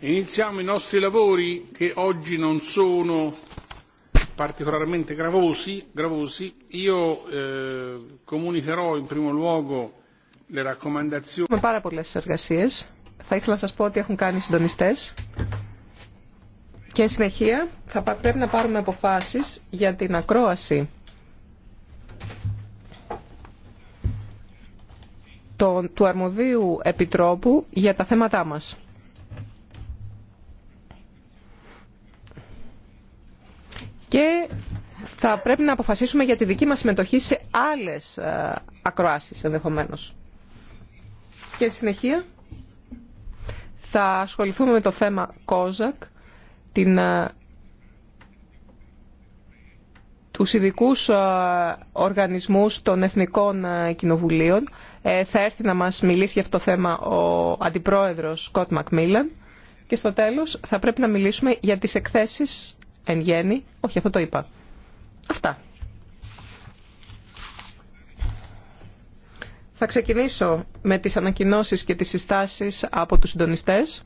Iniziamo i nostri lavori che oggi non sono particolarmente gravosi. Io eh, comunicherò in primo luogo le raccomandazioni. Έχουμε πάρα πολλέ εργασίε. Θα ήθελα να σα πω ότι έχουν κάνει οι συντονιστέ. Και συνεχεία θα πρέπει να πάρουμε αποφάσει για την ακρόαση του αρμοδίου επιτρόπου για τα θέματά μας. θα πρέπει να αποφασίσουμε για τη δική μας συμμετοχή σε άλλες ε, ακροάσεις ενδεχομένως. Και συνεχεία θα ασχοληθούμε με το θέμα ΚΟΖΑΚ, την, ε, τους ειδικού ε, οργανισμούς των Εθνικών Κοινοβουλίων. θα έρθει να μας μιλήσει για αυτό το θέμα ο Αντιπρόεδρος Σκοτ Μακμίλαν. Και στο τέλος θα πρέπει να μιλήσουμε για τις εκθέσεις εν γέννη, όχι αυτό το είπα. Αυτά. Θα ξεκινήσω με τις ανακοινώσεις και τις συστάσεις από τους συντονιστές.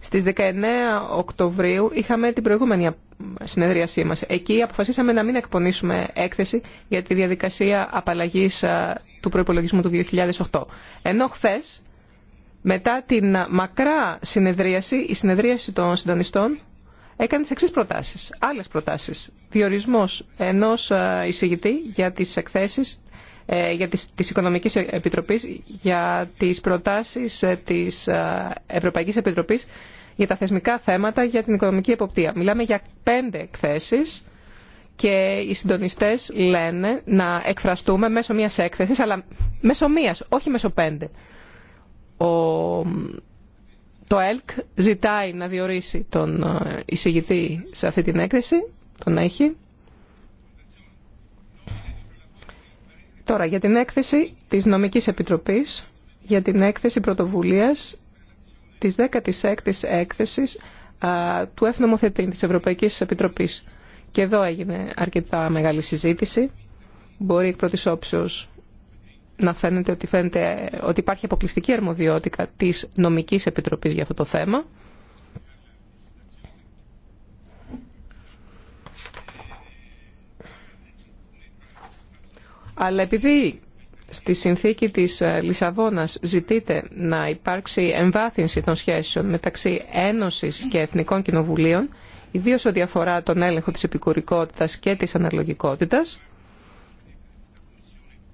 Στις 19 Οκτωβρίου είχαμε την προηγούμενη συνεδρίασή μας. Εκεί αποφασίσαμε να μην εκπονήσουμε έκθεση για τη διαδικασία απαλλαγής ε, του προϋπολογισμού του 2008. Ενώ χθε, μετά την μακρά συνεδρίαση, η συνεδρίαση των συντονιστών έκανε τις εξής προτάσεις, άλλες προτάσεις. Διορισμός ενός ε, εισηγητή για τις εκθέσεις ε, για τις, της Οικονομικής Επιτροπής, για τις προτάσεις ε, της Ευρωπαϊκής Επιτροπής για τα θεσμικά θέματα για την οικονομική εποπτεία. Μιλάμε για πέντε εκθέσεις και οι συντονιστές λένε να εκφραστούμε μέσω μιας έκθεσης, αλλά μέσω μίας, όχι μέσω πέντε. Ο το ΕΛΚ ζητάει να διορίσει τον ε, εισηγητή σε αυτή την έκθεση, τον έχει. Τώρα, για την έκθεση της Νομικής Επιτροπής, για την έκθεση πρωτοβουλίας της 16ης έκθεσης του Εθνομοθετή της Ευρωπαϊκής Επιτροπής. Και εδώ έγινε αρκετά μεγάλη συζήτηση. Μπορεί εκ πρώτης όψεως να φαίνεται ότι, φαίνεται ότι υπάρχει αποκλειστική αρμοδιότητα της νομικής επιτροπής για αυτό το θέμα. Αλλά επειδή στη συνθήκη της ε, Λισαβόνας ζητείται να υπάρξει εμβάθυνση των σχέσεων μεταξύ Ένωσης και Εθνικών Κοινοβουλίων, ιδίως ό,τι αφορά τον έλεγχο της επικουρικότητας και της αναλογικότητας,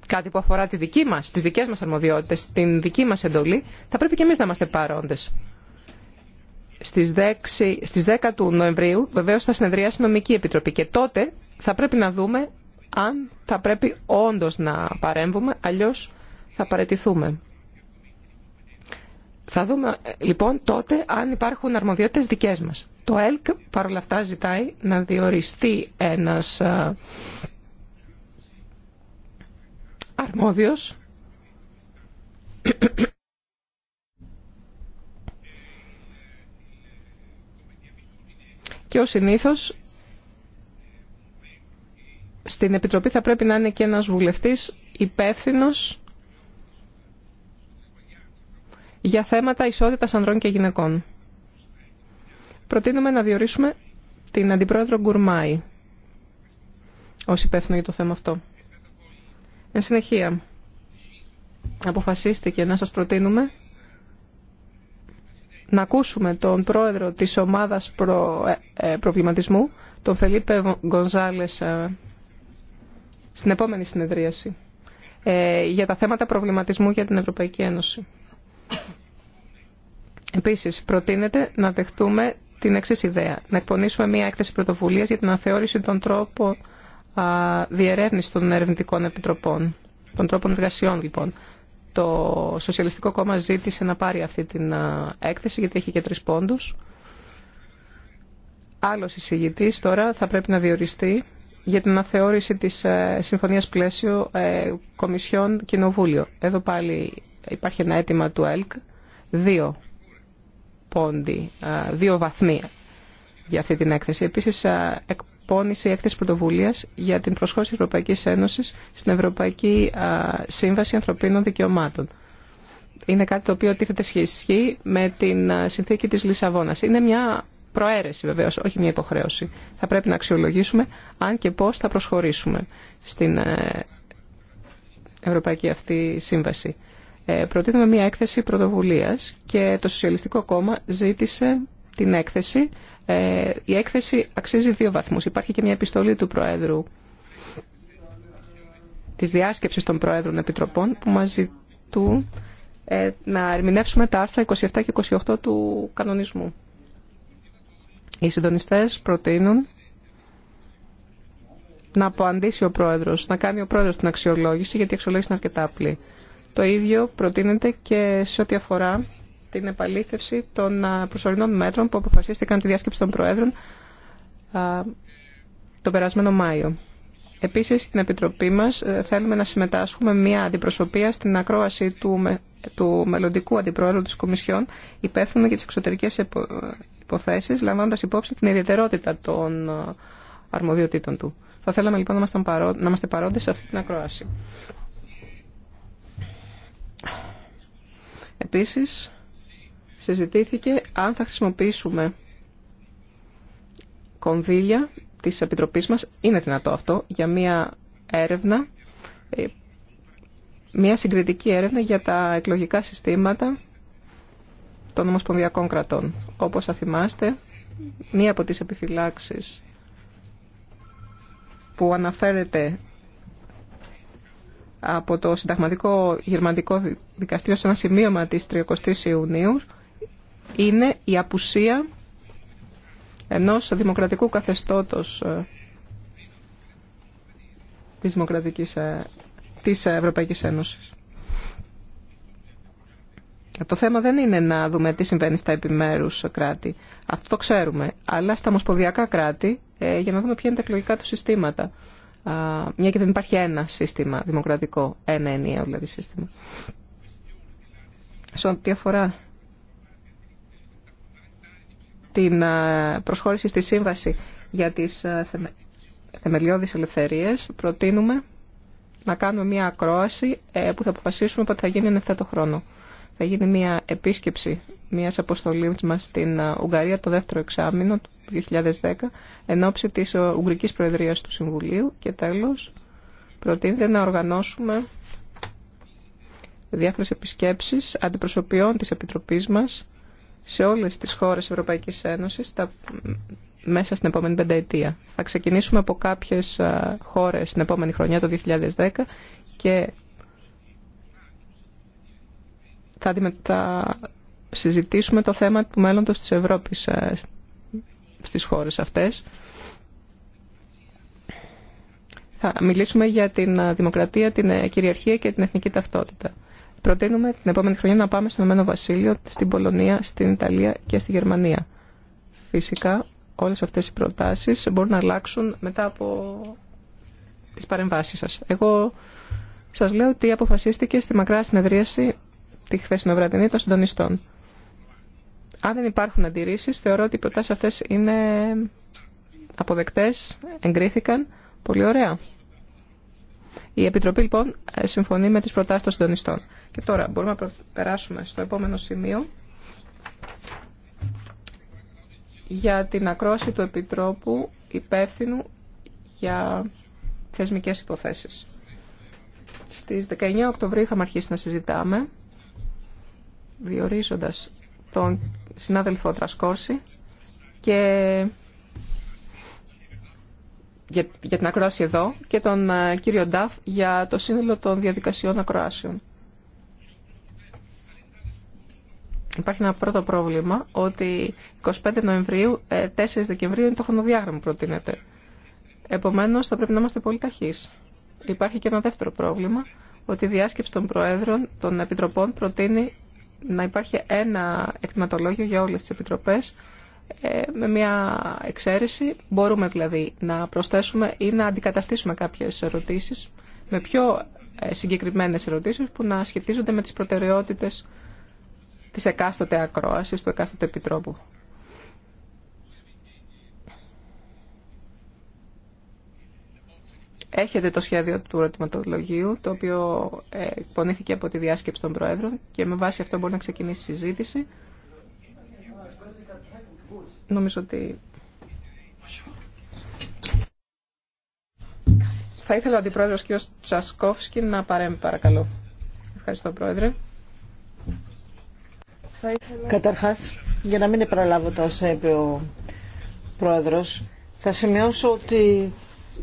κάτι που αφορά τη δική μας, τις δικές μας αρμοδιότητες, την δική μας εντολή, θα πρέπει και εμείς να είμαστε παρόντες. Στις 10, στις 10 του Νοεμβρίου βεβαίως θα συνεδριάσει η Νομική Επιτροπή και τότε θα πρέπει να δούμε αν θα πρέπει όντως να παρέμβουμε, αλλιώς θα παρετηθούμε. Θα δούμε λοιπόν τότε αν υπάρχουν αρμοδιότητες δικές μας. Το ΕΛΚ παρόλα αυτά ζητάει να διοριστεί ένας ε, αρμόδιος και ως συνήθως στην Επιτροπή θα πρέπει να είναι και ένας βουλευτής υπεύθυνο για θέματα ισότητας ανδρών και γυναικών. Προτείνουμε να διορίσουμε την Αντιπρόεδρο Γκουρμάη ως υπεύθυνο για το θέμα αυτό. Εν συνεχεία, αποφασίστηκε να σας προτείνουμε να ακούσουμε τον πρόεδρο της ομάδας ε, ε, προβληματισμού, τον Φελίπε Γκονζάλες, ε, στην επόμενη συνεδρίαση ε, για τα θέματα προβληματισμού για την Ευρωπαϊκή Ένωση. Επίσης, προτείνεται να δεχτούμε την εξή ιδέα, να εκπονήσουμε μια έκθεση πρωτοβουλίας για την αθεώρηση των τρόπων διερεύνηση των ερευνητικών επιτροπών, των τρόπων εργασιών λοιπόν. Το Σοσιαλιστικό Κόμμα ζήτησε να πάρει αυτή την έκθεση γιατί έχει και τρεις πόντους. Άλλος εισηγητής τώρα θα πρέπει να διοριστεί για την αναθεώρηση της ε, Συμφωνίας Πλαίσιο ε, Κομισιόν Κοινοβούλιο. Εδώ πάλι υπάρχει ένα αίτημα του ΕΛΚ, δύο πόντι, ε, δύο βαθμοί για αυτή την έκθεση. Επίσης εκπώνησε έκθεση πρωτοβουλία για την προσχώρηση της Ευρωπαϊκής Ένωσης στην Ευρωπαϊκή Σύμβαση Ανθρωπίνων Δικαιωμάτων. Είναι κάτι το οποίο τίθεται σχέση με την συνθήκη της Λισαβόνα. Είναι μια προαίρεση βεβαίω, όχι μια υποχρέωση. Θα πρέπει να αξιολογήσουμε αν και πώς θα προσχωρήσουμε στην ε, Ευρωπαϊκή αυτή σύμβαση. Ε, προτείνουμε μια έκθεση πρωτοβουλία και το Σοσιαλιστικό Κόμμα ζήτησε την έκθεση ε, η έκθεση αξίζει δύο βαθμούς. Υπάρχει και μια επιστολή του Προέδρου της διάσκεψης των Προέδρων Επιτροπών που μας ζητούν ε, να ερμηνεύσουμε τα άρθρα 27 και 28 του κανονισμού. Οι συντονιστές προτείνουν να αποαντήσει ο πρόεδρος, να κάνει ο πρόεδρος την αξιολόγηση, γιατί η αξιολόγηση είναι αρκετά απλή. Το ίδιο προτείνεται και σε ό,τι αφορά την επαλήθευση των προσωρινών μέτρων που αποφασίστηκαν τη διάσκεψη των Προέδρων τον περασμένο Μάιο. Επίσης, στην Επιτροπή μας ε, θέλουμε να συμμετάσχουμε μια αντιπροσωπεία στην ακρόαση του, του μελλοντικού αντιπρόεδρου της Κομισιόν υπεύθυνο για τις εξωτερικές υποθέσεις, λαμβάνοντας υπόψη την ιδιαιτερότητα των αρμοδιοτήτων του. Θα θέλαμε λοιπόν να είμαστε, να παρόντες σε αυτή την ακρόαση. Επίσης, συζητήθηκε αν θα χρησιμοποιήσουμε κονδύλια της Επιτροπής μας, είναι δυνατό αυτό, για μια έρευνα, ε, μια συγκριτική έρευνα για τα εκλογικά συστήματα των Ομοσπονδιακών κρατών. Όπως θα θυμάστε, μία από τις επιφυλάξεις που αναφέρεται από το συνταγματικό γερμανικό δικαστήριο σε ένα σημείωμα της 30 Ιουνίου είναι η απουσία ενός δημοκρατικού καθεστώτος ε, της, δημοκρατικής, ε, της Ευρωπαϊκής Ένωσης. Το θέμα δεν είναι να δούμε τι συμβαίνει στα επιμέρους κράτη. Αυτό το ξέρουμε. Αλλά στα ομοσπονδιακά κράτη, ε, για να δούμε ποια είναι τα εκλογικά του συστήματα. Μια και δεν υπάρχει ένα σύστημα δημοκρατικό, ένα ενιαίο δηλαδή σύστημα. Σε ό,τι αφορά την ε, προσχώρηση στη Σύμβαση για τις ε, θεμελιώδεις ελευθερίες, προτείνουμε να κάνουμε μια ακρόαση ε, που θα αποφασίσουμε ότι θα γίνει εν χρόνο. Θα γίνει μια επίσκεψη μια αποστολή μα στην Ουγγαρία το δεύτερο εξάμεινο του 2010 εν ώψη τη Ουγγρική Προεδρία του Συμβουλίου. Και τέλο, προτείνεται να οργανώσουμε διάφορε επισκέψει αντιπροσωπιών τη Επιτροπή μα σε όλες τις χώρες Ευρωπαϊκής Ένωσης τα, μέσα στην επόμενη πενταετία. Θα ξεκινήσουμε από κάποιες χώρες την επόμενη χρονιά, το 2010, και θα, θα συζητήσουμε το θέμα του μέλλοντος της Ευρώπης στις χώρες αυτές. Θα μιλήσουμε για την δημοκρατία, την ε, κυριαρχία και την εθνική ταυτότητα. Προτείνουμε την επόμενη χρονιά να πάμε στον Ηνωμένο Βασίλειο, στην Πολωνία, στην Ιταλία και στη Γερμανία. Φυσικά όλες αυτές οι προτάσεις μπορούν να αλλάξουν μετά από τις παρεμβάσεις σας. Εγώ σας λέω ότι αποφασίστηκε στη μακρά συνεδρίαση τη χθεσινοβραδινή των συντονιστών. Αν δεν υπάρχουν αντιρρήσεις, θεωρώ ότι οι προτάσεις αυτές είναι αποδεκτές, εγκρίθηκαν. Πολύ ωραία. Η Επιτροπή λοιπόν ε, συμφωνεί με τις προτάσεις των συντονιστών. Και τώρα μπορούμε να περάσουμε στο επόμενο σημείο για την ακρόση του Επιτρόπου υπεύθυνου για θεσμικές υποθέσεις. Στις 19 Οκτωβρίου είχαμε αρχίσει να συζητάμε, διορίζοντας τον συνάδελφο Τρασκόρση και για, για την ακρόαση εδώ και τον ε, κύριο Νταφ για το σύνολο των διαδικασιών ακροάσεων. Υπάρχει ένα πρώτο πρόβλημα ότι 25 Νοεμβρίου, 4 ε, Δεκεμβρίου είναι το χρονοδιάγραμμα που προτείνεται. Επομένως θα πρέπει να είμαστε πολύ ταχείς. Υπάρχει και ένα δεύτερο πρόβλημα ότι η διάσκεψη των Προέδρων των Επιτροπών προτείνει να υπάρχει ένα εκτιματολόγιο για όλες τις Επιτροπές ε, με μια εξαίρεση μπορούμε δηλαδή να προσθέσουμε ή να αντικαταστήσουμε κάποιες ερωτήσεις με πιο ε, συγκεκριμένες ερωτήσεις που να σχετίζονται με τις προτεραιότητες της εκάστοτε ακρόασης, του εκάστοτε επιτρόπου. Έχετε το σχέδιο του ερωτηματολογίου, το οποίο ε, πονήθηκε από τη διάσκεψη των Προέδρων και με βάση αυτό μπορεί να ξεκινήσει η συζήτηση. Νομίζω ότι... Θα ήθελα ο Αντιπρόεδρος κ. Τσασκόφσκι να παρέμβει παρακαλώ. Ευχαριστώ Πρόεδρε. Καταρχάς, για να μην επαναλάβω τα όσα είπε ο Πρόεδρος, θα σημειώσω ότι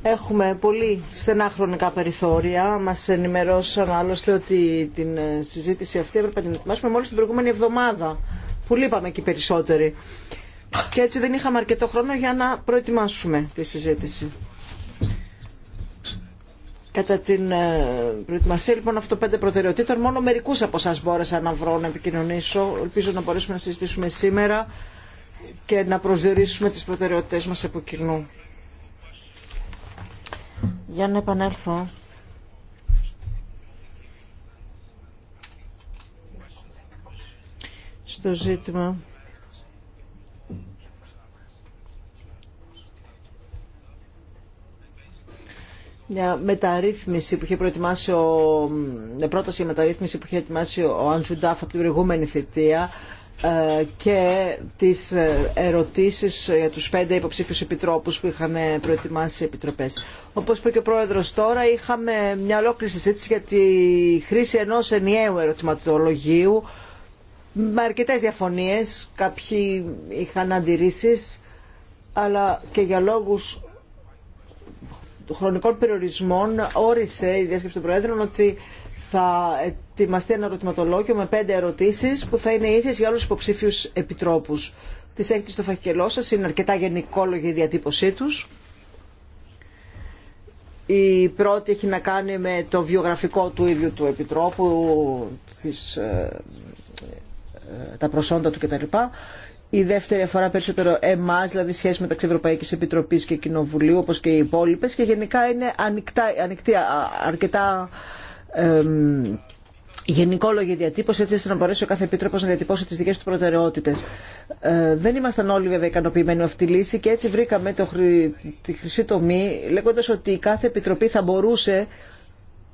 έχουμε πολύ στενά χρονικά περιθώρια. Μας ενημερώσαν άλλωστε ότι την ε, συζήτηση αυτή έπρεπε να την ετοιμάσουμε μόλις την προηγούμενη εβδομάδα που λείπαμε εκεί περισσότεροι και έτσι δεν είχαμε αρκετό χρόνο για να προετοιμάσουμε τη συζήτηση. Κατά την ε, προετοιμασία λοιπόν αυτών των πέντε προτεραιοτήτων, μόνο μερικού από εσά μπόρεσα να βρω να επικοινωνήσω. Ελπίζω να μπορέσουμε να συζητήσουμε σήμερα και να προσδιορίσουμε τις προτεραιότητες μας από κοινού. Για να επανέλθω στο ζήτημα μια μεταρρύθμιση που είχε προετοιμάσει ο, πρόταση για μεταρρύθμιση που είχε προετοιμάσει ο Αντζουντάφ από την προηγούμενη θητεία ε, και τις ε, ερωτήσεις για τους πέντε υποψήφιους επιτρόπους που είχαν προετοιμάσει οι επιτροπές. Όπως είπε και ο Πρόεδρος τώρα, είχαμε μια ολόκληρη συζήτηση για τη χρήση ενός ενιαίου ερωτηματολογίου με αρκετές διαφωνίες, κάποιοι είχαν αντιρρήσεις, αλλά και για λόγους των χρονικών περιορισμών όρισε η διάσκεψη των Προέδρων ότι θα ετοιμαστεί ένα ερωτηματολόγιο με πέντε ερωτήσεις που θα είναι ίδιες για όλους τους υποψήφιους επιτρόπους. Τις έχετε στο φακελό σας, είναι αρκετά γενικόλογη η διατύπωσή τους. Η πρώτη έχει να κάνει με το βιογραφικό του ίδιου του επιτρόπου, τις, ε, ε, τα προσόντα του κτλ η δεύτερη αφορά περισσότερο εμά, δηλαδή σχέση μεταξύ Ευρωπαϊκή Επιτροπή και Κοινοβουλίου, όπω και οι υπόλοιπε. Και γενικά είναι ανοιχτά, ανοιχτή, αρκετά εμ, γενικόλογη διατύπωση, έτσι ώστε να μπορέσει ο κάθε επίτροπο να διατυπώσει τι δικέ του προτεραιότητε. Ε, δεν ήμασταν όλοι βέβαια ικανοποιημένοι με αυτή τη λύση και έτσι βρήκαμε το τη χρυσή τομή, λέγοντα ότι η κάθε επιτροπή θα μπορούσε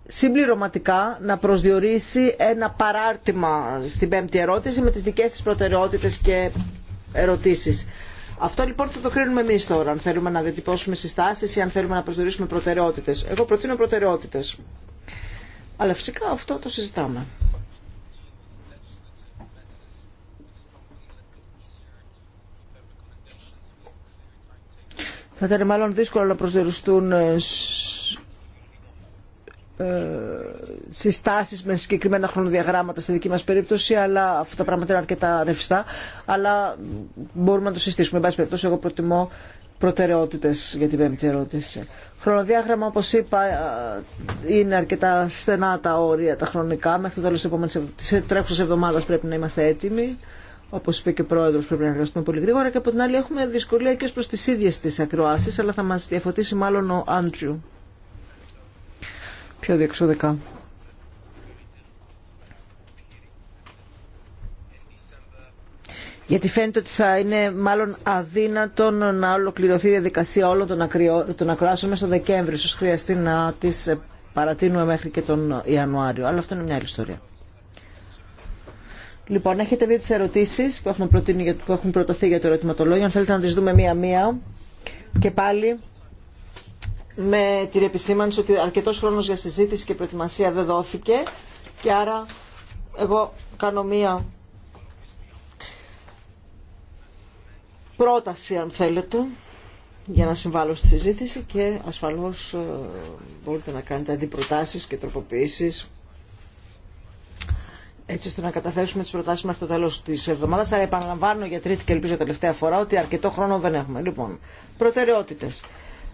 συμπληρωματικά να προσδιορίσει ένα παράρτημα στην πέμπτη ερώτηση με τις δικές της προτεραιότητες και ερωτήσεις. Αυτό λοιπόν θα το κρίνουμε εμεί τώρα, αν θέλουμε να διατυπώσουμε συστάσει ή αν θέλουμε να προσδιορίσουμε προτεραιότητε. Εγώ προτείνω προτεραιότητε. Αλλά φυσικά αυτό το συζητάμε. Θα ήταν μάλλον δύσκολο να προσδιοριστούν ε, ε, συστάσεις με συγκεκριμένα χρονοδιαγράμματα στη δική μας περίπτωση, αλλά αυτά τα πράγματα είναι αρκετά ρευστά, αλλά μπορούμε να το συστήσουμε. Εν πάση περιπτώσει, εγώ προτιμώ προτεραιότητες για την πέμπτη ερώτηση. Χρονοδιάγραμμα, όπως είπα, ε, είναι αρκετά στενά τα όρια τα χρονικά. Μέχρι το τέλος της, επόμενης, της ε, εβδομάδας πρέπει να είμαστε έτοιμοι. όπω είπε και ο πρόεδρο πρέπει να εργαστούμε πολύ γρήγορα. Και από την άλλη έχουμε δυσκολία και προ τι ίδιε τι ακροάσει, αλλά θα μα διαφωτίσει μάλλον ο Άντριου πιο διεξοδικά. γιατί φαίνεται ότι θα είναι μάλλον αδύνατον να ολοκληρωθεί η διαδικασία όλων των ακροάσεων μέσα στο Δεκέμβριο. Ίσως χρειαστεί να τις παρατείνουμε μέχρι και τον Ιανουάριο. Αλλά αυτό είναι μια άλλη ιστορία. Λοιπόν, έχετε δει τις ερωτήσεις που έχουν, προτείνει, που έχουν προταθεί για το ερωτηματολόγιο. Αν θέλετε να τις δούμε μία-μία και πάλι με την επισήμανση ότι αρκετός χρόνος για συζήτηση και προετοιμασία δεν δόθηκε και άρα εγώ κάνω μία πρόταση αν θέλετε για να συμβάλλω στη συζήτηση και ασφαλώς ε, μπορείτε να κάνετε αντιπροτάσεις και τροποποιήσεις έτσι ώστε να καταθέσουμε τις προτάσεις μέχρι το τέλος της εβδομάδας. Αλλά επαναλαμβάνω για τρίτη και ελπίζω τελευταία φορά ότι αρκετό χρόνο δεν έχουμε. Λοιπόν, προτεραιότητες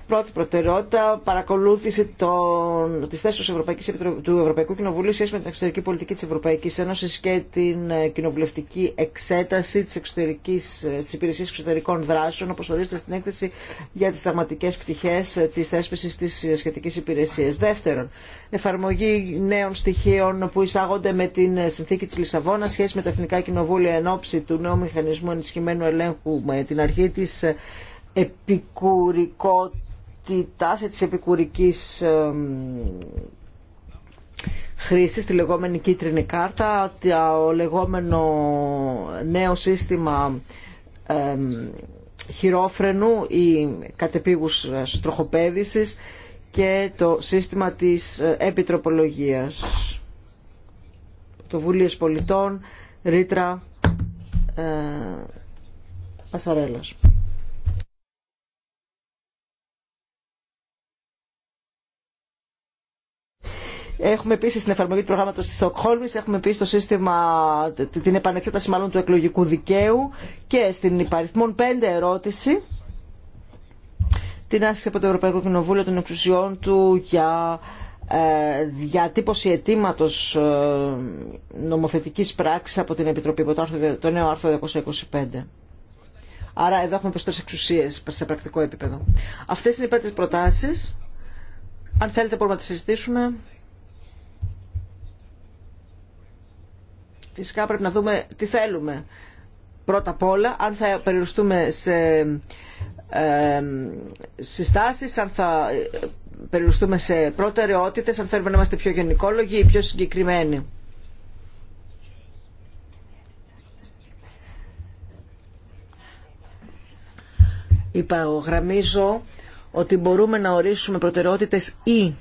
πρώτη προτεραιότητα παρακολούθηση των, της θέσης Ευρωπαϊκής, του Ευρωπαϊκού Κοινοβουλίου σχέση με την εξωτερική πολιτική της Ευρωπαϊκής Ένωσης και την ε, κοινοβουλευτική εξέταση της, εξωτερικής, ε, της Υπηρεσίας Εξωτερικών Δράσεων, όπως ορίζεται στην έκθεση για τις θεματικές πτυχές ε, της θέσπισης της σχετικής υπηρεσίας. Δεύτερον, εφαρμογή νέων στοιχείων που εισάγονται με την συνθήκη της Λισαβόνας σχέση με τα Εθνικά Κοινοβούλια εν ώψη του νέου μηχανισμού ενισχυμένου ελέγχου με την αρχή της επικουρικότητα τη τάση της επικουρικής χρήση, τη λεγόμενη κίτρινη κάρτα, το λεγόμενο νέο σύστημα χειρόφρενου ή κατεπίγους ε, στροχοπέδησης και το σύστημα της ε, επιτροπολογίας. Το Βουλίες Πολιτών, Ρήτρα, ε, Έχουμε επίση την εφαρμογή του προγράμματο τη Στοκχόλμη, έχουμε επίση το σύστημα, την επανεξέταση μάλλον του εκλογικού δικαίου και στην υπαριθμόν 5 ερώτηση την άσκηση από το Ευρωπαϊκό Κοινοβούλιο των Εξουσιών του για ε, διατύπωση αιτήματο ε, νομοθετική πράξη από την Επιτροπή από το, το νέο άρθρο 225. Άρα εδώ έχουμε προσθέσει εξουσίε σε πρακτικό επίπεδο. Αυτές είναι οι πέντε προτάσεις. Αν θέλετε μπορούμε να τις συζητήσουμε. φυσικά πρέπει να δούμε τι θέλουμε. Πρώτα απ' όλα, αν θα περιοριστούμε σε ε, συστάσεις, αν θα ε, περιοριστούμε σε προτεραιότητε, αν θέλουμε να είμαστε πιο γενικόλογοι ή πιο συγκεκριμένοι. Υπαγραμμίζω ότι μπορούμε να ορίσουμε προτεραιότητες ή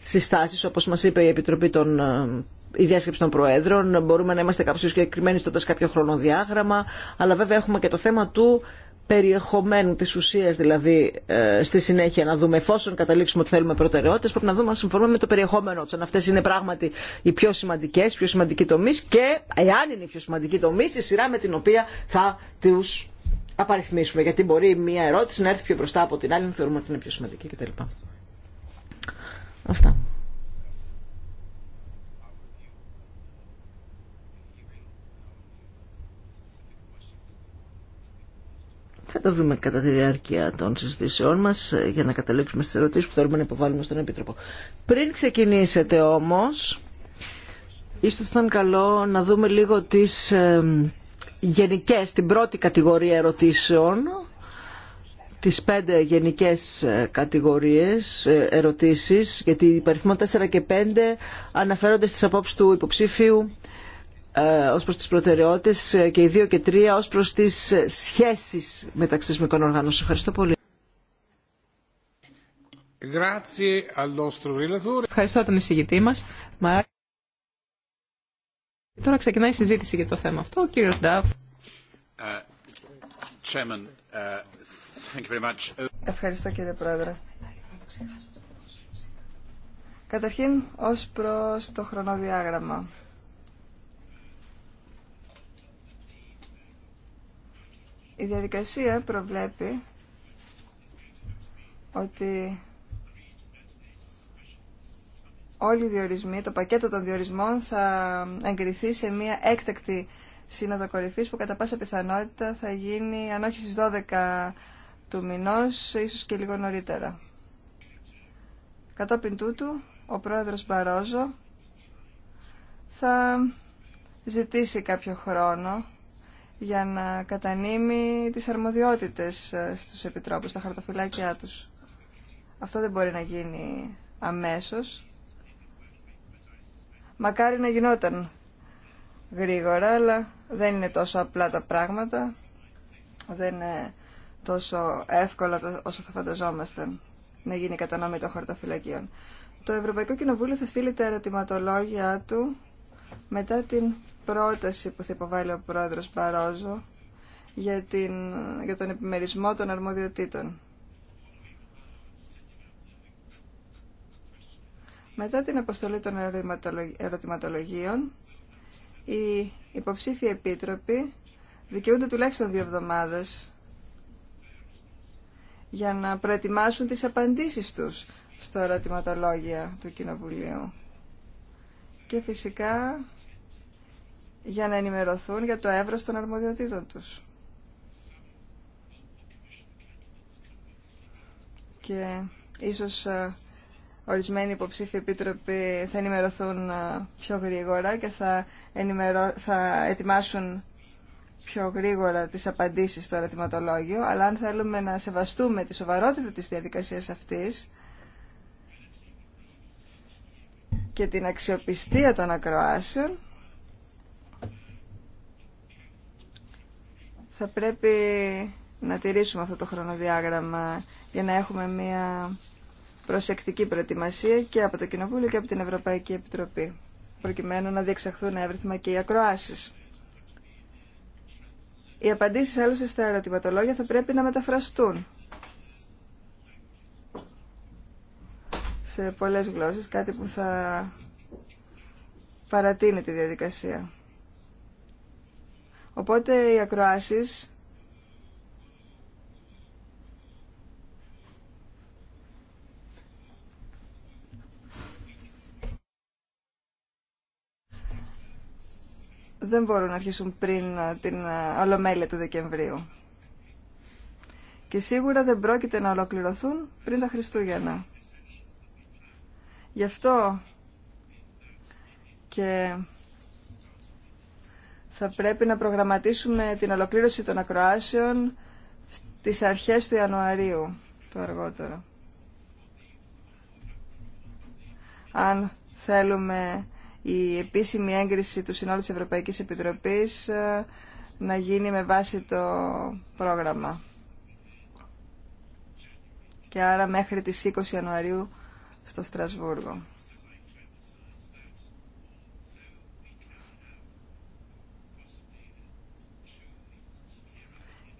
συστάσεις, όπως μας είπε η Επιτροπή των ε, η διάσκεψη των Προέδρων, μπορούμε να είμαστε κάποιοι συγκεκριμένοι σε κάποιο χρονοδιάγραμμα, αλλά βέβαια έχουμε και το θέμα του περιεχομένου τη ουσία, δηλαδή ε, στη συνέχεια να δούμε εφόσον καταλήξουμε ότι θέλουμε προτεραιότητες πρέπει να δούμε αν συμφωνούμε με το περιεχόμενο τους αν αυτές είναι πράγματι οι πιο σημαντικές, οι πιο σημαντικοί τομείς και εάν είναι οι πιο σημαντικοί τομείς τη σειρά με την οποία θα τους απαριθμίσουμε γιατί μπορεί μια ερώτηση να έρθει πιο μπροστά από την άλλη να θεωρούμε ότι είναι πιο σημαντική κτλ. Αυτά. Θα τα δούμε κατά τη διάρκεια των συζητήσεών μας ε, για να καταλήξουμε στι ερωτήσεις που θέλουμε να υποβάλουμε στον Επίτροπο. Πριν ξεκινήσετε όμως, ίσως θα ήταν καλό να δούμε λίγο τις γενικές, την πρώτη κατηγορία ερωτήσεων, τις πέντε γενικές ε, κατηγορίες ε, ερωτήσεις, γιατί οι παριθμό 4 και 5 αναφέρονται στις απόψεις του υποψήφιου ε, ως προς τις προτεραιότητες ε, και οι δύο και τρία ως προς τις ε, σχέσεις μεταξύ θεσμικών οργάνων. ευχαριστώ πολύ. Ευχαριστώ τον εισηγητή μας. Τώρα ξεκινάει η συζήτηση για το θέμα αυτό. Ο κύριος Ντάβ. Ευχαριστώ κύριε Πρόεδρε. Καταρχήν, ως προς το χρονοδιάγραμμα. Η διαδικασία προβλέπει ότι όλοι οι διορισμοί, το πακέτο των διορισμών θα εγκριθεί σε μια έκτακτη σύνοδο κορυφής που κατά πάσα πιθανότητα θα γίνει αν όχι στις 12 του μηνός, ίσως και λίγο νωρίτερα. Κατόπιν τούτου, ο πρόεδρος Μπαρόζο θα ζητήσει κάποιο χρόνο για να κατανείμει τις αρμοδιότητες ε, στους επιτρόπους, τα χαρτοφυλάκια τους. Αυτό δεν μπορεί να γίνει αμέσως. Μακάρι να γινόταν γρήγορα, αλλά δεν είναι τόσο απλά τα πράγματα. Δεν είναι τόσο εύκολα όσο θα φανταζόμαστε να γίνει η κατανομή των χαρτοφυλακίων. Το Ευρωπαϊκό Κοινοβούλιο θα στείλει τα ερωτηματολόγια του μετά την πρόταση που θα υποβάλει ο πρόεδρος Μπαρόζο για, την, για τον επιμερισμό των αρμοδιοτήτων. Μετά την αποστολή των ερωτηματολογίων, οι υποψήφοι επίτροποι δικαιούνται τουλάχιστον δύο εβδομάδες για να προετοιμάσουν τις απαντήσεις τους στο ερωτηματολόγια του Κοινοβουλίου. Και φυσικά για να ενημερωθούν για το εύρος των αρμοδιοτήτων τους. Και ίσως ε, ορισμένοι υποψήφοι επίτροποι θα ενημερωθούν ε, πιο γρήγορα και θα, ενημερω... θα ετοιμάσουν πιο γρήγορα τις απαντήσεις στο ερωτηματολόγιο, αλλά αν θέλουμε να σεβαστούμε τη σοβαρότητα της διαδικασίας αυτής και την αξιοπιστία των ακροάσεων, θα πρέπει να τηρήσουμε αυτό το χρονοδιάγραμμα για να έχουμε μια προσεκτική προετοιμασία και από το Κοινοβούλιο και από την Ευρωπαϊκή Επιτροπή προκειμένου να διεξαχθούν εύρυθμα και οι ακροάσεις. Οι απαντήσεις άλλωστε στα ερωτηματολόγια θα πρέπει να μεταφραστούν σε πολλές γλώσσες, κάτι που θα παρατείνει τη διαδικασία. Οπότε οι ακροάσεις δεν μπορούν να αρχίσουν πριν ε, την ε, Ολομέλεια του Δεκεμβρίου. Και σίγουρα δεν πρόκειται να ολοκληρωθούν πριν τα Χριστούγεννα. Γι' αυτό και θα πρέπει να προγραμματίσουμε την ολοκλήρωση των ακροάσεων στις αρχές του Ιανουαρίου, το αργότερο. Αν θέλουμε η επίσημη έγκριση του Συνόλου της Ευρωπαϊκής Επιτροπής ε, να γίνει με βάση το πρόγραμμα. Και άρα μέχρι τις 20 Ιανουαρίου στο Στρασβούργο.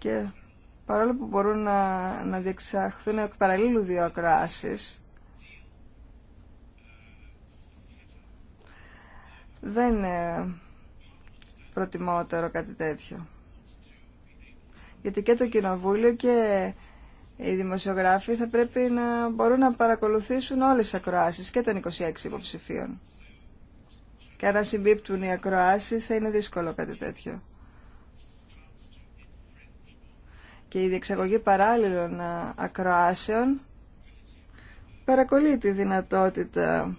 και παρόλο που μπορούν να, να διεξαχθούν εκ παραλλήλου δύο ακροάσεις, δεν είναι προτιμότερο κάτι τέτοιο. Γιατί και το Κοινοβούλιο και οι δημοσιογράφοι θα πρέπει να μπορούν να παρακολουθήσουν όλες τις ακροάσεις και των 26 υποψηφίων. Και αν συμπίπτουν οι ακροάσεις θα είναι δύσκολο κάτι τέτοιο. και η διεξαγωγή παράλληλων ακροάσεων παρακολεί τη δυνατότητα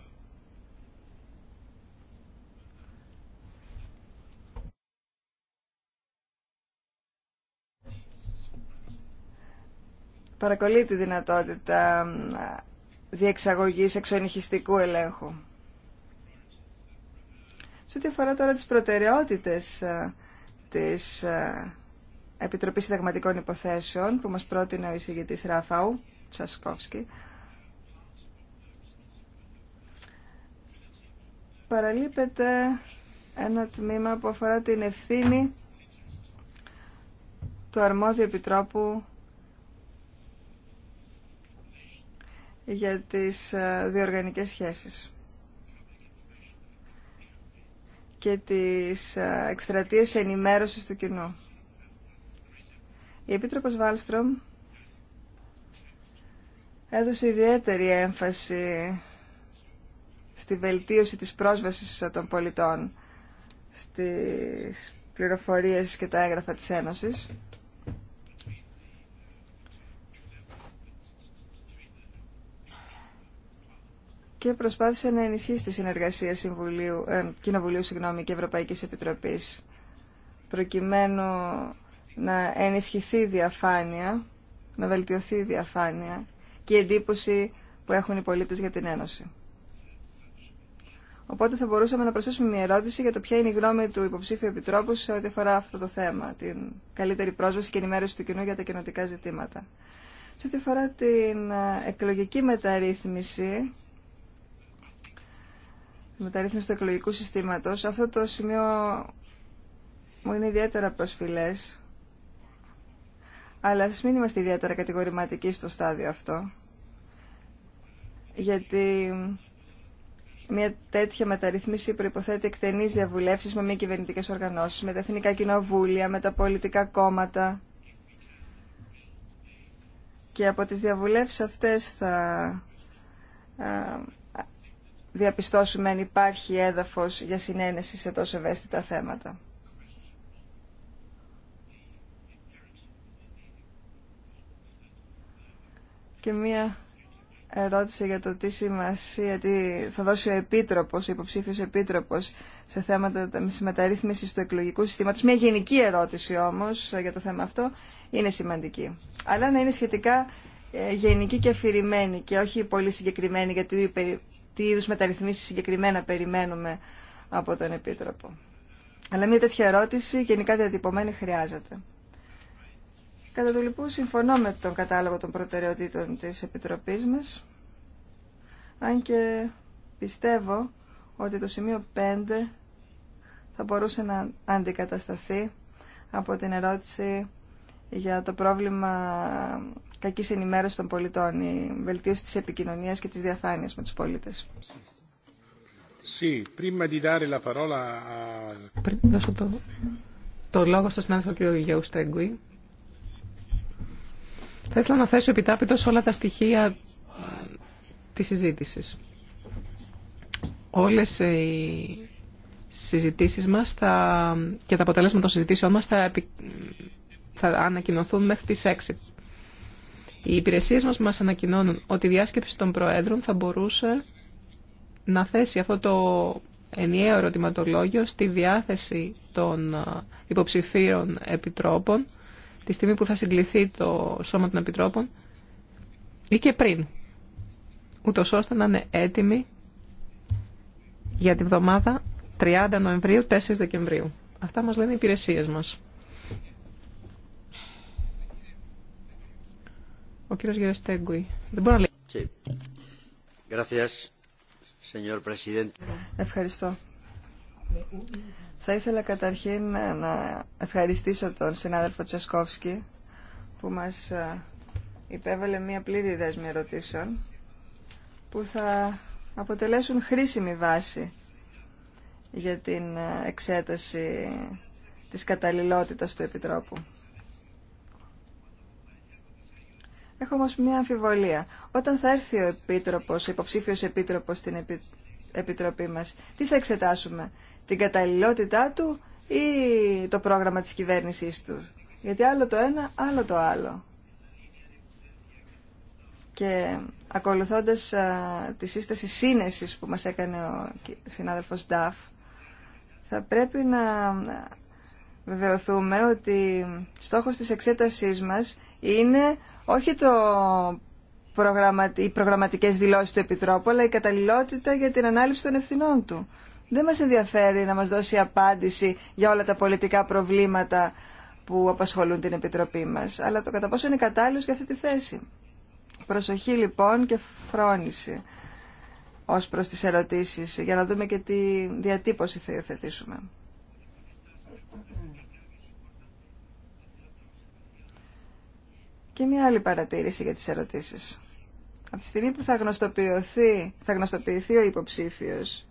παρακολεί δυνατότητα διεξαγωγής εξονυχιστικού ελέγχου. Σε ό,τι αφορά τώρα τις προτεραιότητες της Επιτροπή Συνταγματικών Υποθέσεων που μας πρότεινε ο εισηγητής Ράφαου Τσασκόφσκι. Παραλείπεται ένα τμήμα που αφορά την ευθύνη του αρμόδιου επιτρόπου για τις ε, διοργανικές σχέσεις και τις ε, εκστρατείες ενημέρωσης του κοινού. Η Επίτροπος Βάλστρομ έδωσε ιδιαίτερη έμφαση στη βελτίωση της πρόσβασης των πολιτών στις πληροφορίες και τα έγγραφα της Ένωσης. και προσπάθησε να ενισχύσει τη συνεργασία Συμβουλίου, ε, Κοινοβουλίου συγγνώμη, και Ευρωπαϊκής Επιτροπής προκειμένου να ενισχυθεί η διαφάνεια, να βελτιωθεί η διαφάνεια και η εντύπωση που έχουν οι πολίτες για την Ένωση. Οπότε θα μπορούσαμε να προσθέσουμε μια ερώτηση για το ποια είναι η γνώμη του υποψήφιου επιτρόπου σε ό,τι αφορά αυτό το θέμα, την καλύτερη πρόσβαση και ενημέρωση του κοινού για τα κοινοτικά ζητήματα. Σε ό,τι αφορά την ε, εκλογική μεταρρύθμιση, τη μεταρρύθμιση του εκλογικού συστήματος, αυτό το σημείο μου είναι ιδιαίτερα προσφυλές. Αλλά ας μην είμαστε ιδιαίτερα κατηγορηματικοί στο στάδιο αυτό. Γιατί μια τέτοια μεταρρύθμιση προϋποθέτει εκτενείς διαβουλεύσεις με μη κυβερνητικέ οργανώσεις, με τα εθνικά κοινοβούλια, με τα πολιτικά κόμματα. Και από τις διαβουλεύσεις αυτές θα διαπιστώσουμε αν υπάρχει έδαφος για συνένεση σε τόσο ευαίσθητα θέματα. και μία ερώτηση για το τι σημασία τι θα δώσει ο Επίτροπος, ο υποψήφιος Επίτροπος σε θέματα της μεταρρύθμισης του εκλογικού συστήματος. Μια γενική ερώτηση όμως για το θέμα αυτό είναι σημαντική. Αλλά να είναι σχετικά ε, γενική και αφηρημένη και όχι πολύ συγκεκριμένη γιατί τι είδους μεταρρυθμίσεις συγκεκριμένα περιμένουμε από τον Επίτροπο. Αλλά μια τέτοια ερώτηση γενικά διατυπωμένη χρειάζεται. Κατά του λοιπού συμφωνώ με τον κατάλογο των προτεραιοτήτων της Επιτροπής μας, αν και πιστεύω ότι το σημείο 5 θα μπορούσε να αντικατασταθεί από την ερώτηση για το πρόβλημα κακής ενημέρωσης των πολιτών, η βελτίωση της επικοινωνίας και της διαφάνειας με τους πολίτες. Πριν δώσω το, το λόγο στο συνάδελφο κ. Γιώργο Στέγκουι, θα ήθελα να θέσω επιτάπητο όλα τα στοιχεία της συζήτησης. Όλες οι συζητήσεις μας και τα αποτελέσματα των συζητήσεων μας θα, θα ανακοινωθούν μέχρι τις 6. Οι υπηρεσίες μας μας ανακοινώνουν ότι η διάσκεψη των Προέδρων θα μπορούσε να θέσει αυτό το ενιαίο ερωτηματολόγιο στη διάθεση των ε, υποψηφίων επιτρόπων τη στιγμή που θα συγκληθεί το Σώμα των Επιτρόπων ή και πριν, ούτως ώστε να είναι έτοιμοι για τη βδομάδα 30 Νοεμβρίου, 4 Δεκεμβρίου. Αυτά μας λένε οι υπηρεσίες μας. Ο κύριος Δεν μπορώ να λέει. Ευχαριστώ. Θα ήθελα καταρχήν ε, να ευχαριστήσω τον συνάδελφο Τσασκόφσκι που μας ε, υπέβαλε μία πλήρη δέσμη ερωτήσεων που θα αποτελέσουν χρήσιμη βάση για την ε, εξέταση της καταλληλότητας του Επιτρόπου. Έχω όμως μία αμφιβολία. Όταν θα έρθει ο Επίτροπος, ο υποψήφιος Επίτροπος στην, Επιτροπή Τι θα εξετάσουμε, την καταλληλότητά του ή το πρόγραμμα της κυβέρνησής του. Γιατί άλλο το ένα, άλλο το άλλο. Και ακολουθώντας α, τη σύσταση σύνεσης που μας έκανε ο συνάδελφος Νταφ, θα πρέπει να βεβαιωθούμε ότι στόχος της εξέτασής μας είναι όχι το οι προγραμματικέ δηλώσει του Επιτρόπου, αλλά η καταλληλότητα για την ανάληψη των ευθυνών του. Δεν μας ενδιαφέρει να μας δώσει απάντηση για όλα τα πολιτικά προβλήματα που απασχολούν την Επιτροπή μας, αλλά το κατά πόσο είναι κατάλληλο για αυτή τη θέση. Προσοχή λοιπόν και φρόνηση ως προς τις ερωτήσεις, για να δούμε και τι διατύπωση θα υιοθετήσουμε. Και μια άλλη παρατήρηση για τις ερωτήσεις. Από τη στιγμή που θα γνωστοποιηθεί, θα γνωστοποιηθεί ο υποψήφιος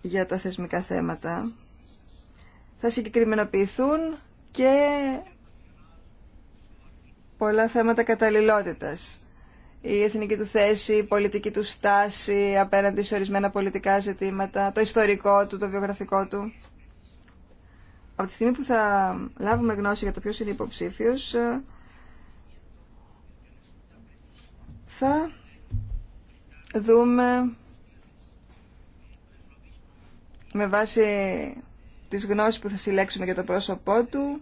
για τα θεσμικά θέματα, θα συγκεκριμενοποιηθούν και πολλά θέματα καταλληλότητας. Η εθνική του θέση, η πολιτική του στάση απέναντι σε ορισμένα πολιτικά ζητήματα, το ιστορικό του, το βιογραφικό του από τη στιγμή που θα λάβουμε γνώση για το ποιος είναι υποψήφιος, ε, θα δούμε με βάση τις γνώσεις που θα συλλέξουμε για το πρόσωπό του,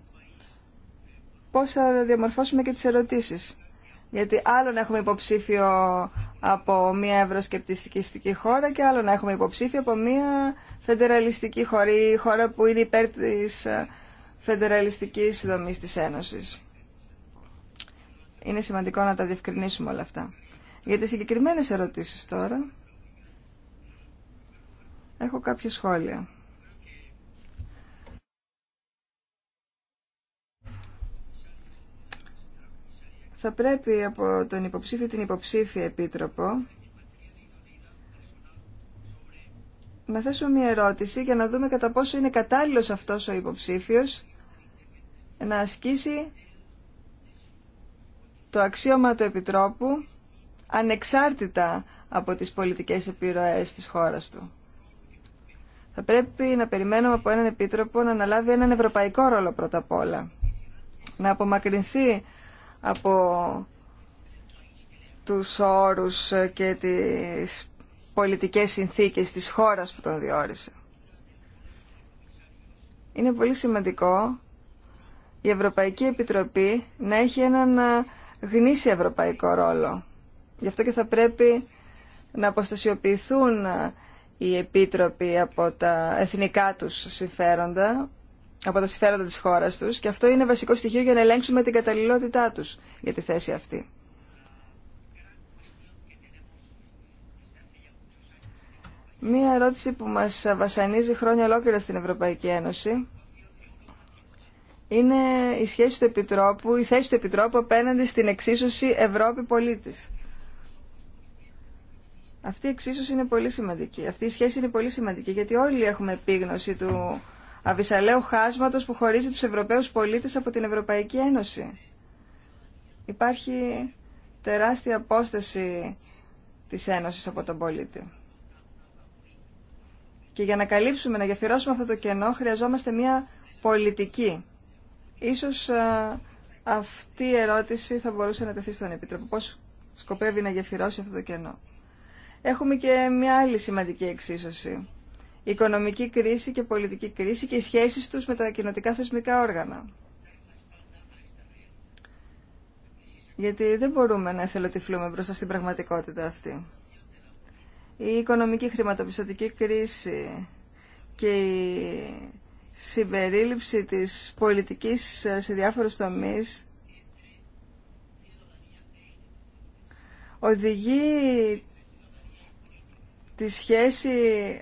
πώς θα διαμορφώσουμε και τις ερωτήσεις. Γιατί άλλο να έχουμε υποψήφιο από μια ευρωσκεπτιστική χώρα και άλλο να έχουμε υποψήφιο από μια φεντεραλιστική χώρα ή χώρα που είναι υπέρ της ε, φεντεραλιστικής δομής της Ένωσης. Είναι σημαντικό να τα διευκρινίσουμε όλα αυτά. Για τις συγκεκριμένες ερωτήσεις τώρα έχω κάποια σχόλια. θα πρέπει από τον υποψήφιο την υποψήφια επίτροπο να θέσουμε μια ερώτηση για να δούμε κατά πόσο είναι κατάλληλος αυτός ο υποψήφιος να ασκήσει το αξίωμα του Επιτρόπου ανεξάρτητα από τις πολιτικές επιρροές της χώρας του. Θα πρέπει να περιμένουμε από έναν Επίτροπο να αναλάβει έναν ευρωπαϊκό ρόλο πρώτα απ' όλα. Να απομακρυνθεί από τους όρους και τις πολιτικές συνθήκες της χώρας που τον διόρισε. Είναι πολύ σημαντικό η Ευρωπαϊκή Επιτροπή να έχει έναν γνήσιο ευρωπαϊκό ρόλο. Γι' αυτό και θα πρέπει να αποστασιοποιηθούν οι επίτροποι από τα εθνικά τους συμφέροντα από τα συμφέροντα της χώρας τους και αυτό είναι βασικό στοιχείο για να ελέγξουμε την καταλληλότητά τους για τη θέση αυτή. Μία ερώτηση που μας βασανίζει χρόνια ολόκληρα στην Ευρωπαϊκή Ένωση είναι η σχέση του Επιτρόπου, η θέση του Επιτρόπου απέναντι στην εξίσωση Ευρώπη πολίτης. Αυτή η εξίσωση είναι πολύ σημαντική. Αυτή η σχέση είναι πολύ σημαντική γιατί όλοι έχουμε επίγνωση του αβυσαλαίου χάσματος που χωρίζει τους Ευρωπαίους πολίτες από την Ευρωπαϊκή Ένωση. Υπάρχει τεράστια απόσταση της Ένωσης από τον πολίτη. Και για να καλύψουμε, να γεφυρώσουμε αυτό το κενό, χρειαζόμαστε μια πολιτική. Ίσως αυτή η ερώτηση θα μπορούσε να τεθεί στον Επίτροπο. Πώς σκοπεύει να γεφυρώσει αυτό το κενό. Έχουμε και μια άλλη σημαντική εξίσωση οικονομική κρίση και πολιτική κρίση και οι σχέσεις τους με τα κοινοτικά θεσμικά όργανα. Γιατί δεν μπορούμε να εθελοτυφλούμε μπροστά στην πραγματικότητα αυτή. Η οικονομική χρηματοπιστωτική κρίση και η συμπερίληψη της πολιτικής σε διάφορους τομείς οδηγεί τη σχέση,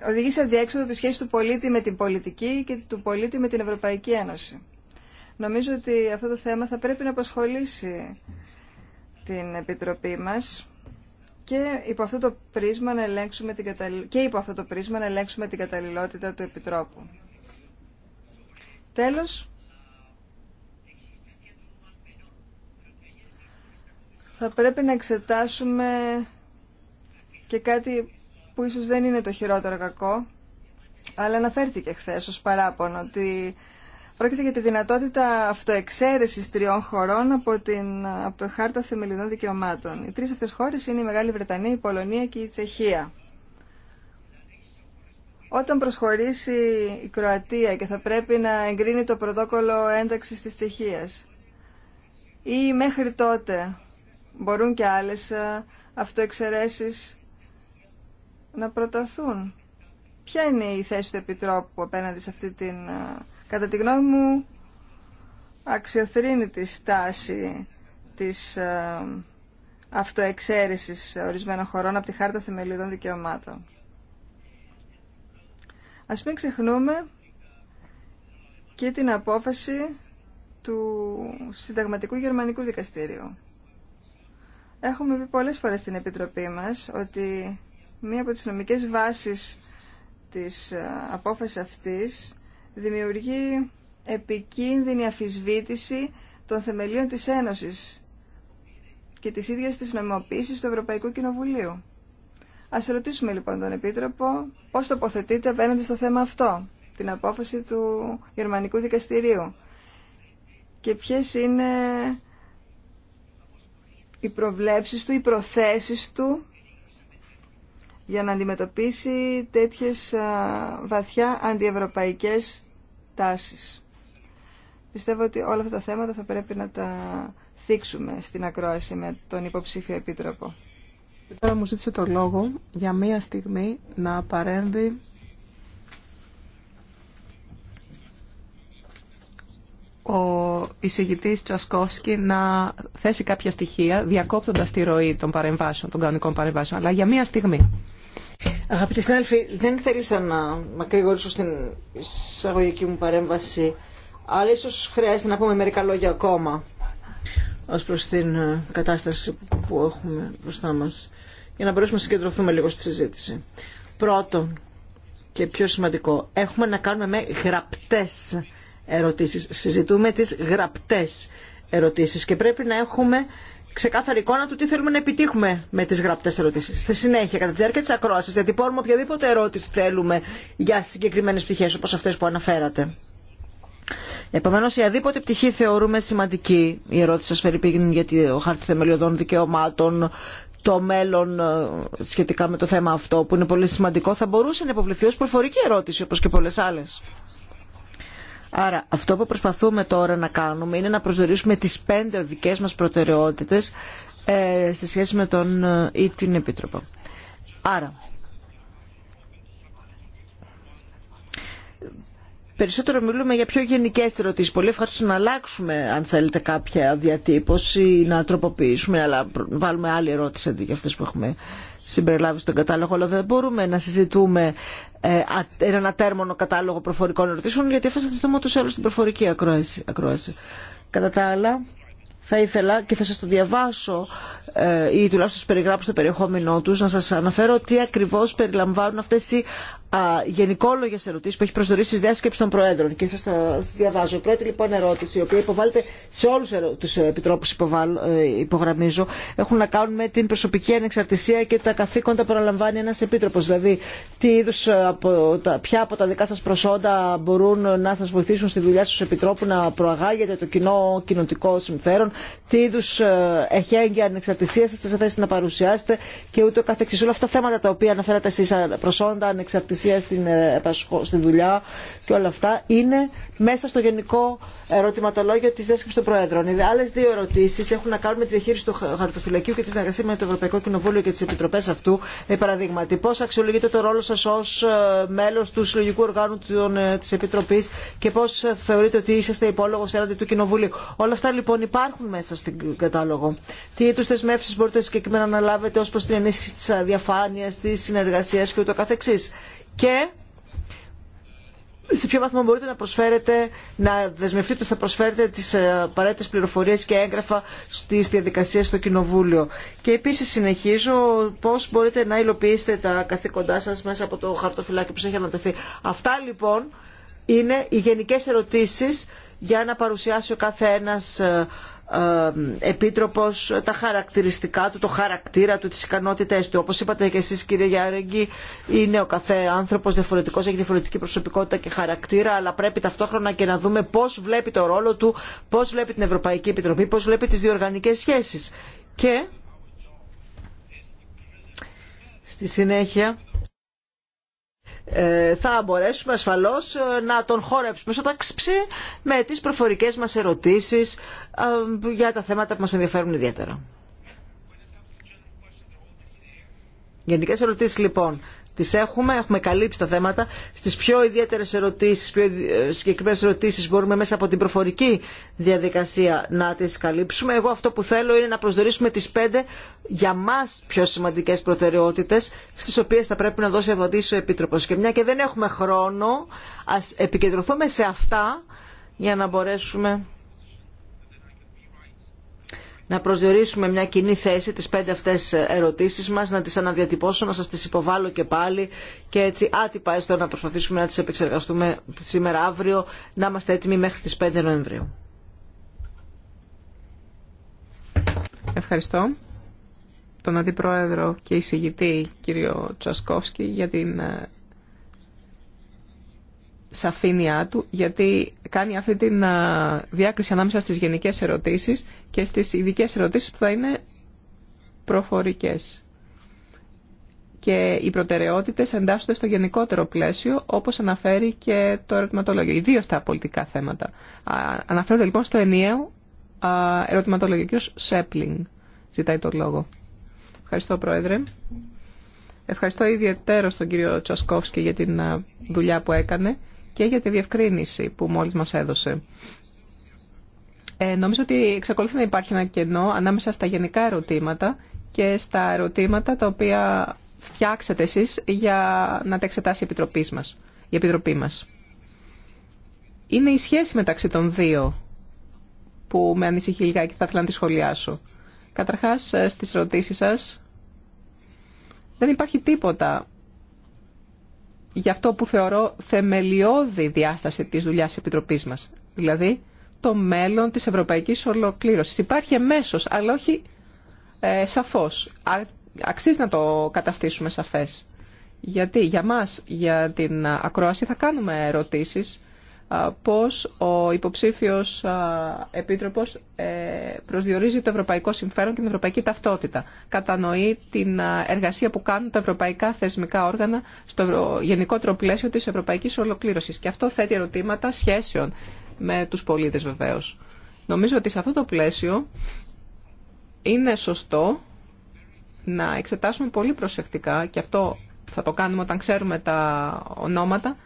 οδηγεί σε διέξοδο τη σχέση του πολίτη με την πολιτική και του πολίτη με την Ευρωπαϊκή Ένωση. Νομίζω ότι αυτό το θέμα θα πρέπει να απασχολήσει την Επιτροπή μας και υπό αυτό το πρίσμα να ελέγξουμε την και υπό αυτό το πρίσμα να ελέγξουμε την καταλληλότητα του Επιτρόπου. Τέλος, θα πρέπει να εξετάσουμε και κάτι που ίσως δεν είναι το χειρότερο κακό, αλλά αναφέρθηκε χθε ω παράπονο ότι πρόκειται για τη δυνατότητα αυτοεξαίρεση τριών χωρών από, την, από το Χάρτα Θεμελιδών Δικαιωμάτων. Οι τρει αυτές χώρες είναι η Μεγάλη Βρετανία, η Πολωνία και η Τσεχία. Όταν προσχωρήσει η Κροατία και θα πρέπει να εγκρίνει το πρωτόκολλο ένταξης τη Τσεχίας ή μέχρι τότε μπορούν και άλλε αυτοεξαιρέσει να προταθούν. Ποια είναι η θέση του Επιτρόπου απέναντι σε αυτή την, κατά τη γνώμη μου, αξιοθρύνητη στάση της αυτοεξαίρεσης ορισμένων χωρών από τη Χάρτα Θεμελιωδών Δικαιωμάτων. Ας μην ξεχνούμε και την απόφαση του Συνταγματικού Γερμανικού Δικαστήριου. Έχουμε πει πολλές φορές στην Επιτροπή μας ότι μία από τις νομικές βάσεις της ε, απόφασης αυτής δημιουργεί επικίνδυνη αφισβήτηση των θεμελίων της Ένωσης και της ίδιας της νομιμοποίησης του Ευρωπαϊκού Κοινοβουλίου. Ας ρωτήσουμε λοιπόν τον Επίτροπο πώς τοποθετείται απέναντι στο θέμα αυτό, την απόφαση του Γερμανικού Δικαστηρίου και ποιες είναι οι προβλέψεις του, οι προθέσεις του για να αντιμετωπίσει τέτοιες βαθιά αντιευρωπαϊκές τάσεις. Πιστεύω ότι όλα αυτά τα θέματα θα πρέπει να τα θίξουμε στην ακρόαση με τον υποψήφιο επίτροπο. Τώρα μου ζήτησε το λόγο για μία στιγμή να παρέμβει ο εισηγητής Τσασκόφσκι να θέσει κάποια στοιχεία διακόπτοντας τη ροή των παρεμβάσεων, των κανονικών παρεμβάσεων, αλλά για μία στιγμή. Αγαπητοί συνάδελφοι, δεν θέλησα να μακρηγορήσω στην εισαγωγική μου παρέμβαση, αλλά ίσω χρειάζεται να πούμε μερικά λόγια ακόμα ως προς την ε, κατάσταση που έχουμε μπροστά μας, για να μπορέσουμε να συγκεντρωθούμε λίγο στη συζήτηση. Πρώτον, και πιο σημαντικό, έχουμε να κάνουμε με γραπτές ερωτήσεις. Συζητούμε τι γραπτές ερωτήσει και πρέπει να έχουμε ξεκάθαρη εικόνα του τι θέλουμε να επιτύχουμε με τι γραπτέ ερωτήσει. Στη συνέχεια, κατά τη διάρκεια τη ακρόαση, διατυπώνουμε οποιαδήποτε ερώτηση θέλουμε για συγκεκριμένε πτυχέ όπω αυτέ που αναφέρατε. Επομένω, η αδίποτε πτυχή θεωρούμε σημαντική. Η ερώτηση σα φέρει γιατί ο χάρτη θεμελιωδών δικαιωμάτων, το μέλλον ε, σχετικά με το θέμα αυτό, που είναι πολύ σημαντικό, θα μπορούσε να υποβληθεί ω προφορική ερώτηση, όπω και πολλέ άλλε. Άρα αυτό που προσπαθούμε τώρα να κάνουμε είναι να προσδιορίσουμε τις πέντε δικέ μας προτεραιότητες ε, σε σχέση με τον ε, ή την Επίτροπο. Άρα, Περισσότερο μιλούμε για πιο γενικέ ερωτήσει Πολύ ευχαριστώ να αλλάξουμε αν θέλετε κάποια διατύπωση, να τροποποιήσουμε, αλλά βάλουμε άλλη ερώτηση αντί για αυτέ που έχουμε συμπεριλάβει στον κατάλογο. Αλλά δεν μπορούμε να συζητούμε ε, έναν ατέρμονο κατάλογο προφορικών ερωτήσεων, γιατί αυτές θα τις δούμε στην προφορική ακρόαση. ακρόαση. Κατά τα άλλα, θα ήθελα και θα σας το διαβάσω ε, ή τουλάχιστον σας περιγράψω το περιεχόμενό τους να σας αναφέρω τι ακριβώς περιλαμβάνουν αυτέ οι γενικόλογε ερωτήσει που έχει προσδορίσει στις διάσκεψη των Προέδρων και σα τα διαβάζω. Η πρώτη λοιπόν ερώτηση, η οποία υποβάλλεται σε όλου του ε, επιτρόπους ε, υπογραμμίζω, έχουν να κάνουν με την προσωπική ανεξαρτησία και τα καθήκοντα που αναλαμβάνει ένας επίτροπος. Δηλαδή, τι είδους, ε, από, τα, ποια από τα δικά σα προσόντα μπορούν να σα βοηθήσουν στη δουλειά στους επιτρόπου να προαγάγετε το κοινό κοινοτικό συμφέρον, τι είδου εχέγγυα ανεξαρτησία σα θα να παρουσιάσετε και ούτω καθεξή. Όλα αυτά τα θέματα τα οποία αναφέρατε εσεί προσόντα ανεξαρτησία εργασία, στην, ε, στη δουλειά και όλα αυτά είναι μέσα στο γενικό ερωτηματολόγιο τη δέσκευση των Προέδρων. Οι άλλε δύο ερωτήσει έχουν να κάνουν με τη διαχείριση του χαρτοφυλακίου και τη συνεργασία με το Ευρωπαϊκό Κοινοβούλιο και τι επιτροπέ αυτού. Ε, παραδείγματι, πώ αξιολογείτε το ρόλο σα ω ε, μέλο του συλλογικού οργάνου ε, τη Επιτροπή και πώ θεωρείτε ότι είσαστε υπόλογο έναντι του Κοινοβουλίου. Όλα αυτά λοιπόν υπάρχουν μέσα στην κατάλογο. Τι είδου δεσμεύσει μπορείτε συγκεκριμένα να λάβετε ω προ την ενίσχυση τη αδιαφάνεια, τη συνεργασία και ούτω καθεξής και σε ποιο βαθμό μπορείτε να προσφέρετε, να δεσμευτείτε ότι θα προσφέρετε τις ε, απαραίτητε πληροφορίες και έγγραφα στις διαδικασίες στο Κοινοβούλιο. Και επίσης συνεχίζω πώς μπορείτε να υλοποιήσετε τα καθήκοντά σα μέσα από το χαρτοφυλάκι που σας έχει ανατεθεί. Αυτά λοιπόν είναι οι γενικές ερωτήσεις για να παρουσιάσει ο κάθε ένας ε, επίτροπος τα χαρακτηριστικά του, το χαρακτήρα του, τις ικανότητές του. Όπως είπατε και εσείς κύριε Γιάρεγγι, είναι ο κάθε άνθρωπος διαφορετικός, έχει διαφορετική προσωπικότητα και χαρακτήρα, αλλά πρέπει ταυτόχρονα και να δούμε πώς βλέπει το ρόλο του, πώς βλέπει την Ευρωπαϊκή Επιτροπή, πώς βλέπει τις διοργανικές σχέσεις. Και στη συνέχεια ε, θα μπορέσουμε ασφαλώς ε, να τον χόρεψουμε στο ταξιψί με τις προφορικές μας ερωτήσεις ε, για τα θέματα που μας ενδιαφέρουν ιδιαίτερα. Γενικές ερωτήσεις λοιπόν τις έχουμε, έχουμε καλύψει τα θέματα. Στις πιο ιδιαίτερες ερωτήσεις, πιο ε, συγκεκριμένες ερωτήσεις μπορούμε μέσα από την προφορική διαδικασία να τις καλύψουμε. Εγώ αυτό που θέλω είναι να προσδορίσουμε τις πέντε για μας πιο σημαντικές προτεραιότητες στις οποίες θα πρέπει να δώσει απαντήσει ο Επίτροπος. Και μια και δεν έχουμε χρόνο, ας επικεντρωθούμε σε αυτά για να μπορέσουμε να προσδιορίσουμε μια κοινή θέση, τις πέντε αυτές ερωτήσεις μας, να τις αναδιατυπώσω, να σας τις υποβάλω και πάλι και έτσι άτυπα έστω να προσπαθήσουμε να τις επεξεργαστούμε σήμερα αύριο, να είμαστε έτοιμοι μέχρι τις 5 Νοεμβρίου. Ευχαριστώ τον Αντιπρόεδρο και εισηγητή κύριο Τσασκόφσκι για την ε, σαφήνειά του, γιατί κάνει αυτή τη διάκριση ανάμεσα στις γενικές ερωτήσεις και στις ειδικέ ερωτήσεις που θα είναι προφορικές. Και οι προτεραιότητες εντάσσονται στο γενικότερο πλαίσιο, όπως αναφέρει και το ερωτηματολόγιο, ιδίω τα πολιτικά θέματα. Αναφέρονται λοιπόν στο ενιαίο ερωτηματολόγιο. Ο Σέπλινγκ ζητάει τον λόγο. Ευχαριστώ, Πρόεδρε. Ευχαριστώ ιδιαίτερα τον κύριο Τσασκόφσκι για την δουλειά που έκανε και για τη διευκρίνηση που μόλις μας έδωσε. Ε, νομίζω ότι εξακολουθεί να υπάρχει ένα κενό ανάμεσα στα γενικά ερωτήματα και στα ερωτήματα τα οποία φτιάξετε εσείς για να τα εξετάσει η Επιτροπή μας. Η Επιτροπή μας. Είναι η σχέση μεταξύ των δύο που με ανησυχεί λιγάκι και θα ήθελα να τη σχολιάσω. Καταρχάς, ε, στις ερωτήσεις σας δεν υπάρχει τίποτα για αυτό που θεωρώ θεμελιώδη διάσταση της δουλειάς της Επιτροπής μας. Δηλαδή, το μέλλον της ευρωπαϊκής ολοκλήρωσης. Υπάρχει μέσος, αλλά όχι ε, σαφώς. Α, αξίζει να το καταστήσουμε σαφές. Γιατί για μας, για την ακρόαση, θα κάνουμε ερωτήσεις πώς ο υποψήφιος επίτροπος ε, προσδιορίζει το ευρωπαϊκό συμφέρον και την ευρωπαϊκή ταυτότητα. Κατανοεί την εργασία που κάνουν τα ευρωπαϊκά θεσμικά όργανα στο γενικότερο πλαίσιο της ευρωπαϊκής ολοκλήρωσης. Και αυτό θέτει ερωτήματα σχέσεων με τους πολίτες βεβαίως. Νομίζω ότι σε αυτό το πλαίσιο είναι σωστό να εξετάσουμε πολύ προσεκτικά, και αυτό θα το κάνουμε όταν ξέρουμε τα ονόματα,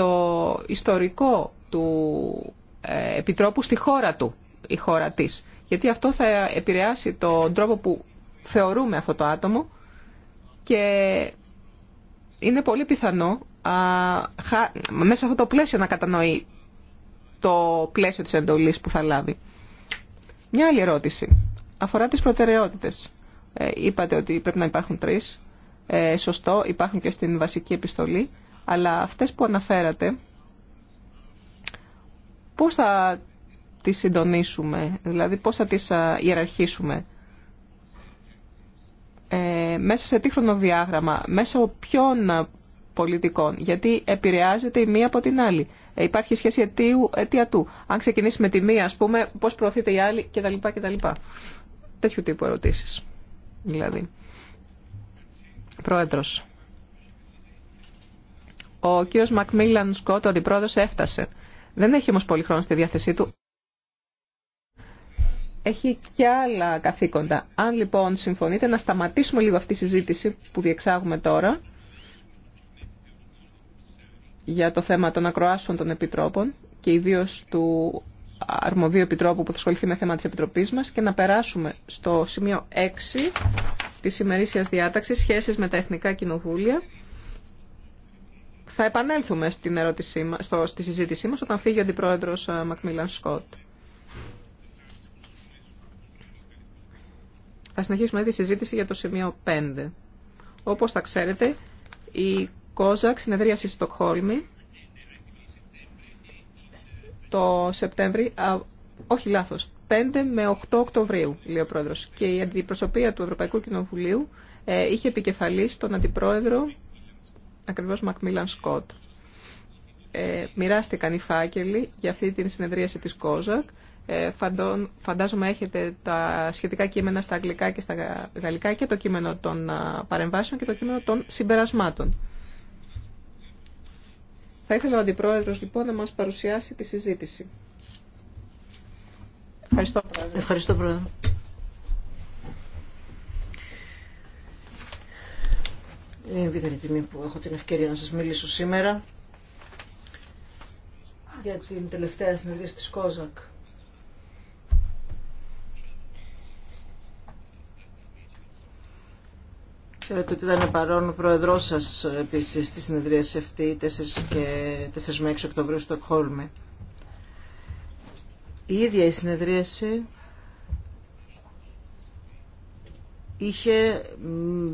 το ιστορικό του ε, επιτρόπου στη χώρα του, η χώρα της. Γιατί αυτό θα επηρεάσει τον τρόπο που θεωρούμε αυτό το άτομο και είναι πολύ πιθανό α, μέσα σε αυτό το πλαίσιο να κατανοεί το πλαίσιο της εντολής που θα λάβει. Μια άλλη ερώτηση αφορά τις προτεραιότητες. Ε, είπατε ότι πρέπει να υπάρχουν τρεις. Ε, σωστό, υπάρχουν και στην βασική επιστολή. Αλλά αυτές που αναφέρατε, πώς θα τις συντονίσουμε, δηλαδή πώς θα τις ιεραρχήσουμε. Ε, μέσα σε τι χρονοδιάγραμμα, από ποιων πολιτικών, γιατί επηρεάζεται η μία από την άλλη. Ε, υπάρχει σχέση αιτίου, του. Αν ξεκινήσει με τη μία, ας πούμε, πώς προωθείται η άλλη κτλ. κτλ. Τέτοιου τύπου ερωτήσεις, δηλαδή. Πρόεδρος. Ο κύριος Μακμίλαν Σκότ, ο αντιπρόεδρο, έφτασε. Δεν έχει όμω πολύ χρόνο στη διάθεσή του. Έχει και άλλα καθήκοντα. Αν λοιπόν συμφωνείτε να σταματήσουμε λίγο αυτή τη συζήτηση που διεξάγουμε τώρα για το θέμα των ακροάσεων των επιτρόπων και ιδίω του αρμοδίου επιτρόπου που θα ασχοληθεί με θέμα της Επιτροπής μας και να περάσουμε στο σημείο 6 της ημερήσιας διάταξης σχέσεις με τα Εθνικά Κοινοβούλια. Θα επανέλθουμε στην ερώτησή στο, στη συζήτησή μας όταν φύγει ο αντιπρόεδρος ε, Μακμίλαν Σκότ. Θα συνεχίσουμε τη συζήτηση για το σημείο 5. Όπως θα ξέρετε, η ΚΟΖΑΚ συνεδρίασε στη Στοκχόλμη το Σεπτέμβρη, α, όχι λάθος, 5 με 8 Οκτωβρίου, λέει ο Πρόεδρος. Και η αντιπροσωπεία του Ευρωπαϊκού Κοινοβουλίου ε, είχε επικεφαλής τον Αντιπρόεδρο ακριβώς Μακμίλαν Σκότ. Ε, μοιράστηκαν οι φάκελοι για αυτή την συνεδρίαση της ΚΟΖΑΚ. Ε, φαντάζομαι έχετε τα σχετικά κείμενα στα αγγλικά και στα γαλλικά και το κείμενο των παρεμβάσεων και το κείμενο των συμπερασμάτων. Θα ήθελα ο Αντιπρόεδρος λοιπόν να μας παρουσιάσει τη συζήτηση. Ευχαριστώ Πρόεδρε. Ευχαριστώ Ε, είναι ιδιαίτερη τιμή που έχω την ευκαιρία να σας μιλήσω σήμερα για την τελευταία συνεργασία της ΚΟΖΑΚ. Ξέρετε ότι ήταν παρόν ο πρόεδρό σα επίση στη σε αυτή 4, και 4 με 6 Οκτωβρίου στο Εκχόλμη. Η ίδια η συνεδρίαση είχε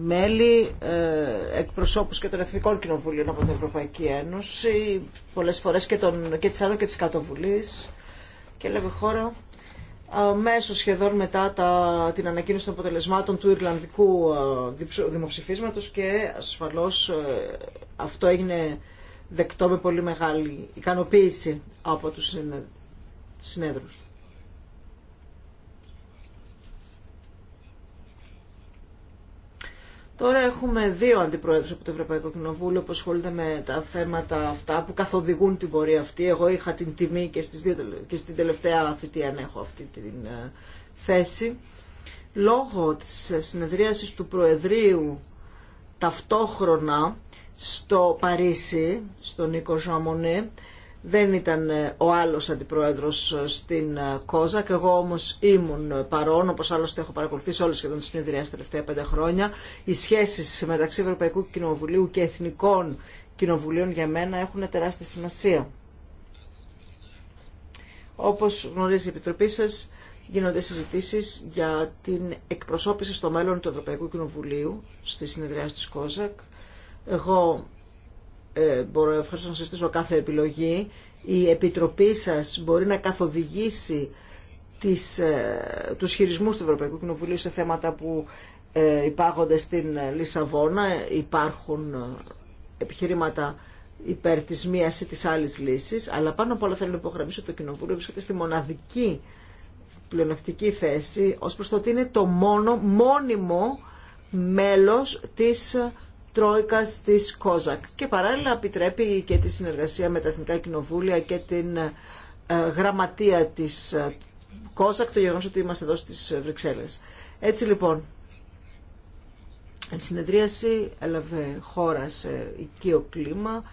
μέλη ε, εκπροσώπους και των Εθνικών Κοινοβουλίων από την Ευρωπαϊκή Ένωση, πολλές φορές και, τον και της Άνω και της Κατοβουλής και έλεγε χώρα μέσω σχεδόν μετά τα, την ανακοίνωση των αποτελεσμάτων του Ιρλανδικού ε, δημοψηφίσματος και ασφαλώς ε, αυτό έγινε δεκτό με πολύ μεγάλη ικανοποίηση από τους συνέδρους. Τώρα έχουμε δύο αντιπρόεδρους από το Ευρωπαϊκό Κοινοβούλιο που ασχολούνται με τα θέματα αυτά που καθοδηγούν την πορεία αυτή. Εγώ είχα την τιμή και, στις δύο, και στην τελευταία θητεία να έχω αυτή την ε, θέση. Λόγω της συνεδρίασης του Προεδρίου ταυτόχρονα στο Παρίσι, στον Νίκο Ζαμονέ, δεν ήταν ε, ο άλλος αντιπρόεδρος ε, στην ε, Κόζα εγώ όμως ήμουν παρόν, όπως άλλωστε έχω παρακολουθήσει όλες σχεδόν τις συνεδριάσεις τα τελευταία πέντε χρόνια. Οι σχέσεις μεταξύ Ευρωπαϊκού Κοινοβουλίου και Εθνικών Κοινοβουλίων για μένα έχουν τεράστια σημασία. Όπως γνωρίζει η Επιτροπή σας, γίνονται συζητήσεις για την εκπροσώπηση στο μέλλον του Ευρωπαϊκού Κοινοβουλίου στη συνεδριάση της ΚΟΖΑΚ. Εγώ ε, μπορώ ευχαριστώ να συστήσω κάθε επιλογή. Η Επιτροπή σας μπορεί να καθοδηγήσει τις, ε, τους χειρισμούς του Ευρωπαϊκού Κοινοβουλίου σε θέματα που ε, υπάγονται στην Λισαβόνα. Υπάρχουν επιχειρήματα υπέρ της μίας ή της άλλης λύσης, αλλά πάνω απ' όλα θέλω να υπογραμμίσω το Κοινοβούλιο βρίσκεται στη μοναδική πλειονεκτική θέση ως προς το ότι είναι το μόνο μόνιμο μέλος της Τρόικα τη Κόζακ και παράλληλα επιτρέπει και τη συνεργασία με τα Εθνικά Κοινοβούλια και την ε, γραμματεία της ε, Κόζακ, το γεγονό ότι είμαστε εδώ στι Βρυξέλλες. Έτσι λοιπόν, η συνεδρίαση έλαβε χώρα σε οικείο κλίμα,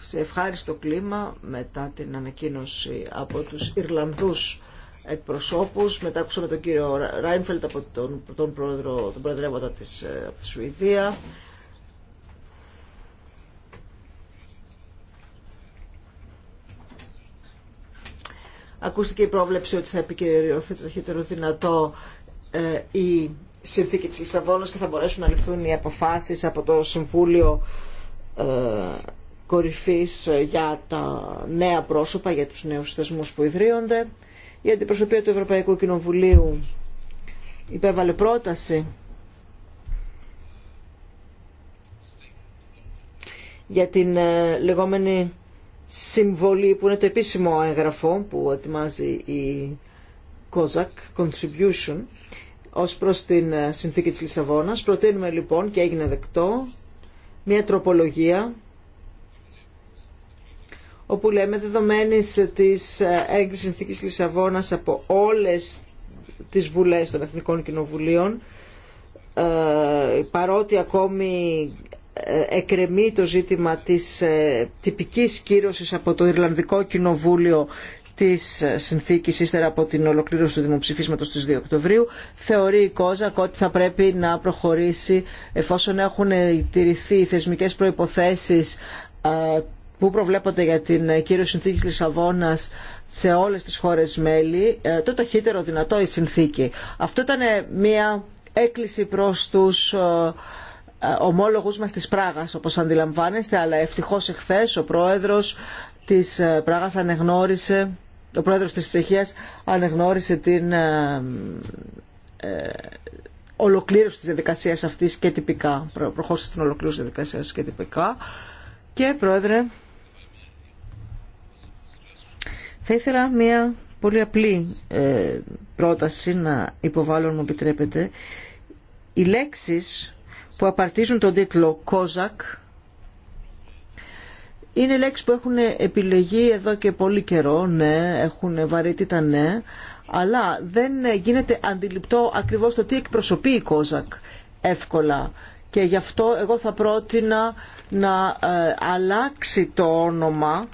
σε ευχάριστο κλίμα μετά την ανακοίνωση από τους Ιρλανδούς εκπροσώπους. Μετά ακούσαμε τον κύριο Ράινφελτ από τον, τον πρόεδρο, τον προεδρεύοντα της, ε, τη Σουηδία. Ακούστηκε η πρόβλεψη ότι θα επικυριωθεί το ταχύτερο δυνατό ε, η συνθήκη της Λισαβόνας και θα μπορέσουν να ληφθούν οι αποφάσεις από το Συμβούλιο ε, κορυφής για τα νέα πρόσωπα, για τους νέους θεσμούς που ιδρύονται. Η αντιπροσωπεία του Ευρωπαϊκού Κοινοβουλίου υπέβαλε πρόταση για την ε, λεγόμενη συμβολή που είναι το επίσημο έγγραφο που ετοιμάζει η COSAC, Contribution, ως προς την ε, συνθήκη της Λισαβόνας. Προτείνουμε λοιπόν και έγινε δεκτό μια τροπολογία όπου λέμε δεδομένης της ε, έγκρισης συνθήκης Λισαβόνας από όλες τις βουλές των Εθνικών Κοινοβουλίων ε, παρότι ακόμη ε, εκρεμεί το ζήτημα της ε, τυπικής κύρωσης από το Ιρλανδικό Κοινοβούλιο της συνθήκης ύστερα από την ολοκλήρωση του δημοψηφίσματος στις 2 Οκτωβρίου θεωρεί η Κόζακ ότι θα πρέπει να προχωρήσει εφόσον έχουν τηρηθεί οι θεσμικές προϋποθέσεις που προβλέπονται για την κύριο συνθήκη Λισαβόνας σε όλες τις χώρες μέλη, ε, το ταχύτερο δυνατό η συνθήκη. Αυτό ήταν μια έκκληση προς τους ε, ομόλογους μας της Πράγας όπως αντιλαμβάνεστε αλλά ευτυχώς εχθές ο πρόεδρος της ε, Πράγας ανεγνώρισε ο πρόεδρος της Τσεχίας ανεγνώρισε την ε, ολοκλήρωση της διαδικασίας αυτής και τυπικά προχώρησε στην ολοκλήρωση της διαδικασίας και τυπικά και πρόεδρε θα ήθελα μια πολύ απλή πρόταση να υποβάλλω, μου επιτρέπετε. Οι λέξεις που απαρτίζουν τον τίτλο «Κόζακ» είναι λέξεις που έχουν επιλεγεί εδώ και πολύ καιρό, ναι, έχουν βαρύτητα, ναι, αλλά δεν γίνεται αντιληπτό ακριβώς το τι εκπροσωπεί η Κόζακ εύκολα. Και γι' αυτό εγώ θα πρότεινα να ε, αλλάξει το όνομα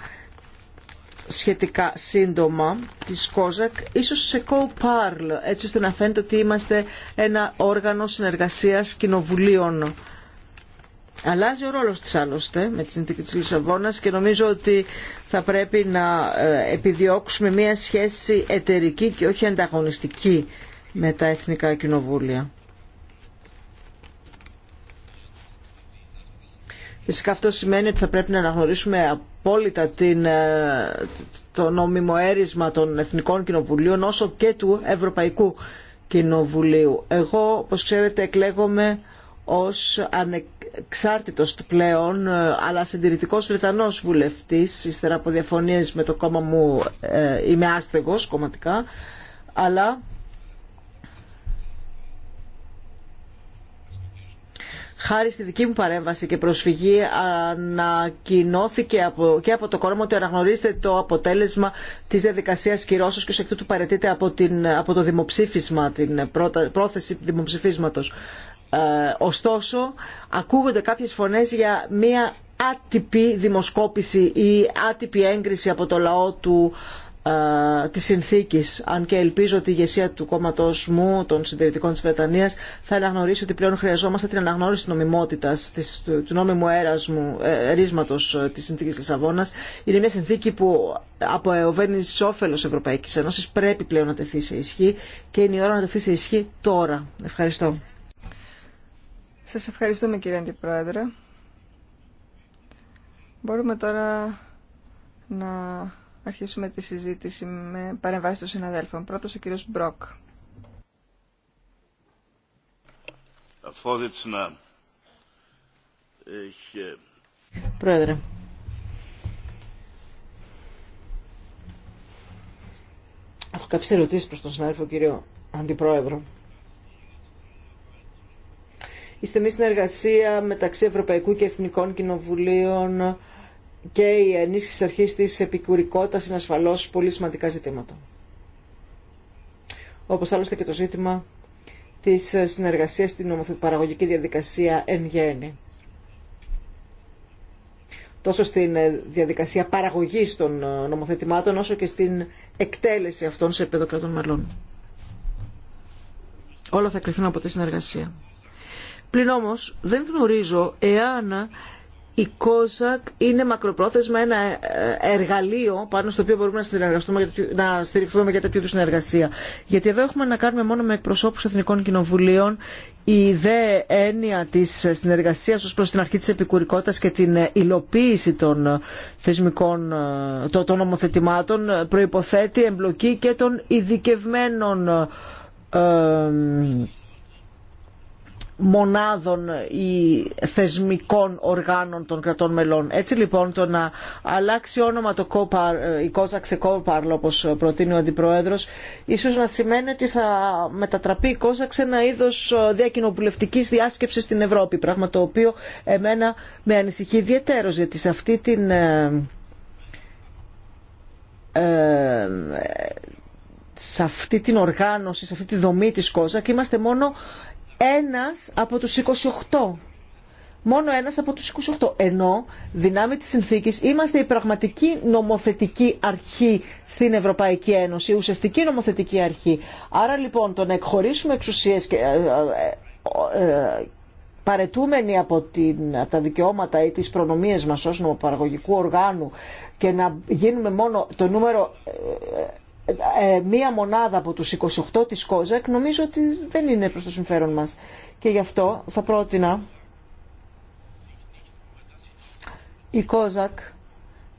σχετικά σύντομα της ΚΟΖΑΚ, ίσως σε κοου-παρλ έτσι ώστε να φαίνεται ότι είμαστε ένα όργανο συνεργασίας κοινοβουλίων. Αλλάζει ο ρόλος της άλλωστε με τη συνθήκη της Λισαβόνας και νομίζω ότι θα πρέπει να ε, επιδιώξουμε μια σχέση εταιρική και όχι ανταγωνιστική με τα εθνικά κοινοβούλια. Φυσικά αυτό σημαίνει ότι θα πρέπει να αναγνωρίσουμε απόλυτα την, ε, το νόμιμο έρισμα των Εθνικών Κοινοβουλίων όσο και του Ευρωπαϊκού Κοινοβουλίου. Εγώ, όπως ξέρετε, εκλέγομαι ως ανεξάρτητος πλέον, ε, αλλά συντηρητικός Βρετανός βουλευτής, ύστερα από διαφωνίες με το κόμμα μου, ε, είμαι άστεγος κομματικά, αλλά χάρη στη δική μου παρέμβαση και προσφυγή ανακοινώθηκε από, και από το κόμμα ότι αναγνωρίζεται το αποτέλεσμα της διαδικασίας κυρώσεως και ως εκ τούτου παρετείται από, την, από το δημοψήφισμα, την πρόθεση δημοψηφίσματος. Ε, ωστόσο, ακούγονται κάποιες φωνές για μία άτυπη δημοσκόπηση ή άτυπη έγκριση από το λαό του ε, της συνθήκης, αν και ελπίζω ότι η ηγεσία του κόμματος μου, των συντηρητικών της Βρετανίας, θα αναγνωρίσει ότι πλέον χρειαζόμαστε την αναγνώριση της νομιμότητας, της, του νόμιμου έρασμου, ερίσματος ε, της συνθήκης Λισαβόνας. Είναι μια συνθήκη που από εωβαίνει όφελος Ευρωπαϊκής Ένωσης πρέπει πλέον να τεθεί σε ισχύ και είναι η ώρα να τεθεί σε ισχύ τώρα. Ευχαριστώ. Σας ευχαριστούμε κύριε Αντιπρόεδρε. Μπορούμε τώρα να αρχίσουμε τη συζήτηση με παρεμβάσεις των συναδέλφων. Πρώτος ο κύριος Μπροκ. Πρόεδρε. Έχω κάποιες ερωτήσεις προς τον συνάδελφο κύριο Αντιπρόεδρο. Η στενή συνεργασία μεταξύ Ευρωπαϊκού και Εθνικών Κοινοβουλίων και η ενίσχυση αρχή τη επικουρικότητα είναι ασφαλώ πολύ σημαντικά ζητήματα. Όπως άλλωστε και το ζήτημα της συνεργασίας στην παραγωγική διαδικασία εν γέννη. Τόσο στην διαδικασία παραγωγής των νομοθετημάτων, όσο και στην εκτέλεση αυτών σε επίπεδο κρατών μελών. Όλα θα κρυθούν από τη συνεργασία. Πλην όμω, δεν γνωρίζω εάν η COSAC είναι μακροπρόθεσμα ένα ε, εργαλείο πάνω στο οποίο μπορούμε να, συνεργαστούμε, να στηριχθούμε για τέτοιου είδου συνεργασία. Γιατί εδώ έχουμε να κάνουμε μόνο με εκπροσώπους εθνικών κοινοβουλίων. Η δε έννοια της συνεργασίας ως προς την αρχή της επικουρικότητας και την ε, υλοποίηση των ε, θεσμικών των νομοθετημάτων προϋποθέτει εμπλοκή και των ειδικευμένων μονάδων ή θεσμικών οργάνων των κρατών μελών. Έτσι λοιπόν το να αλλάξει όνομα το κόπα, ε, η Κόζα Ξεκόπαρλ όπως προτείνει ο Αντιπρόεδρος ίσως να σημαίνει ότι θα μετατραπεί η Κόζα σε ένα είδος ε, διακοινοβουλευτικής διάσκεψης στην Ευρώπη πράγμα το οποίο εμένα με ανησυχεί ιδιαίτερο γιατί σε αυτή την ε, σε αυτή την οργάνωση, σε αυτή τη δομή της ΚΟΖΑΚ είμαστε μόνο ένας από τους 28. Μόνο ένας από τους 28. Ενώ, δυνάμει της συνθήκης, είμαστε η πραγματική νομοθετική αρχή στην Ευρωπαϊκή Ένωση, η ουσιαστική νομοθετική αρχή. Άρα λοιπόν το να εκχωρήσουμε εξουσίες και, ε, ε, ε, παρετούμενοι από, την, από τα δικαιώματα ή τις προνομίες μας ως νομοπαραγωγικού οργάνου και να γίνουμε μόνο το νούμερο ε, ε, μία μονάδα από τους 28 της ΚΟΖΑΚ νομίζω ότι δεν είναι προς το συμφέρον μας. Και γι' αυτό θα πρότεινα η ΚΟΖΑΚ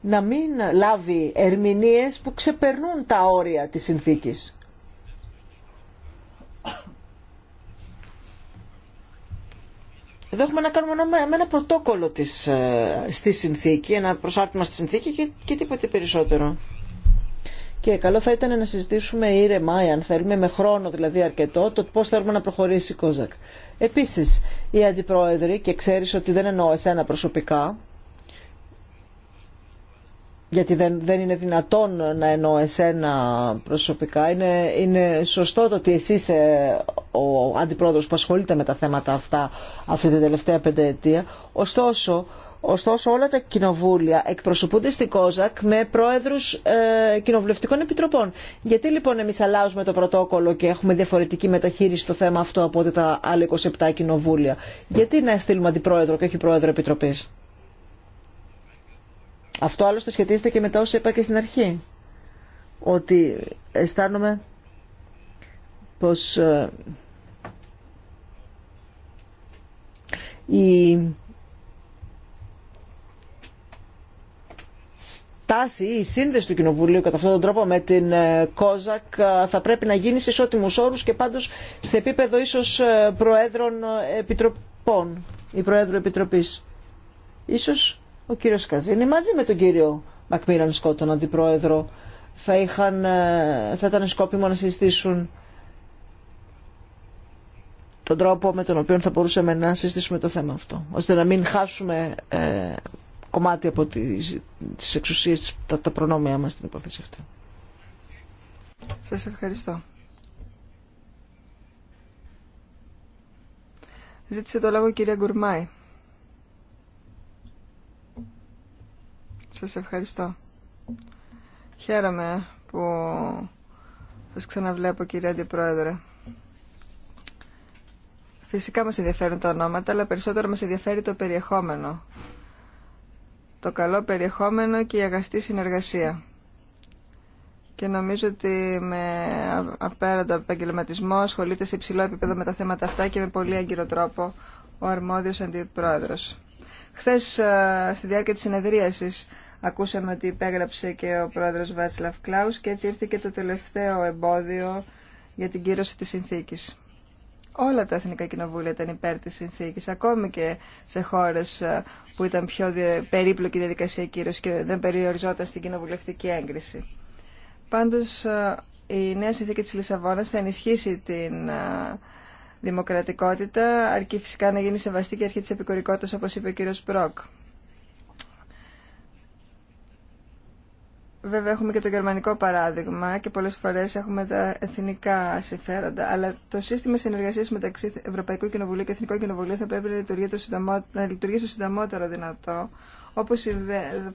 να μην λάβει ερμηνείες που ξεπερνούν τα όρια της συνθήκης. Εδώ έχουμε να κάνουμε με ένα πρωτόκολλο της, ε, στη συνθήκη, ένα προσάρτημα στη συνθήκη και, και τίποτε περισσότερο. Και καλό θα ήταν να συζητήσουμε ήρεμα, αν θέλουμε, με χρόνο δηλαδή αρκετό, το πώ θέλουμε να προχωρήσει η ΚΟΖΑΚ. Επίση, οι αντιπρόεδροι, και ξέρει ότι δεν εννοώ εσένα προσωπικά, γιατί δεν, δεν είναι δυνατόν να εννοώ εσένα προσωπικά. Είναι, είναι σωστό το ότι εσύ είσαι ο αντιπρόεδρος που ασχολείται με τα θέματα αυτά αυτή την τελευταία πενταετία. Ωστόσο, Ωστόσο όλα τα κοινοβούλια εκπροσωπούνται στην ΚΟΖΑΚ με πρόεδρους ε, κοινοβουλευτικών επιτροπών. Γιατί λοιπόν εμείς αλλάζουμε το πρωτόκολλο και έχουμε διαφορετική μεταχείριση στο θέμα αυτό από ό,τι τα άλλα 27 κοινοβούλια. Γιατί να στείλουμε αντιπρόεδρο και όχι πρόεδρο επιτροπής. Αυτό άλλωστε σχετίζεται και με τα όσα είπα και στην αρχή. Ότι αισθάνομαι πως ε, τάση ή η συνδεση του Κοινοβουλίου κατά αυτόν τον τρόπο με την ε, ΚΟΖΑΚ ε, θα πρέπει να γίνει σε ισότιμους όρους και πάντως σε επίπεδο ίσως ε, Προέδρων Επιτροπών ή Προέδρου Επιτροπής. Ίσως ο κύριος Καζίνη μαζί με τον κύριο Μακμήραν Σκότ, τον Αντιπρόεδρο, θα, είχαν, θα ήταν σκόπιμο να συζητήσουν τον τρόπο με τον οποίο θα μπορούσαμε να συζητήσουμε το θέμα αυτό, ώστε να μην χάσουμε κομμάτι από τις, τις εξουσίες, τα, τα προνόμια μας στην υπόθεση αυτή. Σας ευχαριστώ. Ζήτησε το λόγο κυρία Γκουρμάη. Σας ευχαριστώ. Χαίρομαι που σας ξαναβλέπω κυρία Αντιπρόεδρε. Φυσικά μας ενδιαφέρουν τα ονόματα, αλλά περισσότερο μας ενδιαφέρει το περιεχόμενο το καλό περιεχόμενο και η αγαστή συνεργασία. Και νομίζω ότι με απέραντο επαγγελματισμό ασχολείται σε υψηλό επίπεδο με τα θέματα αυτά και με πολύ έγκυρο τρόπο ο αρμόδιος αντιπρόεδρος. Χθες ε, στη διάρκεια της συνεδρίασης ακούσαμε ότι υπέγραψε και ο πρόεδρος Βάτσλαφ Κλάους και έτσι ήρθε και το τελευταίο εμπόδιο για την κύρωση της συνθήκης όλα τα εθνικά κοινοβούλια ήταν υπέρ της συνθήκης, ακόμη και σε χώρες ε, που ήταν πιο περίπλοκη διαδικασία κύριο και δεν περιοριζόταν στην κοινοβουλευτική έγκριση. Πάντως, ε, η νέα συνθήκη της Λισαβόνας θα ενισχύσει την ε, δημοκρατικότητα, αρκεί φυσικά να γίνει σεβαστή και αρχή της επικορικότητας, όπως είπε ο κύριος Μπρόκ. Βέβαια έχουμε και το γερμανικό παράδειγμα και πολλές φορές έχουμε τα εθνικά συμφέροντα, αλλά το σύστημα συνεργασίας μεταξύ Ευρωπαϊκού Κοινοβουλίου και Εθνικού Κοινοβουλίου θα πρέπει να λειτουργεί το, συνταμό, να λειτουργεί το συνταμότερο δυνατό, όπως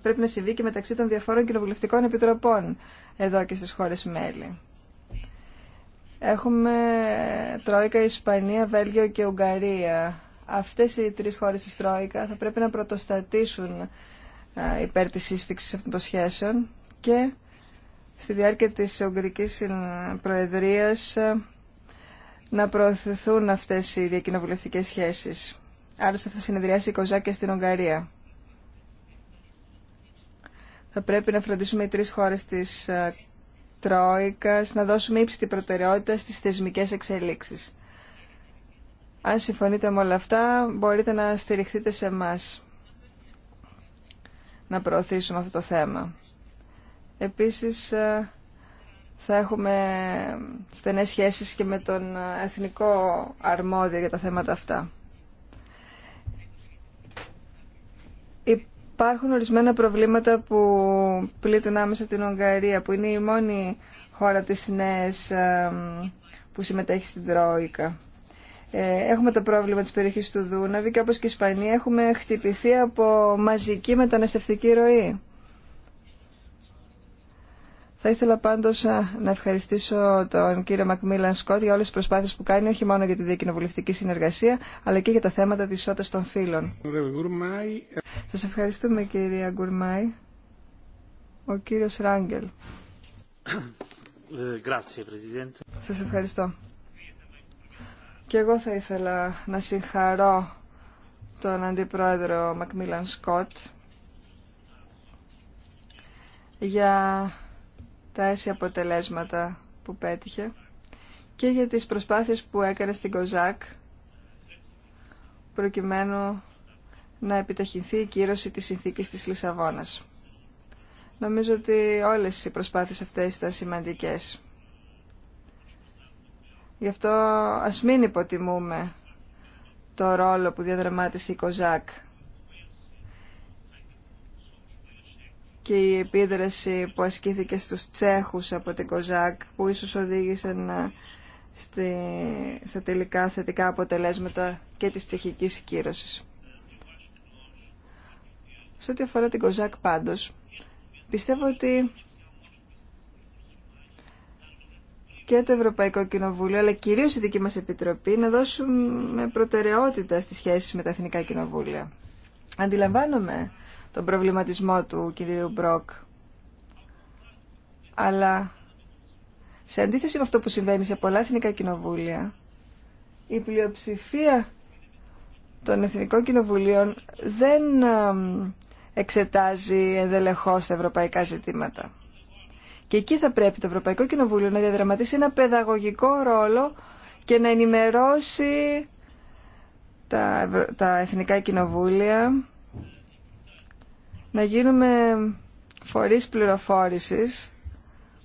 πρέπει να συμβεί και μεταξύ των διαφόρων κοινοβουλευτικών επιτροπών εδώ και στι χώρε μέλη. Έχουμε Τρόικα, Ισπανία, Βέλγιο και Ουγγαρία. Αυτέ οι τρει χώρε τη Τρόικα θα πρέπει να πρωτοστατήσουν ε, υπέρ τη σύσφυξη αυτών των σχέσεων και στη διάρκεια της Ουγγρικής Προεδρίας να προωθηθούν αυτές οι διακοινοβουλευτικές σχέσεις. Άλλωστε θα συνεδριάσει η Κοζά στην Ουγγαρία. Θα πρέπει να φροντίσουμε οι τρεις χώρες της ε, Τρόικας να δώσουμε ύψιστη προτεραιότητα στις θεσμικές εξελίξεις. Αν συμφωνείτε με όλα αυτά, μπορείτε να στηριχθείτε σε εμά να προωθήσουμε αυτό το θέμα. Επίσης ε, θα έχουμε στενές σχέσεις και με τον εθνικό αρμόδιο για τα θέματα αυτά. Υπάρχουν ορισμένα προβλήματα που πλήττουν άμεσα την Ουγγαρία, που είναι η μόνη χώρα της νέας ε, που συμμετέχει στην Τρόικα. Ε, έχουμε το πρόβλημα της περιοχής του Δούναβη και όπως και η Ισπανία έχουμε χτυπηθεί από μαζική μεταναστευτική ροή. Θα ήθελα πάντω να ευχαριστήσω τον κύριο Μακμίλαν Σκότ για όλες τις προσπάθειες που κάνει, όχι μόνο για τη διακοινοβουλευτική συνεργασία, αλλά και για τα θέματα τη ισότητα των φύλων. Σα ευχαριστούμε κυρία Γκουρμάη. Ο κύριος Ράγκελ. Σα ευχαριστώ. Και εγώ θα ήθελα να συγχαρώ τον Αντιπρόεδρο Μακμίλαν Σκότ για τα αίσια αποτελέσματα που πέτυχε και για τις προσπάθειες που έκανε στην Κοζάκ προκειμένου να επιταχυνθεί η κύρωση της συνθήκης της Λισαβόνας. Νομίζω ότι όλες οι προσπάθειες αυτές ήταν σημαντικές. Γι' αυτό ας μην υποτιμούμε το ρόλο που διαδραμάτισε η Κοζάκ και η επίδραση που ασκήθηκε στους Τσέχους από την Κοζάκ που ίσως οδήγησαν ε, στη, στα τελικά θετικά αποτελέσματα και της τσεχικής κύρωσης. Σε ό,τι αφορά την Κοζάκ πάντως, πιστεύω ότι και το Ευρωπαϊκό Κοινοβούλιο, αλλά κυρίως η δική μας Επιτροπή, να δώσουμε προτεραιότητα στις σχέσεις με τα Εθνικά Κοινοβούλια. Αντιλαμβάνομαι τον προβληματισμό του κυρίου Μπροκ. Αλλά σε αντίθεση με αυτό που συμβαίνει σε πολλά εθνικά κοινοβούλια, η πλειοψηφία των εθνικών κοινοβουλίων δεν εξετάζει ενδελεχώς τα ευρωπαϊκά ζητήματα. Και εκεί θα πρέπει το Ευρωπαϊκό Κοινοβούλιο να διαδραματίσει ένα παιδαγωγικό ρόλο και να ενημερώσει τα, τα εθνικά κοινοβούλια να γίνουμε φορείς πληροφόρησης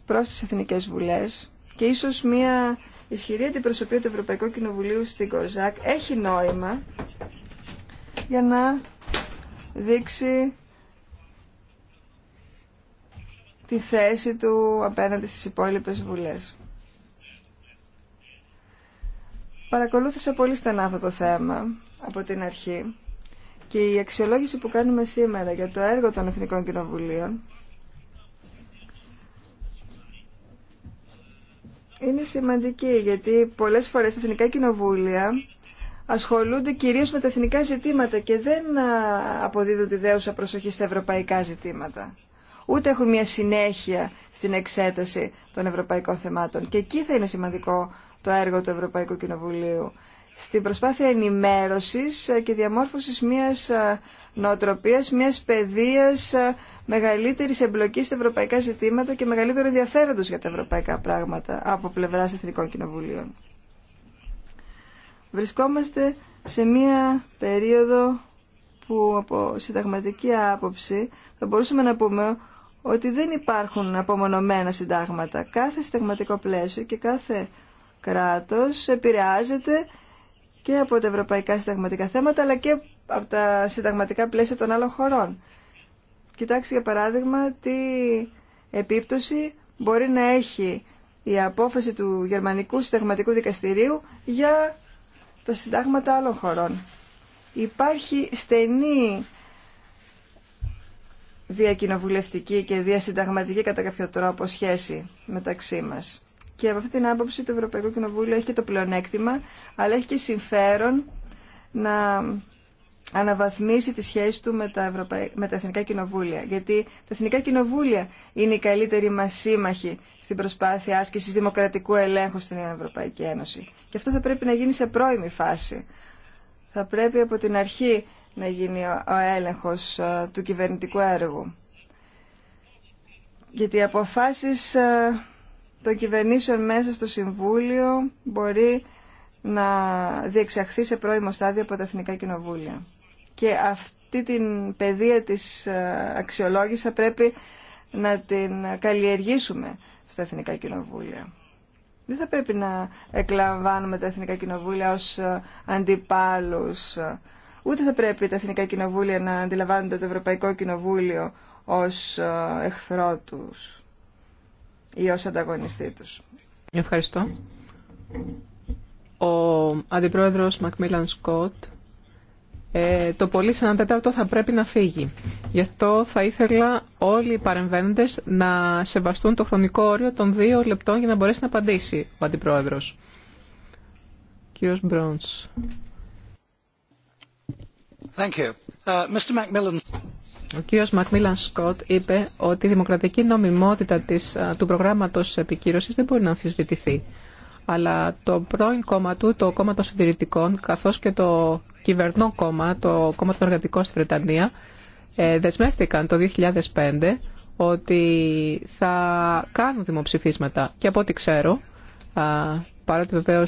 προς τις Εθνικές Βουλές και ίσως μια ισχυρή αντιπροσωπεία του Ευρωπαϊκού Κοινοβουλίου στην ΚΟΖΑΚ έχει νόημα για να δείξει τη θέση του απέναντι στις υπόλοιπες βουλές. Παρακολούθησα πολύ στενά αυτό το θέμα από την αρχή και η αξιολόγηση που κάνουμε σήμερα για το έργο των Εθνικών Κοινοβουλίων είναι σημαντική γιατί πολλές φορές τα Εθνικά Κοινοβούλια ασχολούνται κυρίως με τα εθνικά ζητήματα και δεν αποδίδουν τη δέουσα προσοχή στα ευρωπαϊκά ζητήματα. Ούτε έχουν μια συνέχεια στην εξέταση των ευρωπαϊκών θεμάτων. Και εκεί θα είναι σημαντικό το έργο του Ευρωπαϊκού Κοινοβουλίου στην προσπάθεια ενημέρωσης και διαμόρφωσης μιας ε, νοοτροπίας, μιας παιδείας ε, μεγαλύτερης εμπλοκής στα ευρωπαϊκά ζητήματα και μεγαλύτερο ενδιαφέροντος για τα ευρωπαϊκά πράγματα από πλευράς Εθνικών Κοινοβουλίων. Βρισκόμαστε σε μια περίοδο που από συνταγματική άποψη θα μπορούσαμε να πούμε ότι δεν υπάρχουν απομονωμένα συντάγματα. Κάθε συνταγματικό πλαίσιο και κάθε κράτος επηρεάζεται και από τα ευρωπαϊκά συνταγματικά θέματα αλλά και από τα συνταγματικά πλαίσια των άλλων χωρών. Κοιτάξτε για παράδειγμα τι επίπτωση μπορεί να έχει η απόφαση του Γερμανικού Συνταγματικού Δικαστηρίου για τα συντάγματα άλλων χωρών. Υπάρχει στενή διακοινοβουλευτική και διασυνταγματική κατά κάποιο τρόπο σχέση μεταξύ μας. Και από αυτή την άποψη το Ευρωπαϊκό Κοινοβούλιο έχει και το πλεονέκτημα, αλλά έχει και συμφέρον να αναβαθμίσει τη σχέση του με τα, με Εθνικά Κοινοβούλια. Γιατί τα Εθνικά Κοινοβούλια είναι οι καλύτεροι μας σύμμαχοι στην προσπάθεια άσκησης δημοκρατικού ελέγχου στην Ευρωπαϊκή Ένωση. Και αυτό θα πρέπει να γίνει σε πρώιμη φάση. Θα πρέπει από την αρχή να γίνει ο έλεγχος ε, του κυβερνητικού έργου. Γιατί οι αποφάσεις ε, το κυβερνήσεων μέσα στο Συμβούλιο μπορεί να διεξαχθεί σε πρώιμο στάδιο από τα Εθνικά Κοινοβούλια. Και αυτή την παιδεία της ε, αξιολόγησης θα πρέπει να την καλλιεργήσουμε στα Εθνικά Κοινοβούλια. Δεν θα πρέπει να εκλαμβάνουμε τα Εθνικά Κοινοβούλια ως ε, αντιπάλους. Ούτε θα πρέπει τα Εθνικά Κοινοβούλια να αντιλαμβάνονται το Ευρωπαϊκό Κοινοβούλιο ως ε, εχθρό τους ή ως ανταγωνιστή τους. Ευχαριστώ. Ο Αντιπρόεδρος Μακμίλαν Σκότ ε, το πολύ σαν ένα τέταρτο θα πρέπει να φύγει. Γι' αυτό θα ήθελα όλοι οι παρεμβαίνοντες να σεβαστούν το χρονικό όριο των δύο λεπτών για να μπορέσει να απαντήσει ο Αντιπρόεδρος. Κύριος Μπρόντς. Thank you. Uh, Mr. Macmillan... Ο κύριος Μακμίλαν Σκοτ είπε ότι η δημοκρατική νομιμότητα της, του προγράμματος επικύρωσης δεν μπορεί να αμφισβητηθεί. Αλλά το πρώην κόμμα του, το κόμμα των συντηρητικών, καθώς και το κυβερνό κόμμα, το κόμμα των εργατικών στη Βρετανία, ε, δεσμεύτηκαν το 2005 ότι θα κάνουν δημοψηφίσματα. Και από ό,τι ξέρω, παρότι βεβαίω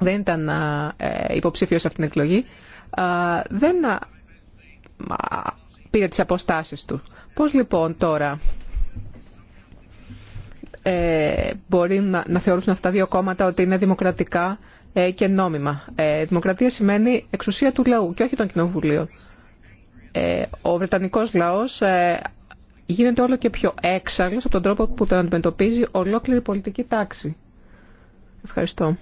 δεν ήταν ε, υποψήφιος αυτήν την εκλογή, δεν πήρε τις αποστάσεις του. Πώς λοιπόν τώρα ε, μπορεί να, να αυτά τα δύο κόμματα ότι είναι δημοκρατικά ε, και νόμιμα. Ε, δημοκρατία σημαίνει εξουσία του λαού και όχι των κοινοβουλίων. Ο Βρετανικός λαός γίνεται όλο και πιο έξαλλος από τον τρόπο που τον αντιμετωπίζει ολόκληρη πολιτική τάξη. Ευχαριστώ.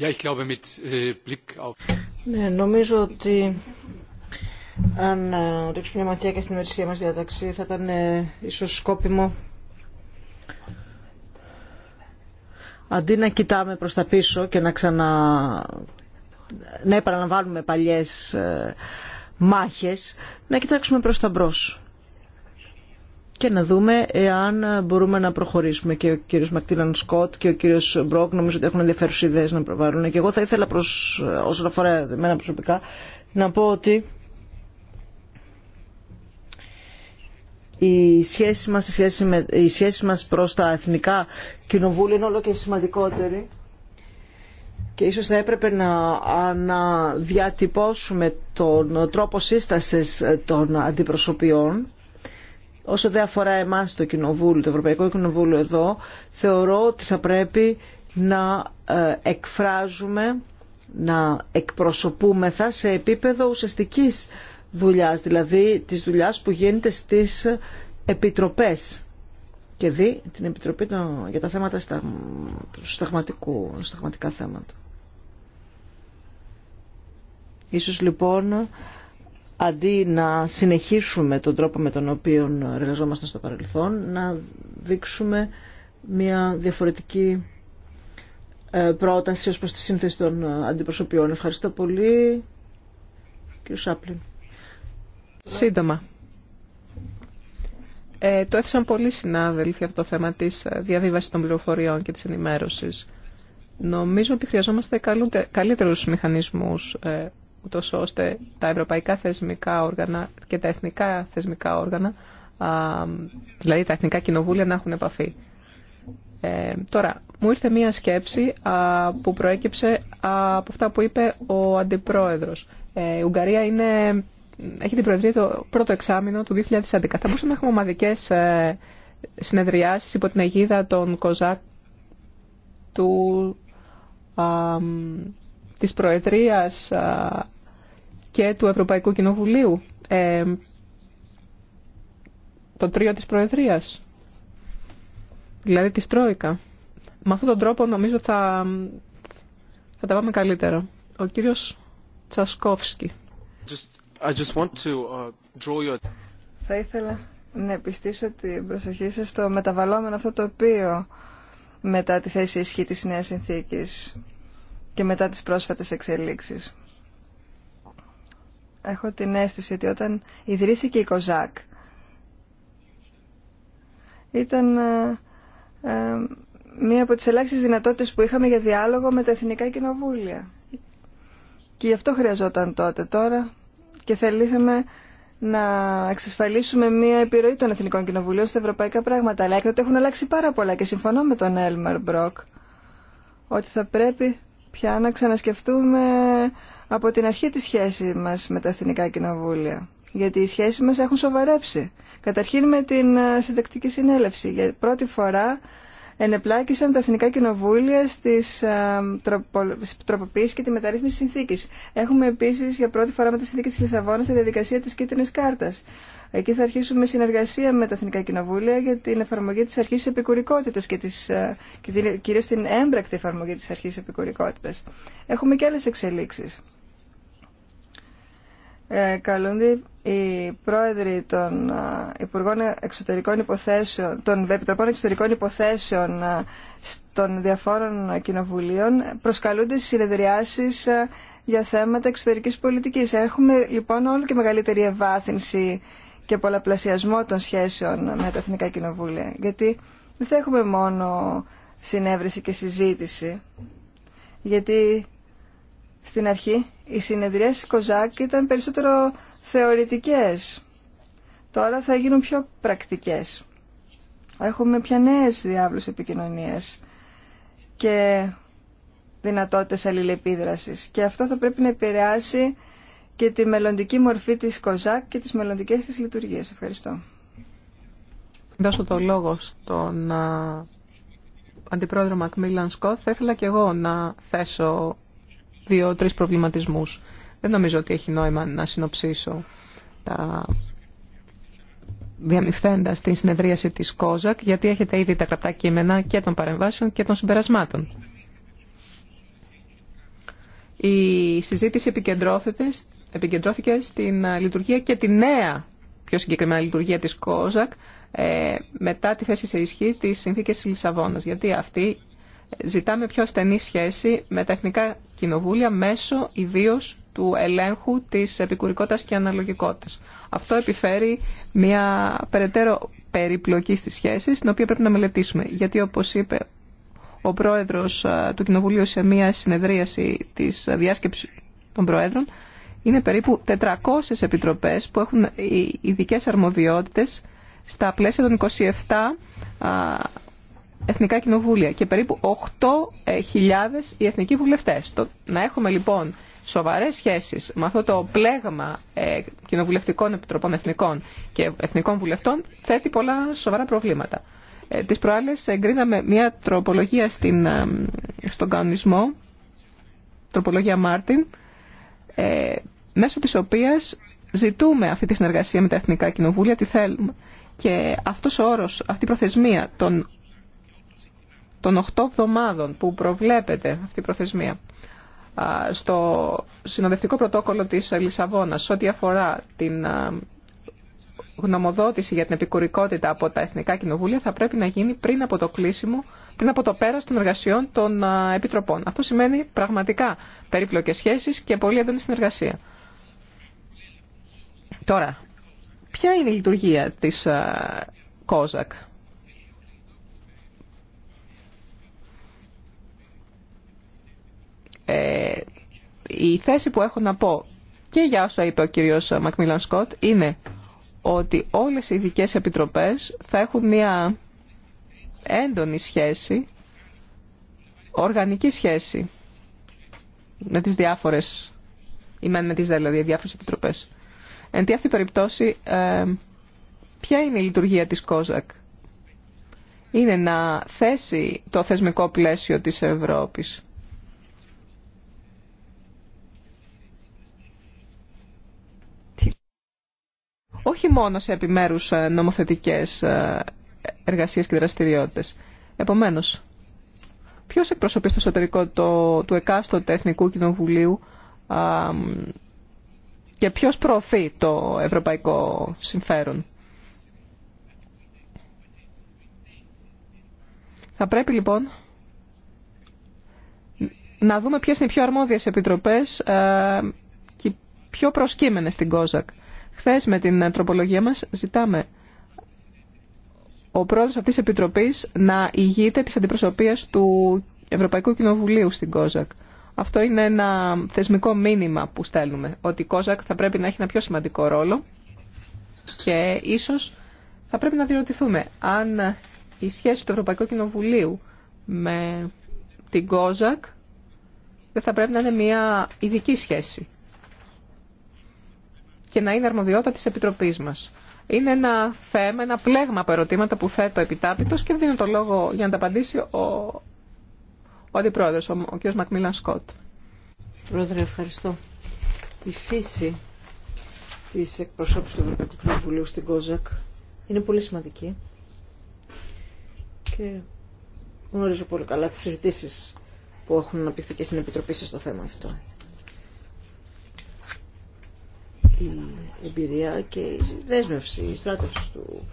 Äh, ναι, νομίζω ότι αν ε, ρίξουμε μια ματιά και στην ημερησία μας διαταξή θα ήταν ε, ίσως σκόπιμο αντί να κοιτάμε προς τα πίσω και να ξανα... να επαναλαμβάνουμε παλιές ε, μάχες, να κοιτάξουμε προς τα μπρος και να δούμε εάν μπορούμε να προχωρήσουμε. Και ο κύριος Μακτήλαν Σκοτ και ο κύριος Μπρόκ νομίζω ότι έχουν ενδιαφέρουσε ιδέες να προβάλλουν. Και εγώ θα ήθελα προς, όσον αφορά εμένα προσωπικά να πω ότι η σχέση μας, η μας προς τα εθνικά κοινοβούλια είναι όλο και σημαντικότερη και ίσως θα έπρεπε να, να διατυπώσουμε τον τρόπο σύστασης των αντιπροσωπιών Όσο δεν αφορά εμάς το Κοινοβούλιο, το Ευρωπαϊκό Κοινοβούλιο εδώ, θεωρώ ότι θα πρέπει να ε, εκφράζουμε, να εκπροσωπούμεθα σε επίπεδο ουσιαστικής δουλειάς, δηλαδή της δουλειάς που γίνεται στις επιτροπές και δει την Επιτροπή για τα θέματα στα, σταγματικά θέματα. Ίσως λοιπόν αντί να συνεχίσουμε τον τρόπο με τον οποίο εργαζόμαστε στο παρελθόν, να δείξουμε μια διαφορετική ε, πρόταση ως προς τη σύνθεση των ε, αντιπροσωπιών. Ευχαριστώ πολύ, κύριο Σάπλιν. Σύντομα. Ε, το έφεσαν πολλοί συνάδελφοι αυτό το θέμα της ε, διαβίβασης των πληροφοριών και της ενημέρωσης. Νομίζω ότι χρειαζόμαστε καλύτερους μηχανισμούς ούτω ώστε τα ευρωπαϊκά θεσμικά όργανα και τα εθνικά θεσμικά όργανα, δηλαδή τα εθνικά κοινοβούλια, να έχουν επαφή. Ε, τώρα, μου ήρθε μία σκέψη α, που προέκυψε α, από αυτά που είπε ο Αντιπρόεδρος. Ε, η Ουγγαρία είναι, έχει την Προεδρία το πρώτο εξάμεινο του 2011. Θα μπορούσαμε να έχουμε ομαδικές ε, συνεδριάσεις υπό την αιγίδα των ΚΟΖΑΚ του α, της Προεδρίας και του Ευρωπαϊκού Κοινοβουλίου, ε, το τρίο της Προεδρίας, δηλαδή της Τρόικα. Με αυτόν τον τρόπο νομίζω θα, θα τα πάμε καλύτερο. Ο κύριος Τσασκόφσκι. I just want to uh, draw Θα ήθελα να επιστήσω την προσοχή σας στο μεταβαλλόμενο αυτό το οποίο μετά τη θέση ισχύ της νέας συνθήκης και μετά τις πρόσφατες εξελίξεις. Έχω την αίσθηση ότι όταν ιδρύθηκε η ΚΟΖΑΚ ήταν ε, ε, μία από τις ελάχιστες δυνατότητες που είχαμε για διάλογο με τα εθνικά κοινοβούλια. Και γι' αυτό χρειαζόταν τότε τώρα και θελήσαμε να εξασφαλίσουμε μία επιρροή των Εθνικών Κοινοβουλίων στα ευρωπαϊκά πράγματα. Αλλά έκτοτε έχουν αλλάξει πάρα πολλά και συμφωνώ με τον Έλμαρ Μπροκ ότι θα πρέπει πια να ξανασκεφτούμε από την αρχή τη σχέση μας με τα εθνικά κοινοβούλια. Γιατί οι σχέσεις μας έχουν σοβαρέψει. Καταρχήν με την ε, συντακτική συνέλευση. Για πρώτη φορά ενεπλάκησαν τα εθνικά κοινοβούλια στις ε, τροποποίησεις και τη μεταρρύθμιση συνθήκη. Έχουμε επίσης για πρώτη φορά με τη συνθήκη της Λισαβόνας τη διαδικασία της κίτρινη κάρτα. Εκεί θα αρχίσουμε συνεργασία με τα εθνικά κοινοβούλια για την εφαρμογή της αρχής επικουρικότητας και, της, ε, και την, κυρίως την έμπρακτη εφαρμογή τη αρχή επικουρικότητας. Έχουμε και άλλε εξελίξει ε, καλούνται οι πρόεδροι των ε, Υπουργών Εξωτερικών Υποθέσεων, των Επιτροπών Εξωτερικών Υποθέσεων ε, των διαφόρων κοινοβουλίων προσκαλούνται στις συνεδριάσεις ε, για θέματα εξωτερικής πολιτικής. Έχουμε λοιπόν όλο και μεγαλύτερη ευάθυνση και πολλαπλασιασμό των σχέσεων με τα Εθνικά Κοινοβούλια. Γιατί δεν θα έχουμε μόνο συνέβρεση και συζήτηση. Γιατί στην αρχή οι της Κοζάκ ήταν περισσότερο θεωρητικές. Τώρα θα γίνουν πιο πρακτικές. Έχουμε πια νέες διάβλους επικοινωνίες και δυνατότητες αλληλεπίδρασης. Και αυτό θα πρέπει να επηρεάσει και τη μελλοντική μορφή της ΚΟΖΑΚ και τις μελλοντικές της λειτουργίες. Ευχαριστώ. Δώσω το λόγο στον Αντιπρόεδρο Μακμίλαν Σκοτ. Θα ήθελα και εγώ να θέσω δύο-τρεις προβληματισμούς. Δεν νομίζω ότι έχει νόημα να συνοψίσω τα διαμυφθέντα στην συνεδρίαση της ΚΟΖΑΚ, γιατί έχετε ήδη τα κρατά κείμενα και των παρεμβάσεων και των συμπερασμάτων. Η συζήτηση επικεντρώθηκε στην λειτουργία και τη νέα, πιο συγκεκριμένα λειτουργία της ΚΟΖΑΚ, ε, μετά τη θέση σε ισχύ της συνθήκης της Λισαβόνας, γιατί αυτή Ζητάμε πιο στενή σχέση με τα εθνικά κοινοβούλια μέσω ιδίω του ελέγχου της επικουρικότητας και αναλογικότητας. Αυτό επιφέρει μια περαιτέρω περιπλοκή στις σχέσεις, την οποία πρέπει να μελετήσουμε. Γιατί όπως είπε ο πρόεδρος ε, του Κοινοβουλίου σε μια συνεδρίαση της διάσκεψης των πρόεδρων, είναι περίπου 400 επιτροπές που έχουν ε, ειδικέ αρμοδιότητες στα πλαίσια των 27 εθνικά κοινοβούλια και περίπου 8.000 οι εθνικοί βουλευτές. να έχουμε λοιπόν σοβαρές σχέσεις με αυτό το πλέγμα ε, κοινοβουλευτικών επιτροπών εθνικών και εθνικών βουλευτών θέτει πολλά σοβαρά προβλήματα. Ε, τις προάλλες εγκρίναμε μια τροπολογία στην, ε, στον κανονισμό, τροπολογία Μάρτιν, ε, μέσω της οποίας ζητούμε αυτή τη συνεργασία με τα εθνικά κοινοβούλια, τη θέλουμε. Και αυτός ο όρος, αυτή η προθεσμία των των 8 εβδομάδων που προβλέπεται αυτή η προθεσμία στο συνοδευτικό πρωτόκολλο της Λισαβόνας ό,τι αφορά την γνωμοδότηση για την επικουρικότητα από τα Εθνικά Κοινοβούλια θα πρέπει να γίνει πριν από το κλείσιμο, πριν από το πέρας των εργασιών των Επιτροπών. Αυτό σημαίνει πραγματικά περίπλοκες σχέσεις και πολύ έντονη συνεργασία. Τώρα, ποια είναι η λειτουργία της ΚΟΖΑΚ. Ε, η θέση που έχω να πω και για όσα είπε ο κύριος Μακμίλαν Σκοτ είναι ότι όλες οι ειδικέ επιτροπές θα έχουν μια έντονη σχέση, οργανική σχέση με τις διάφορες, ή με τις δηλαδή διάφορες επιτροπές. Εν τί αυτή περιπτώσει, ε, ποια είναι η λειτουργία της ΚΟΖΑΚ. Είναι να θέσει το θεσμικό πλαίσιο της Ευρώπης όχι μόνο σε επιμέρους ε, νομοθετικές ε, εργασίες και δραστηριότητες. Επομένως, ποιος εκπροσωπεί στο εσωτερικό το, του εκάστοτε Εθνικού Κοινοβουλίου α, και ποιος προωθεί το ευρωπαϊκό συμφέρον. Θα πρέπει λοιπόν να δούμε ποιες είναι οι πιο αρμόδιες επιτροπές ε, και οι πιο προσκύμενες στην ΚΟΖΑΚ. Χθε με την τροπολογία μας ζητάμε ο πρόεδρος αυτής της Επιτροπής να ηγείται της αντιπροσωπείας του Ευρωπαϊκού Κοινοβουλίου στην ΚΟΖΑΚ. Αυτό είναι ένα θεσμικό μήνυμα που στέλνουμε, ότι η ΚΟΖΑΚ θα πρέπει να έχει ένα πιο σημαντικό ρόλο και ίσως θα πρέπει να διερωτηθούμε αν η σχέση του Ευρωπαϊκού Κοινοβουλίου με την ΚΟΖΑΚ δεν θα πρέπει να είναι μια ειδική σχέση και να είναι αρμοδιότητα τη επιτροπή μα. Είναι ένα θέμα, ένα πλέγμα από ερωτήματα που θέτω επιτάπητο και δίνω το λόγο για να τα απαντήσει ο, ο αντιπρόεδρος, ο, ο κ. Μακμίλαν Σκότ. Πρόεδρε, ευχαριστώ. Η φύση τη εκπροσώπηση του Ευρωπαϊκού Κοινοβουλίου στην ΚΟΖΑΚ είναι πολύ σημαντική και γνωρίζω πολύ καλά τι συζητήσει που έχουν αναπτυχθεί και στην Επιτροπή σα στο θέμα αυτό. η εμπειρία και η δέσμευση, η στράτευση του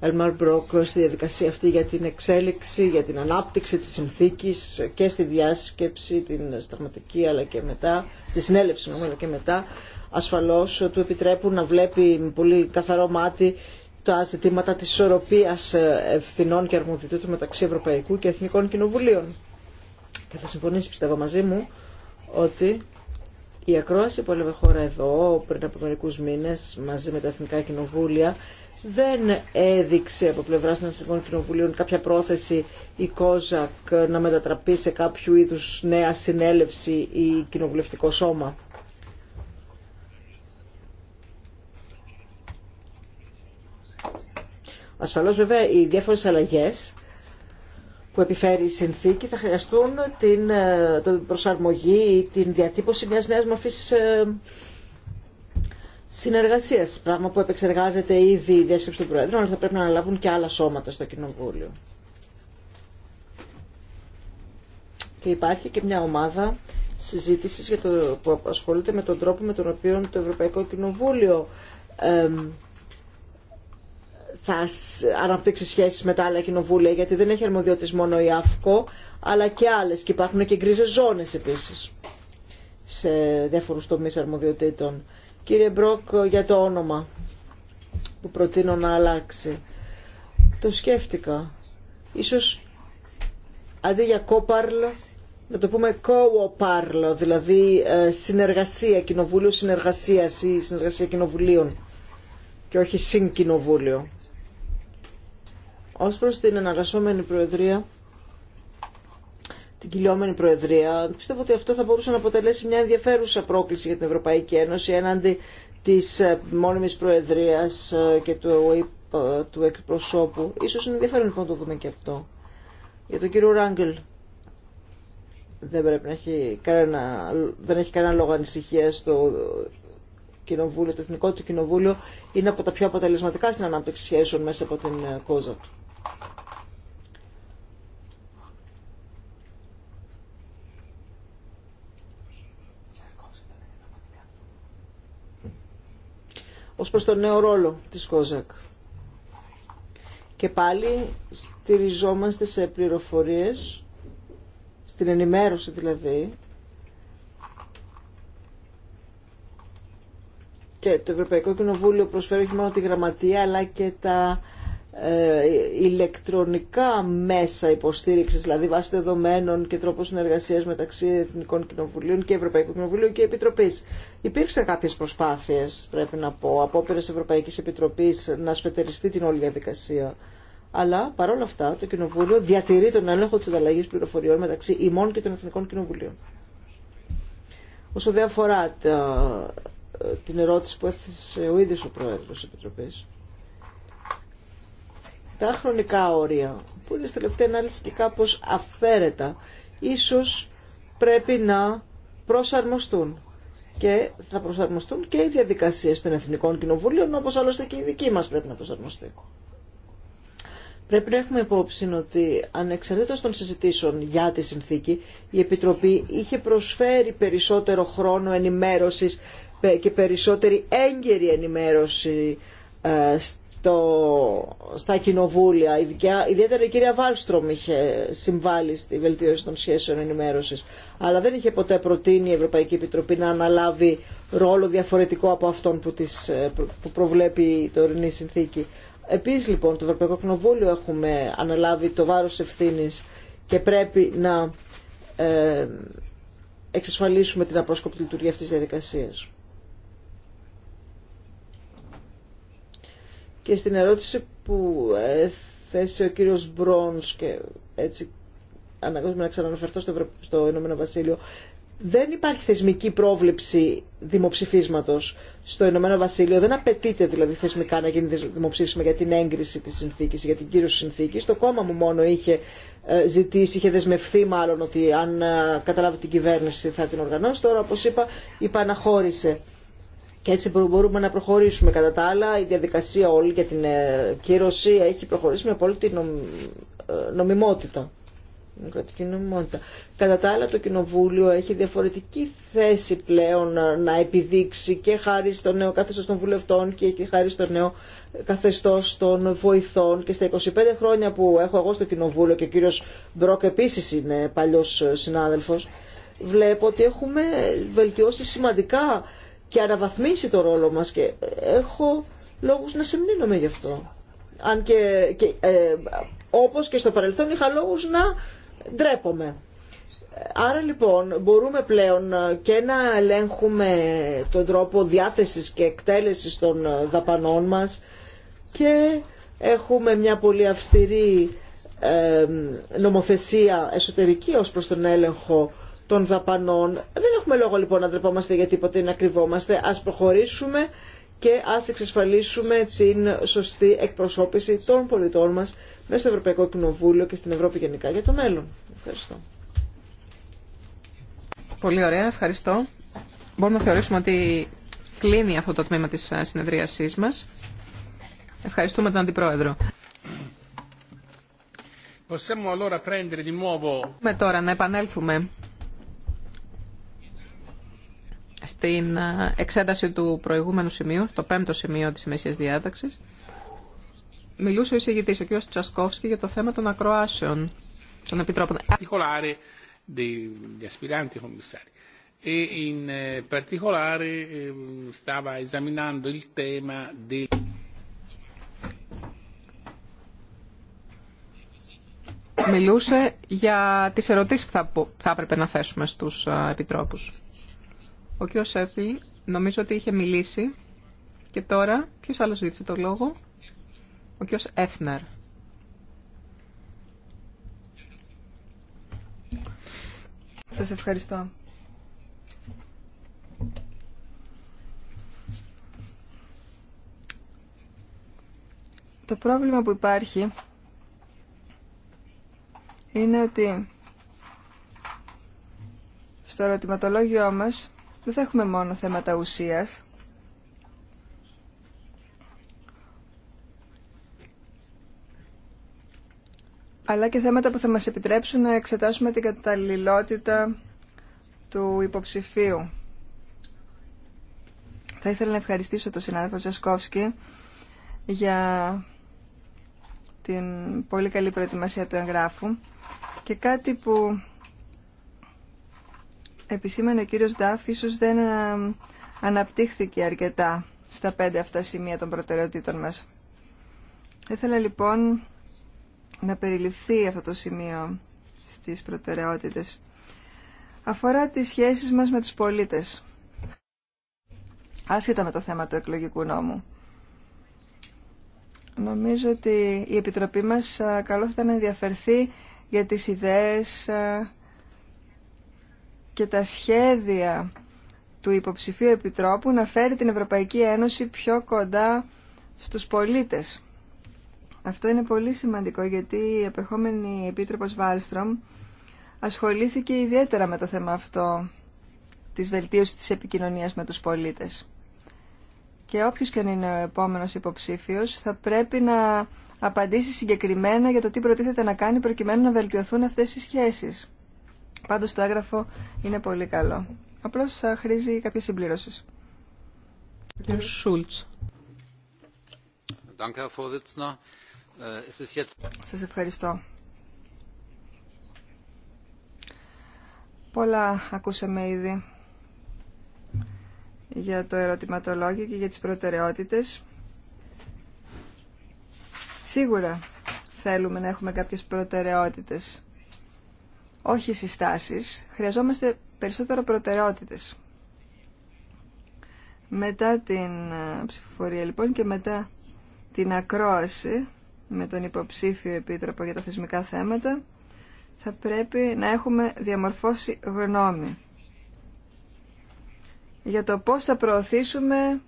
Ελμαρ Μπρόκ στη διαδικασία αυτή για την εξέλιξη, για την ανάπτυξη της συνθήκης και στη διάσκεψη, την σταγματική αλλά και μετά, στη συνέλευση νομίζω αλλά και μετά, ασφαλώς του επιτρέπουν να βλέπει με πολύ καθαρό μάτι τα ζητήματα της ισορροπίας ευθυνών και αρμοδιτήτων μεταξύ Ευρωπαϊκού και Εθνικών Κοινοβουλίων. Και θα συμφωνήσει πιστεύω μαζί μου ότι η ακρόαση που έλαβε χώρα εδώ πριν από μερικούς μήνες μαζί με τα Εθνικά Κοινοβούλια δεν έδειξε από πλευρά των Εθνικών Κοινοβουλίων κάποια πρόθεση η ΚΟΖΑΚ να μετατραπεί σε κάποιο είδου νέα συνέλευση ή κοινοβουλευτικό σώμα. Ασφαλώς βέβαια οι διάφορες αλλαγές που επιφέρει η συνθήκη θα χρειαστούν την, ε, την προσαρμογή ή την διατύπωση μιας νέας μορφής ε, συνεργασίας, πράγμα που επεξεργάζεται ήδη η διάσκεψη των Πρόεδρου, αλλά θα πρέπει να αναλάβουν και άλλα σώματα στο Κοινοβούλιο. Και υπάρχει και μια ομάδα συζήτησης για το, που ασχολείται με τον τρόπο με τον οποίο το Ευρωπαϊκό Κοινοβούλιο θα αναπτύξει σχέσεις με τα άλλα κοινοβούλια γιατί δεν έχει αρμοδιότητε μόνο η ΑΦΚΟ αλλά και άλλες και υπάρχουν και γκρίζε ζώνε επίσης σε διάφορου τομεί αρμοδιοτήτων. Κύριε Μπρόκ για το όνομα που προτείνω να αλλάξει. Το σκέφτηκα. Ίσως αντί για κόπαρλ να το πούμε κόοπαρλ, δηλαδή ε, συνεργασία, κοινοβούλιο συνεργασία ή συνεργασία κοινοβουλίων και όχι συγκοινοβούλιο. Ως προς την αναγκασόμενη Προεδρία, την κυλιόμενη Προεδρία, πιστεύω ότι αυτό θα μπορούσε να αποτελέσει μια ενδιαφέρουσα πρόκληση για την Ευρωπαϊκή Ένωση έναντι της ε, μόνιμης Προεδρίας ε, και του, ε, του εκπροσώπου. Ίσως είναι ενδιαφέρον λοιπόν να το δούμε και αυτό. Για τον κύριο Ράγκελ δεν πρέπει να έχει κανένα, δεν έχει κανένα λόγο ανησυχία στο κοινοβούλιο, το εθνικό του κοινοβούλιο είναι από τα πιο αποτελεσματικά στην ανάπτυξη σχέσεων μέσα από την κόζα του. ως προς τον νέο ρόλο της ΚΟΖΑΚ. Και πάλι στηριζόμαστε σε πληροφορίες, στην ενημέρωση δηλαδή, και το Ευρωπαϊκό Κοινοβούλιο προσφέρει όχι μόνο τη γραμματεία αλλά και τα ε, ηλεκτρονικά μέσα υποστήριξης, δηλαδή βάση δεδομένων και τρόπου συνεργασίας μεταξύ Εθνικών Κοινοβουλίων και Ευρωπαϊκού Κοινοβουλίου και Επιτροπής. Υπήρξαν κάποιες προσπάθειες, πρέπει να πω, από όπερες Ευρωπαϊκής Επιτροπής να σπετεριστεί την όλη διαδικασία. Αλλά παρόλα αυτά το Κοινοβούλιο διατηρεί τον έλεγχο της ανταλλαγής πληροφοριών μεταξύ ημών και των Εθνικών Κοινοβουλίων. Όσο δεν αφορά ε, την ερώτηση που έθεσε ο ίδιος ο Πρόεδρος της Επιτροπής, τα χρονικά όρια, που είναι στη τελευταία ανάλυση και κάπως αυθαίρετα, ίσως πρέπει να προσαρμοστούν. Και θα προσαρμοστούν και οι διαδικασίες των Εθνικών Κοινοβουλίων, όπως άλλωστε και η δική μας πρέπει να προσαρμοστεί. Πρέπει να έχουμε υπόψη ότι ανεξαρτήτως των συζητήσεων για τη συνθήκη, η Επιτροπή είχε προσφέρει περισσότερο χρόνο ενημέρωσης και περισσότερη έγκαιρη ενημέρωση ε, το στα κοινοβούλια. Ιδιαίτερα η κυρία Βάλστρομ είχε συμβάλει στη βελτίωση των σχέσεων ενημέρωση. Αλλά δεν είχε ποτέ προτείνει η Ευρωπαϊκή Επιτροπή να αναλάβει ρόλο διαφορετικό από αυτόν που, τις, που προβλέπει η τωρινή συνθήκη. Επίσης λοιπόν το Ευρωπαϊκό Κοινοβούλιο έχουμε αναλάβει το βάρος ευθύνη και πρέπει να ε, εξασφαλίσουμε την απρόσκοπτη λειτουργία αυτής της διαδικασίας. και στην ερώτηση που θέσε ο κύριος Μπρόνς και έτσι αναγκάζομαι να ξαναναφερθώ στο, Ευρω... στο Ηνωμένο Βασίλειο δεν υπάρχει θεσμική πρόβλεψη δημοψηφίσματος στο Ηνωμένο Βασίλειο. Δεν απαιτείται δηλαδή θεσμικά να γίνει δημοψήφισμα για την έγκριση της συνθήκης, για την κύρωση συνθήκης. Το κόμμα μου μόνο είχε ε, ζητήσει, είχε δεσμευθεί μάλλον ότι αν ε, καταλάβει την κυβέρνηση θα την οργανώσει. Τώρα, όπως είπα, υπαναχώρησε και έτσι μπορούμε να προχωρήσουμε. Κατά τα άλλα, η διαδικασία όλη για την ε, κύρωση έχει προχωρήσει με απόλυτη ε, νομιμότητα. Κατά τα άλλα, το Κοινοβούλιο έχει διαφορετική θέση πλέον ε, να επιδείξει και χάρη στο νέο καθεστώς των βουλευτών και, και χάρη στο νέο καθεστώς των βοηθών. Και στα 25 χρόνια που έχω εγώ στο Κοινοβούλιο και ο κύριος Μπρόκ επίσης είναι παλιός συνάδελφος, βλέπω ότι έχουμε βελτιώσει σημαντικά και αναβαθμίσει το ρόλο μας και έχω λόγους να σεμνύνομαι γι' αυτό. Αν και, ε, όπως και στο παρελθόν είχα λόγους να ντρέπομαι. Άρα λοιπόν μπορούμε πλέον ε, και να ελέγχουμε τον τρόπο διάθεσης και εκτέλεσης των ε, δαπανών μας και έχουμε μια πολύ αυστηρή νομοθεσία εσωτερική ως προς τον έλεγχο των δαπανών. Δεν έχουμε λόγο λοιπόν να ντρεπόμαστε για τίποτε ή να κρυβόμαστε. Ας προχωρήσουμε και ας εξασφαλίσουμε την σωστή εκπροσώπηση των πολιτών μας μέσα στο Ευρωπαϊκό Κοινοβούλιο και στην Ευρώπη γενικά για το μέλλον. Ευχαριστώ. Πολύ ωραία, ευχαριστώ. Μπορούμε να θεωρήσουμε ότι κλείνει αυτό το τμήμα της ε, συνεδρίασής μας. Ευχαριστούμε τον Αντιπρόεδρο. Possiamo Με τώρα να επανέλθουμε στην ε, εξέταση του προηγούμενου σημείου, το πέμπτο σημείο της ημεσίας διάταξης, μιλούσε ο εισηγητής, ο κ. Τσασκόφσκι, για το θέμα των ακροάσεων των επιτρόπων. Μιλούσε για τις ερωτήσεις που θα, που θα έπρεπε να θέσουμε στους ε, επιτρόπους. Ο κύριος Σέφη νομίζω ότι είχε μιλήσει και τώρα ποιος άλλος ζήτησε το λόγο. Ο κύριος Έφνερ. Σας ευχαριστώ. Το πρόβλημα που υπάρχει είναι ότι στο ερωτηματολόγιο μας δεν θα έχουμε μόνο θέματα ουσίας. αλλά και θέματα που θα μας επιτρέψουν να εξετάσουμε την καταλληλότητα του υποψηφίου. Θα ήθελα να ευχαριστήσω τον συνάδελφο Ζασκόφσκι για την πολύ καλή προετοιμασία του εγγράφου και κάτι που επισήμανε ο κύριος Ντάφ ίσως δεν ε, αναπτύχθηκε αρκετά στα πέντε αυτά σημεία των προτεραιοτήτων μας. Ήθελα λοιπόν να περιληφθεί αυτό το σημείο στις προτεραιότητες. Αφορά τις σχέσεις μας με τους πολίτες. Άσχετα με το θέμα του εκλογικού νόμου. Νομίζω ότι η Επιτροπή μας ε, καλό θα ήταν να ενδιαφερθεί για τις ιδέες ε, και τα σχέδια του υποψηφίου επιτρόπου να φέρει την Ευρωπαϊκή Ένωση πιο κοντά στους πολίτες. Αυτό είναι πολύ σημαντικό γιατί η επερχόμενη Επίτροπος Βάλστρομ ασχολήθηκε ιδιαίτερα με το θέμα αυτό της βελτίωσης της επικοινωνίας με τους πολίτες. Και όποιος και αν είναι ο επόμενος υποψήφιος θα πρέπει να απαντήσει συγκεκριμένα για το τι προτίθεται να κάνει προκειμένου να βελτιωθούν αυτές οι σχέσεις. Πάντως το έγγραφο είναι πολύ καλό. Απλώς ε, χρήζει κάποιες συμπληρώσει. Σούλτς. Äh, Σας ευχαριστώ. Πολλά ακούσαμε ήδη για το ερωτηματολόγιο και για τις προτεραιότητες. Σίγουρα θέλουμε να έχουμε κάποιες προτεραιότητες όχι συστάσεις, χρειαζόμαστε περισσότερο προτεραιότητες. Μετά την ε, ψηφοφορία λοιπόν και μετά την ακρόαση με τον υποψήφιο επίτροπο για τα θεσμικά θέματα, θα πρέπει να έχουμε διαμορφώσει γνώμη για το πώς θα προωθήσουμε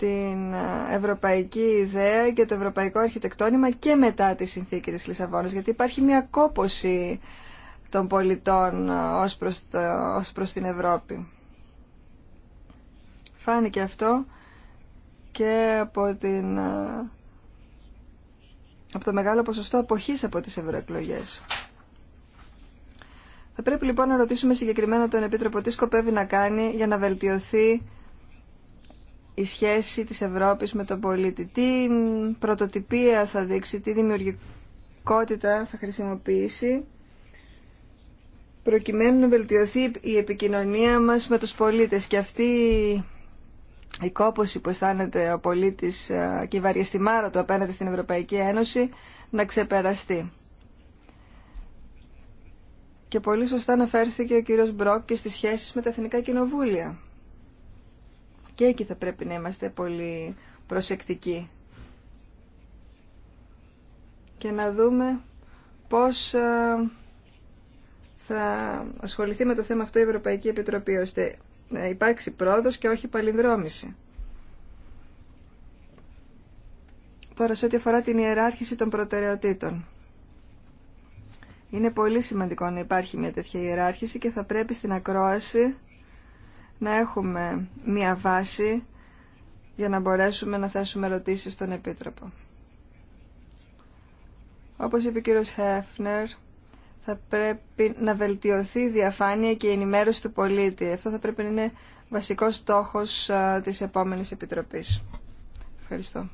την ευρωπαϊκή ιδέα και το ευρωπαϊκό αρχιτεκτόνημα και μετά τη συνθήκη της Λισαβόνας, γιατί υπάρχει μια κόπωση των πολιτών ε, ως προς, ως προς την Ευρώπη. Φάνηκε αυτό και από, την, ε, από το μεγάλο ποσοστό αποχής από τις ευρωεκλογές. Θα πρέπει λοιπόν να ρωτήσουμε συγκεκριμένα τον Επίτροπο τι σκοπεύει να κάνει για να βελτιωθεί η σχέση της Ευρώπης με τον πολίτη. Τι πρωτοτυπία θα δείξει, τι δημιουργικότητα θα χρησιμοποιήσει προκειμένου να βελτιωθεί η επικοινωνία μας με τους πολίτες και αυτή η κόπωση που αισθάνεται ο πολίτης ε, και η μάρα του απέναντι στην Ευρωπαϊκή Ένωση να ξεπεραστεί. Και πολύ σωστά αναφέρθηκε ο κύριος Μπρόκ και στις σχέσεις με τα Εθνικά Κοινοβούλια. Και εκεί θα πρέπει να είμαστε πολύ προσεκτικοί. Και να δούμε πώς ε, θα ασχοληθεί με το θέμα αυτό η Ευρωπαϊκή Επιτροπή, ώστε να υπάρξει πρόοδος και όχι παλινδρόμηση. Τώρα, σε ό,τι αφορά την ιεράρχηση των προτεραιοτήτων. Είναι πολύ σημαντικό να υπάρχει μια τέτοια ιεράρχηση και θα πρέπει στην ακρόαση να έχουμε μία βάση για να μπορέσουμε να θέσουμε ερωτήσεις στον Επίτροπο. Όπως είπε ο κύριος Χέφνερ, θα πρέπει να βελτιωθεί η διαφάνεια και η ενημέρωση του πολίτη. Αυτό θα πρέπει να είναι βασικός στόχος της επόμενης Επιτροπής. Ευχαριστώ.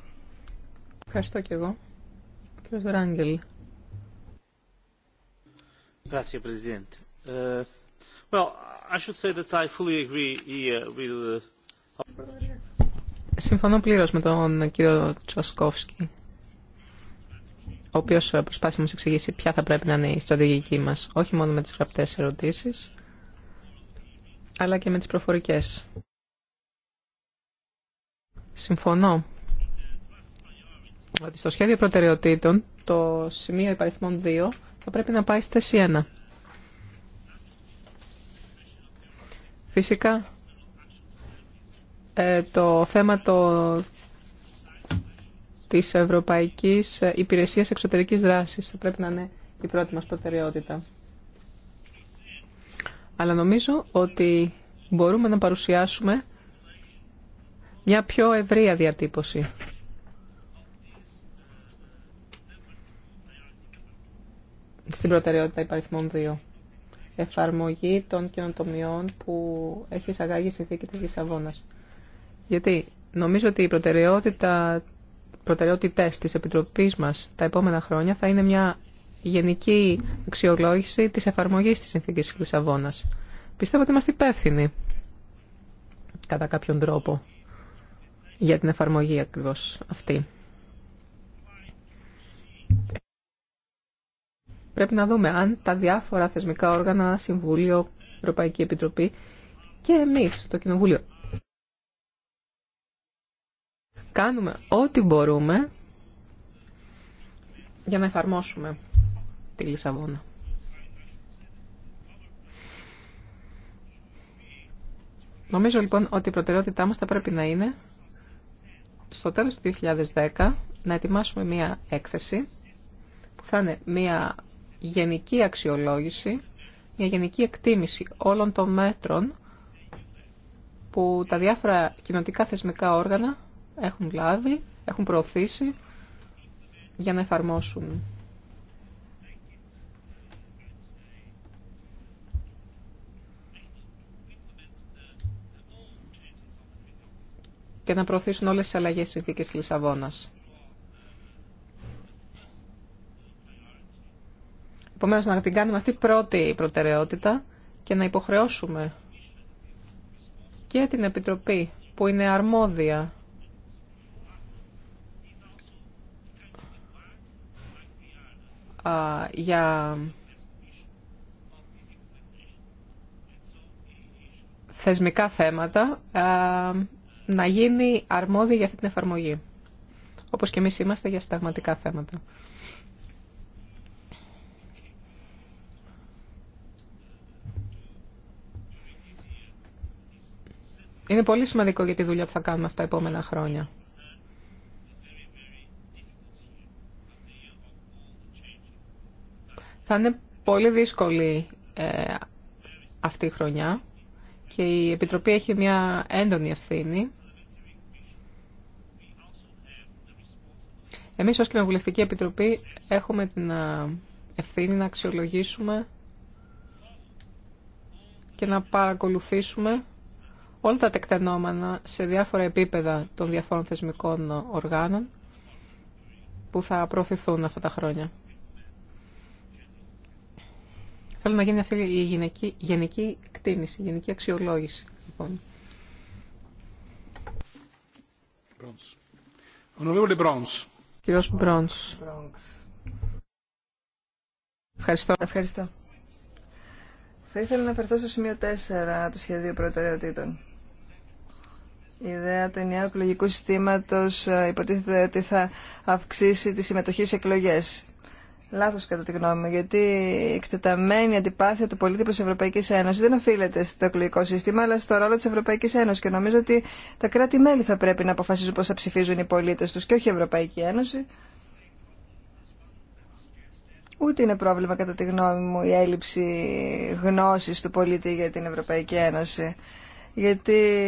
Ευχαριστώ και εγώ. κύριος Ράγγελ. Ευχαριστώ, Πρόεδρε. Συμφωνώ πλήρως με τον κύριο Τσουασκόφσκι, ο οποίος ε, προσπάθησε να μας εξηγήσει ποια θα πρέπει να είναι η στρατηγική μας, όχι μόνο με τις γραπτές ερωτήσεις, αλλά και με τις προφορικές. Συμφωνώ ότι στο σχέδιο προτεραιοτήτων το σημείο υπαριθμών 2 θα πρέπει να πάει στη θέση 1. Φυσικά, ε, το θέμα το, της Ευρωπαϊκής Υπηρεσίας Εξωτερικής Δράσης θα πρέπει να είναι η πρώτη μας προτεραιότητα. Αλλά νομίζω ότι μπορούμε να παρουσιάσουμε μια πιο ευρεία διατύπωση. Στην προτεραιότητα υπαριθμών 2 εφαρμογή των καινοτομιών που έχει εισαγάγει η συνθήκη της Λισαβόνας. Γιατί νομίζω ότι η προτεραιότητα, προτεραιότητες της Επιτροπής μας τα επόμενα χρόνια θα είναι μια γενική αξιολόγηση της εφαρμογής της συνθήκης της Λισαβόνας. Πιστεύω ότι είμαστε υπεύθυνοι κατά κάποιον τρόπο για την εφαρμογή ακριβώς αυτή. Πρέπει να δούμε αν τα διάφορα θεσμικά όργανα, Συμβούλιο, Ευρωπαϊκή Επιτροπή και εμείς, το Κοινοβούλιο, κάνουμε ό,τι μπορούμε για να εφαρμόσουμε τη Λισαβόνα. Νομίζω λοιπόν ότι η προτεραιότητά μας θα πρέπει να είναι στο τέλος του 2010 να ετοιμάσουμε μία έκθεση που θα είναι μία γενική αξιολόγηση, μια γενική εκτίμηση όλων των μέτρων που τα διάφορα κοινοτικά θεσμικά όργανα έχουν λάβει, έχουν προωθήσει για να εφαρμόσουν. και να προωθήσουν όλες τις αλλαγές της της Λισαβόνας. Επομένως να την κάνουμε αυτή πρώτη προτεραιότητα και να υποχρεώσουμε και την Επιτροπή που είναι αρμόδια για θεσμικά θέματα να γίνει αρμόδια για αυτή την εφαρμογή. Όπως και εμείς είμαστε για συνταγματικά θέματα. Είναι πολύ σημαντικό για τη δουλειά που θα κάνουμε αυτά τα επόμενα χρόνια. Θα είναι πολύ δύσκολη ε, αυτή η χρονιά και η Επιτροπή έχει μια έντονη ευθύνη. Εμείς ως Κοινοβουλευτική Επιτροπή έχουμε την ε, ευθύνη να αξιολογήσουμε και να παρακολουθήσουμε όλα τα τεκτενόμενα σε διάφορα επίπεδα των διαφόρων θεσμικών οργάνων που θα προωθηθούν αυτά τα χρόνια. Θέλω να γίνει αυτή η γενική, εκτίμηση, η γενική αξιολόγηση. Λοιπόν. Κύριος Μπρόνς. Ευχαριστώ. Ευχαριστώ. Θα ήθελα να περθώ στο σημείο 4 του σχεδίου προτεραιοτήτων. Η ιδέα του ενιαίου εκλογικού συστήματο ε, υποτίθεται ότι θα αυξήσει τη συμμετοχή σε εκλογέ. Λάθο κατά τη γνώμη μου, γιατί η εκτεταμένη αντιπάθεια του πολίτη προ την Ευρωπαϊκή Ένωση δεν οφείλεται στο εκλογικό σύστημα, αλλά στο ρόλο τη Ευρωπαϊκή Ένωση. Και νομίζω ότι τα κράτη-μέλη θα πρέπει να αποφασίζουν πώ θα ψηφίζουν οι πολίτε του και όχι η Ευρωπαϊκή Ένωση. Ούτε είναι πρόβλημα κατά τη γνώμη μου η έλλειψη γνώση του πολίτη για την Ευρωπαϊκή Ένωση. Γιατί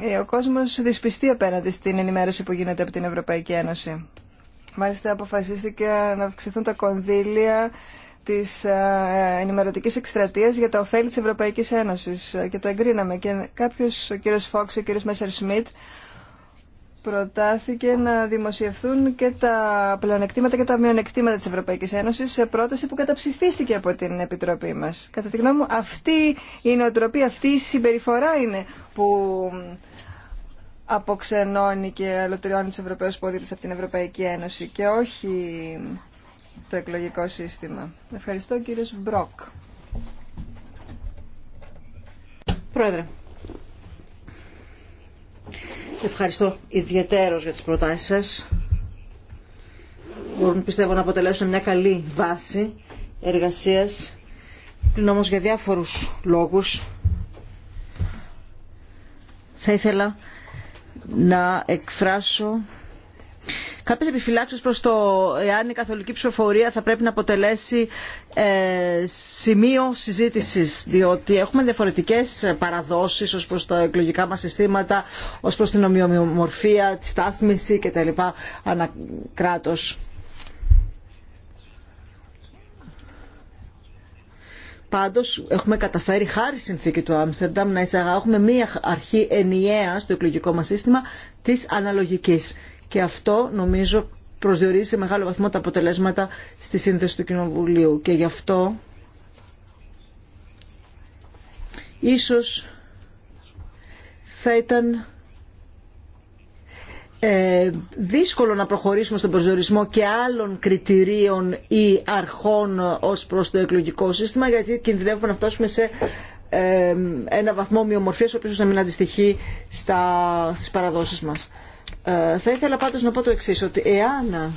ε, ο κόσμος δυσπιστεί απέναντι στην ενημέρωση που γίνεται από την Ευρωπαϊκή Ένωση. Μάλιστα αποφασίστηκε να αυξηθούν τα κονδύλια της ε, ενημερωτική εκστρατεία για τα ωφέλη τη Ευρωπαϊκής Ένωσης ε, και το εγκρίναμε και κάποιος, ο κύριος Φόξ, ο κύριος Μέσσερ Σμιτ, προτάθηκε να δημοσιευθούν και τα πλεονεκτήματα και τα μειονεκτήματα της Ευρωπαϊκής Ένωσης σε πρόταση που καταψηφίστηκε από την Επιτροπή μας. Κατά τη γνώμη μου αυτή η νοοτροπία, αυτή η συμπεριφορά είναι που αποξενώνει και αλωτριώνει τους Ευρωπαίους πολίτες από την Ευρωπαϊκή Ένωση και όχι το εκλογικό σύστημα. Ευχαριστώ κύριος Μπρόκ. Πρόεδρε, Ευχαριστώ ιδιαίτερος για τις προτάσεις σας. Μπορούν πιστεύω να αποτελέσουν μια καλή βάση εργασίας. Πριν όμως για διάφορους λόγους θα ήθελα να εκφράσω κάποιες επιφυλάξει προ το εάν η καθολική ψηφοφορία θα πρέπει να αποτελέσει ε, σημείο συζήτησης διότι έχουμε διαφορετικέ παραδόσεις ως προς τα εκλογικά μα συστήματα ως προς την ομοιομορφία, τη στάθμιση κτλ. ανακράτος. Πάντω, έχουμε καταφέρει χάρη συνθήκη του Άμστερνταμ να εισαγάγουμε μία αρχή ενιαία στο εκλογικό μα σύστημα τη αναλογική και αυτό νομίζω προσδιορίζει σε μεγάλο βαθμό τα αποτελέσματα στη σύνθεση του Κοινοβουλίου και γι' αυτό ίσως θα ήταν ε, δύσκολο να προχωρήσουμε στον προσδιορισμό και άλλων κριτηρίων ή αρχών ως προς το εκλογικό σύστημα γιατί κινδυνεύουμε να φτάσουμε σε ε, ένα βαθμό μειομορφίας ο οποίος να μην αντιστοιχεί στα, στις παραδόσεις μας. Ε, θα ήθελα πάντως να πω το εξής, ότι εάν,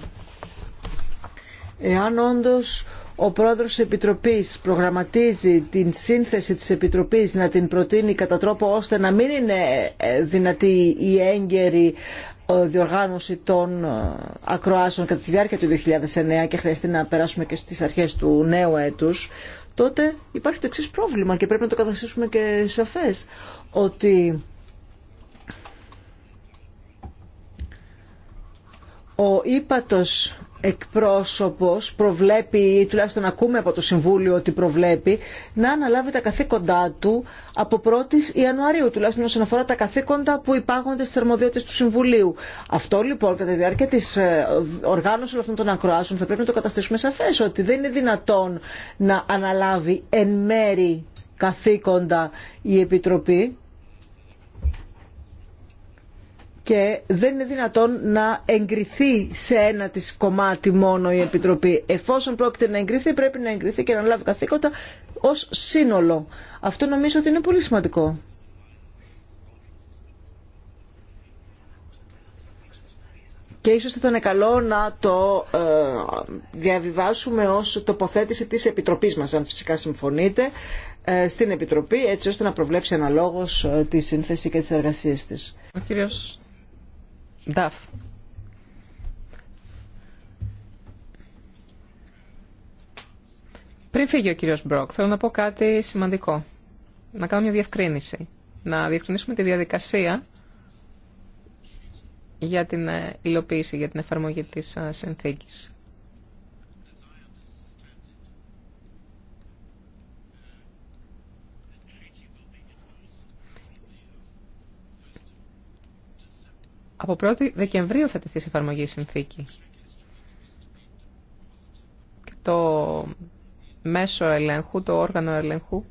εάν όντως ο πρόεδρος της Επιτροπής προγραμματίζει την σύνθεση της Επιτροπής να την προτείνει κατά τρόπο ώστε να μην είναι ε, δυνατή η έγκαιρη ε, διοργάνωση των ακροάσεων κατά τη διάρκεια του 2009 και χρειαστεί να περάσουμε και στις αρχές του νέου έτους, τότε υπάρχει το εξή πρόβλημα και πρέπει να το καταστήσουμε και σαφές, ότι Ο ύπατος εκπρόσωπος προβλέπει ή τουλάχιστον ακούμε από το Συμβούλιο ότι προβλέπει να αναλάβει τα καθήκοντά του από 1η Ιανουαρίου τουλάχιστον όσον αφορά τα καθήκοντα που υπάγονται στις αρμοδιότητες του Συμβουλίου. Αυτό λοιπόν κατά τη διάρκεια της ε, οργάνωσης όλων αυτών των ακροάσεων θα πρέπει να το καταστήσουμε σαφές ότι δεν είναι δυνατόν να αναλάβει εν μέρη καθήκοντα η Επιτροπή και δεν είναι δυνατόν να εγκριθεί σε ένα της κομμάτι μόνο η Επιτροπή. Εφόσον πρόκειται να εγκριθεί πρέπει να εγκριθεί και να λάβει καθήκοντα ως σύνολο. Αυτό νομίζω ότι είναι πολύ σημαντικό. και ίσως θα ήταν καλό να το ε, διαβιβάσουμε ως τοποθέτηση της Επιτροπής μας, αν φυσικά συμφωνείτε, ε, στην Επιτροπή, έτσι ώστε να προβλέψει αναλόγως ε, τη σύνθεση και τις εργασίες της. Ο κύριος πριν φύγει ο κύριος Μπροκ, θέλω να πω κάτι σημαντικό. Να κάνω μια διευκρίνηση. Να διευκρινίσουμε τη διαδικασία για την ε, υλοποίηση, για την εφαρμογή της ε, συνθήκης. Από 1η Δεκεμβρίου θα τεθεί σε εφαρμογή η συνθήκη. Και το μέσο ελέγχου, το όργανο ελέγχου,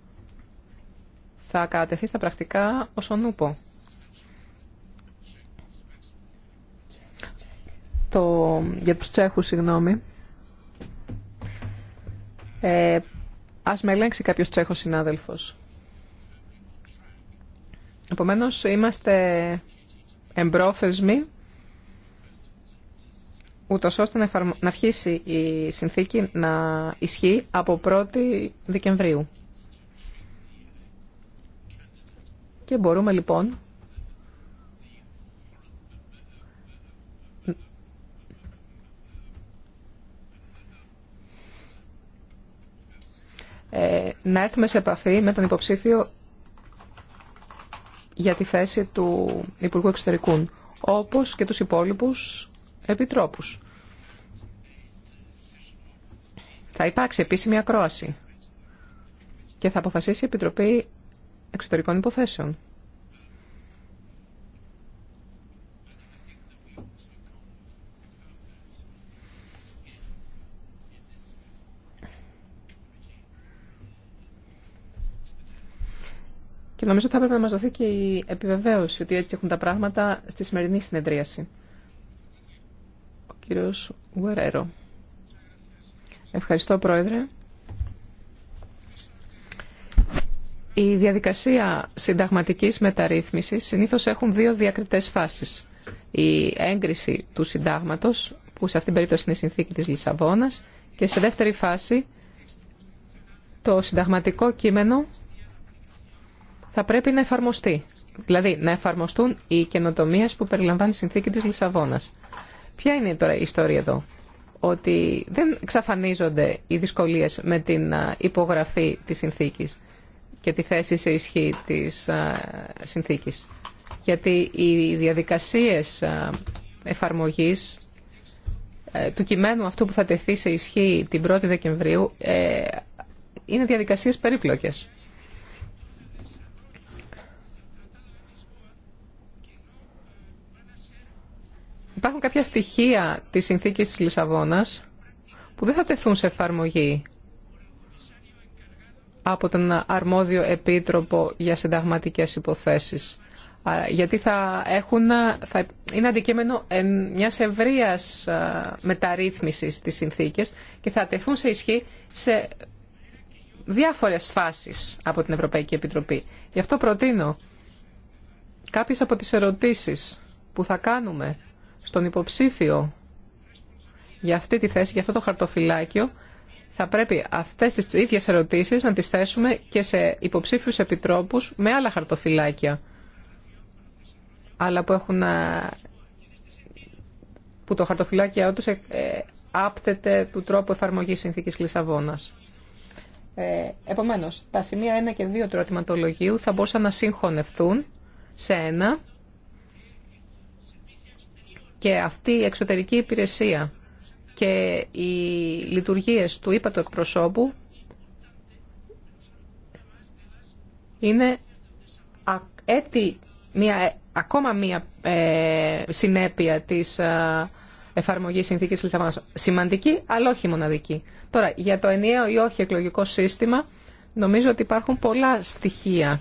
θα κατατεθεί στα πρακτικά ως ο νουπο. Το, για τους Τσέχους, συγγνώμη. Ε, ας με ελέγξει κάποιος Τσέχος συνάδελφος. Επομένως, είμαστε εμπρόθεσμη, ούτω ώστε να, να αρχίσει η συνθήκη να ισχύει από 1η Δεκεμβρίου. Και μπορούμε λοιπόν ε, να έρθουμε σε επαφή με τον υποψήφιο για τη θέση του Υπουργού Εξωτερικού, όπως και του υπόλοιπους επιτρόπους. Θα υπάρξει επίσημη ακρόαση και θα αποφασίσει η Επιτροπή Εξωτερικών Υποθέσεων. Και νομίζω θα έπρεπε να μα δοθεί και η επιβεβαίωση ότι έτσι έχουν τα πράγματα στη σημερινή συνεδρίαση. Ο κύριος Γουερέρο. Ευχαριστώ, Πρόεδρε. Η διαδικασία συνταγματικής μεταρρύθμισης συνήθως έχουν δύο διακριτές φάσεις. Η έγκριση του συντάγματος, που σε αυτήν την περίπτωση είναι η συνθήκη της Λισαβόνας, και σε δεύτερη φάση το συνταγματικό κείμενο θα πρέπει να εφαρμοστεί. Δηλαδή, να εφαρμοστούν οι καινοτομίε που περιλαμβάνει η συνθήκη τη Λισαβόνα. Ποια είναι τώρα η ιστορία εδώ, Ότι δεν εξαφανίζονται οι δυσκολίε με την υπογραφή τη συνθήκη και τη θέση σε ισχύ τη συνθήκη. Γιατί οι διαδικασίε εφαρμογή ε, του κειμένου αυτού που θα τεθεί σε ισχύ την 1η Δεκεμβρίου ε, είναι διαδικασίες περίπλοκες. Υπάρχουν κάποια στοιχεία της συνθήκης της Λισαβόνας που δεν θα τεθούν σε εφαρμογή από τον αρμόδιο επίτροπο για συνταγματικές υποθέσεις. Γιατί θα, έχουν, θα είναι αντικείμενο μια ευρείας μεταρρύθμισης της συνθήκες και θα τεθούν σε ισχύ σε διάφορες φάσεις από την Ευρωπαϊκή Επιτροπή. Γι' αυτό προτείνω κάποιες από τις ερωτήσεις που θα κάνουμε στον υποψήφιο για αυτή τη θέση, για αυτό το χαρτοφυλάκιο, θα πρέπει αυτές τις ίδιες ερωτήσεις να τις θέσουμε και σε υποψήφιους επιτρόπους με άλλα χαρτοφυλάκια, αλλά που έχουν που το χαρτοφυλάκια τους ε, ε, άπτεται του τρόπου εφαρμογής συνθήκης Λισαβόνας. Ε, επομένως, τα σημεία 1 και 2 του ερωτηματολογίου θα μπορούσαν να συγχωνευτούν σε ένα και αυτή η εξωτερική υπηρεσία και οι λειτουργίες του του εκπροσώπου είναι έτη, μια, ε, ακόμα μια ε, συνέπεια της ε, εφαρμογής συνθήκης Λισαβόνας. Σημαντική, αλλά όχι μοναδική. Τώρα, για το ενιαίο ή όχι εκλογικό σύστημα, νομίζω ότι υπάρχουν πολλά στοιχεία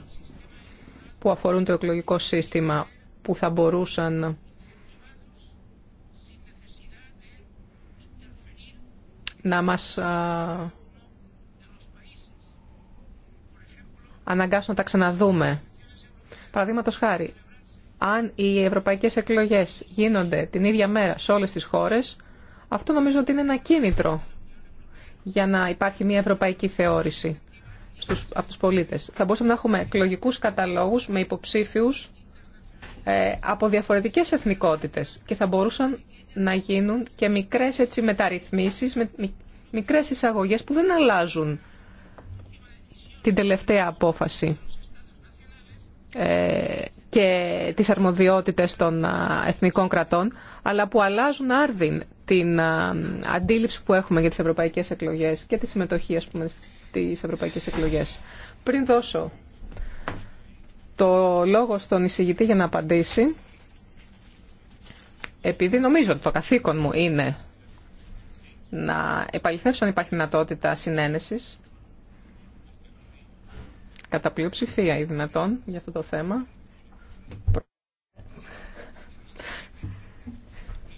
που αφορούν το εκλογικό σύστημα που θα μπορούσαν να μας αναγκάσουν να τα ξαναδούμε. Παραδείγματος χάρη, αν οι ευρωπαϊκές εκλογές γίνονται την ίδια μέρα σε όλες τις χώρες, αυτό νομίζω ότι είναι ένα κίνητρο για να υπάρχει μια ευρωπαϊκή θεώρηση από τους πολίτες. Θα μπορούσαμε να έχουμε εκλογικούς καταλόγους με υποψήφιους ε, από διαφορετικές εθνικότητες και θα μπορούσαν να γίνουν και μικρές έτσι μεταρρυθμίσεις, με, μικρές εισαγωγές που δεν αλλάζουν την τελευταία απόφαση ε, και τις αρμοδιότητες των εθνικών κρατών, αλλά που αλλάζουν άρδιν την αντίληψη που έχουμε για τις ευρωπαϊκές εκλογές και τη συμμετοχή, ας πούμε, στις ευρωπαϊκές εκλογές. Πριν δώσω το λόγο στον εισηγητή για να απαντήσει, επειδή νομίζω ότι το καθήκον μου είναι να επαληθεύσω αν υπάρχει δυνατότητα συνένεσης, κατά πλειοψηφία ή δυνατόν για αυτό το θέμα.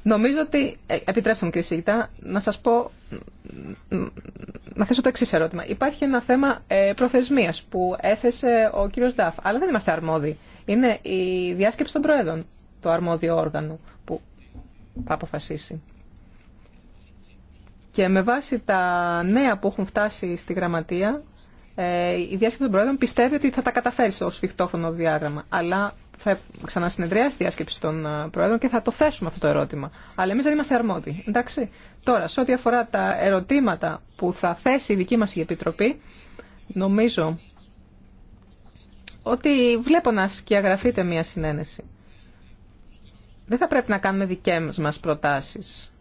Νομίζω ότι, ε, επιτρέψτε μου κύριε Σίγητα, να σας πω, να θέσω το εξή ερώτημα. Υπάρχει ένα θέμα ε, προθεσμίας που έθεσε ο κύριος Νταφ, αλλά δεν είμαστε αρμόδιοι. Είναι η διάσκεψη των Προέδρων το αρμόδιο όργανο θα αποφασίσει. Και με βάση τα νέα που έχουν φτάσει στη γραμματεία, ε, η διάσκεψη των Προέδρων πιστεύει ότι θα τα καταφέρει στο σφιχτόχρονο διάγραμμα. Αλλά θα ξανασυνεδριάσει η διάσκεψη των ε, Προέδρων και θα το θέσουμε αυτό το ερώτημα. Αλλά εμεί δεν είμαστε αρμόδιοι. Εντάξει. Τώρα, σε ό,τι αφορά τα ερωτήματα που θα θέσει η δική μα η Επιτροπή, νομίζω ότι βλέπω να σκιαγραφείται μια συνένεση δεν θα πρέπει να κάνουμε δικές μας προτάσεις.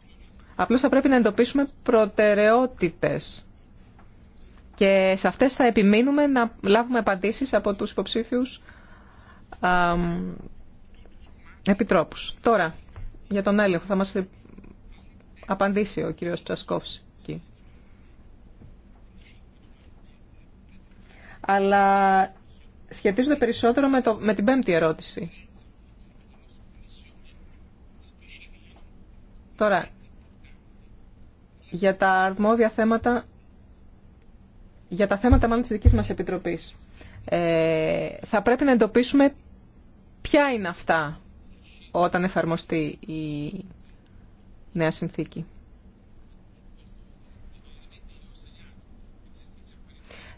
Απλώς θα πρέπει να εντοπίσουμε προτεραιότητες. Και σε αυτές θα επιμείνουμε να λάβουμε απαντήσεις από τους υποψήφιους επιτρόπους. Τώρα, για τον έλεγχο θα μας απαντήσει ο κύριος Τσασκόφς. Αλλά σχετίζονται περισσότερο με, το, με την πέμπτη ερώτηση. Τώρα, για τα αρμόδια θέματα, για τα θέματα μάλλον της δικής μας Επιτροπής, ε, θα πρέπει να εντοπίσουμε ποια είναι αυτά όταν εφαρμοστεί η νέα συνθήκη.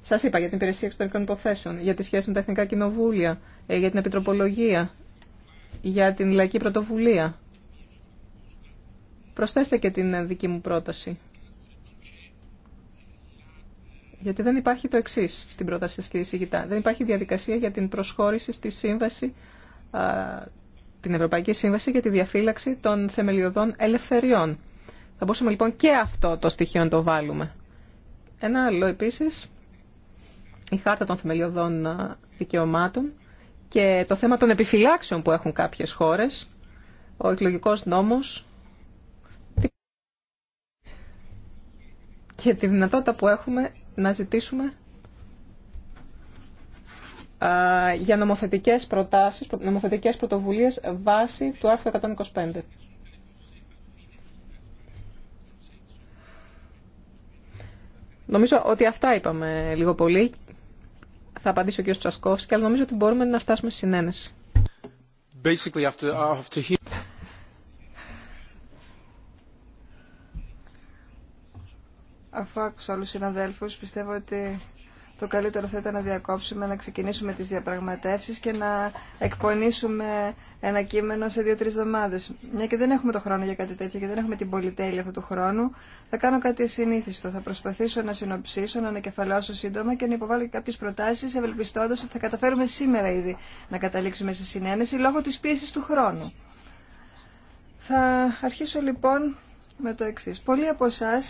Σας είπα για την υπηρεσία εξωτερικών υποθέσεων, για τη σχέση με τα εθνικά κοινοβούλια, ε, για την επιτροπολογία, για την λαϊκή πρωτοβουλία. Προσθέστε και την δική μου πρόταση. Γιατί δεν υπάρχει το εξή στην πρόταση σας, κύριε Σιγητά. Δεν υπάρχει διαδικασία για την προσχώρηση στη σύμβαση, την Ευρωπαϊκή Σύμβαση για τη διαφύλαξη των θεμελιωδών ελευθεριών. Θα μπορούσαμε λοιπόν και αυτό το στοιχείο να το βάλουμε. Ένα άλλο επίσης, η χάρτα των θεμελιωδών δικαιωμάτων και το θέμα των επιφυλάξεων που έχουν κάποιες χώρες, ο εκλογικός νόμος, και τη δυνατότητα που έχουμε να ζητήσουμε για νομοθετικές προτάσεις, νομοθετικές πρωτοβουλίες βάσει του άρθρου 125. Νομίζω ότι αυτά είπαμε λίγο πολύ. Θα απαντήσει ο κ. Τσασκόφσκι, αλλά νομίζω ότι μπορούμε να φτάσουμε στη συνένεση. Αφού άκουσα όλους συναδέλφους, πιστεύω ότι το καλύτερο θα ήταν να διακόψουμε, να ξεκινήσουμε τις διαπραγματεύσεις και να εκπονήσουμε ένα κείμενο σε δυο τρει εβδομάδε. Μια και δεν έχουμε το χρόνο για κάτι τέτοιο και δεν έχουμε την πολυτέλεια αυτού του χρόνου, θα κάνω κάτι συνήθιστο. Θα προσπαθήσω να συνοψίσω, να ανακεφαλαιώσω σύντομα και να υποβάλω και κάποιες προτάσεις, ευελπιστώντα ότι θα καταφέρουμε σήμερα ήδη να καταλήξουμε σε συνένεση λόγω τη πίεση του χρόνου. Θα αρχίσω λοιπόν με το εξή. Πολλοί από εσά,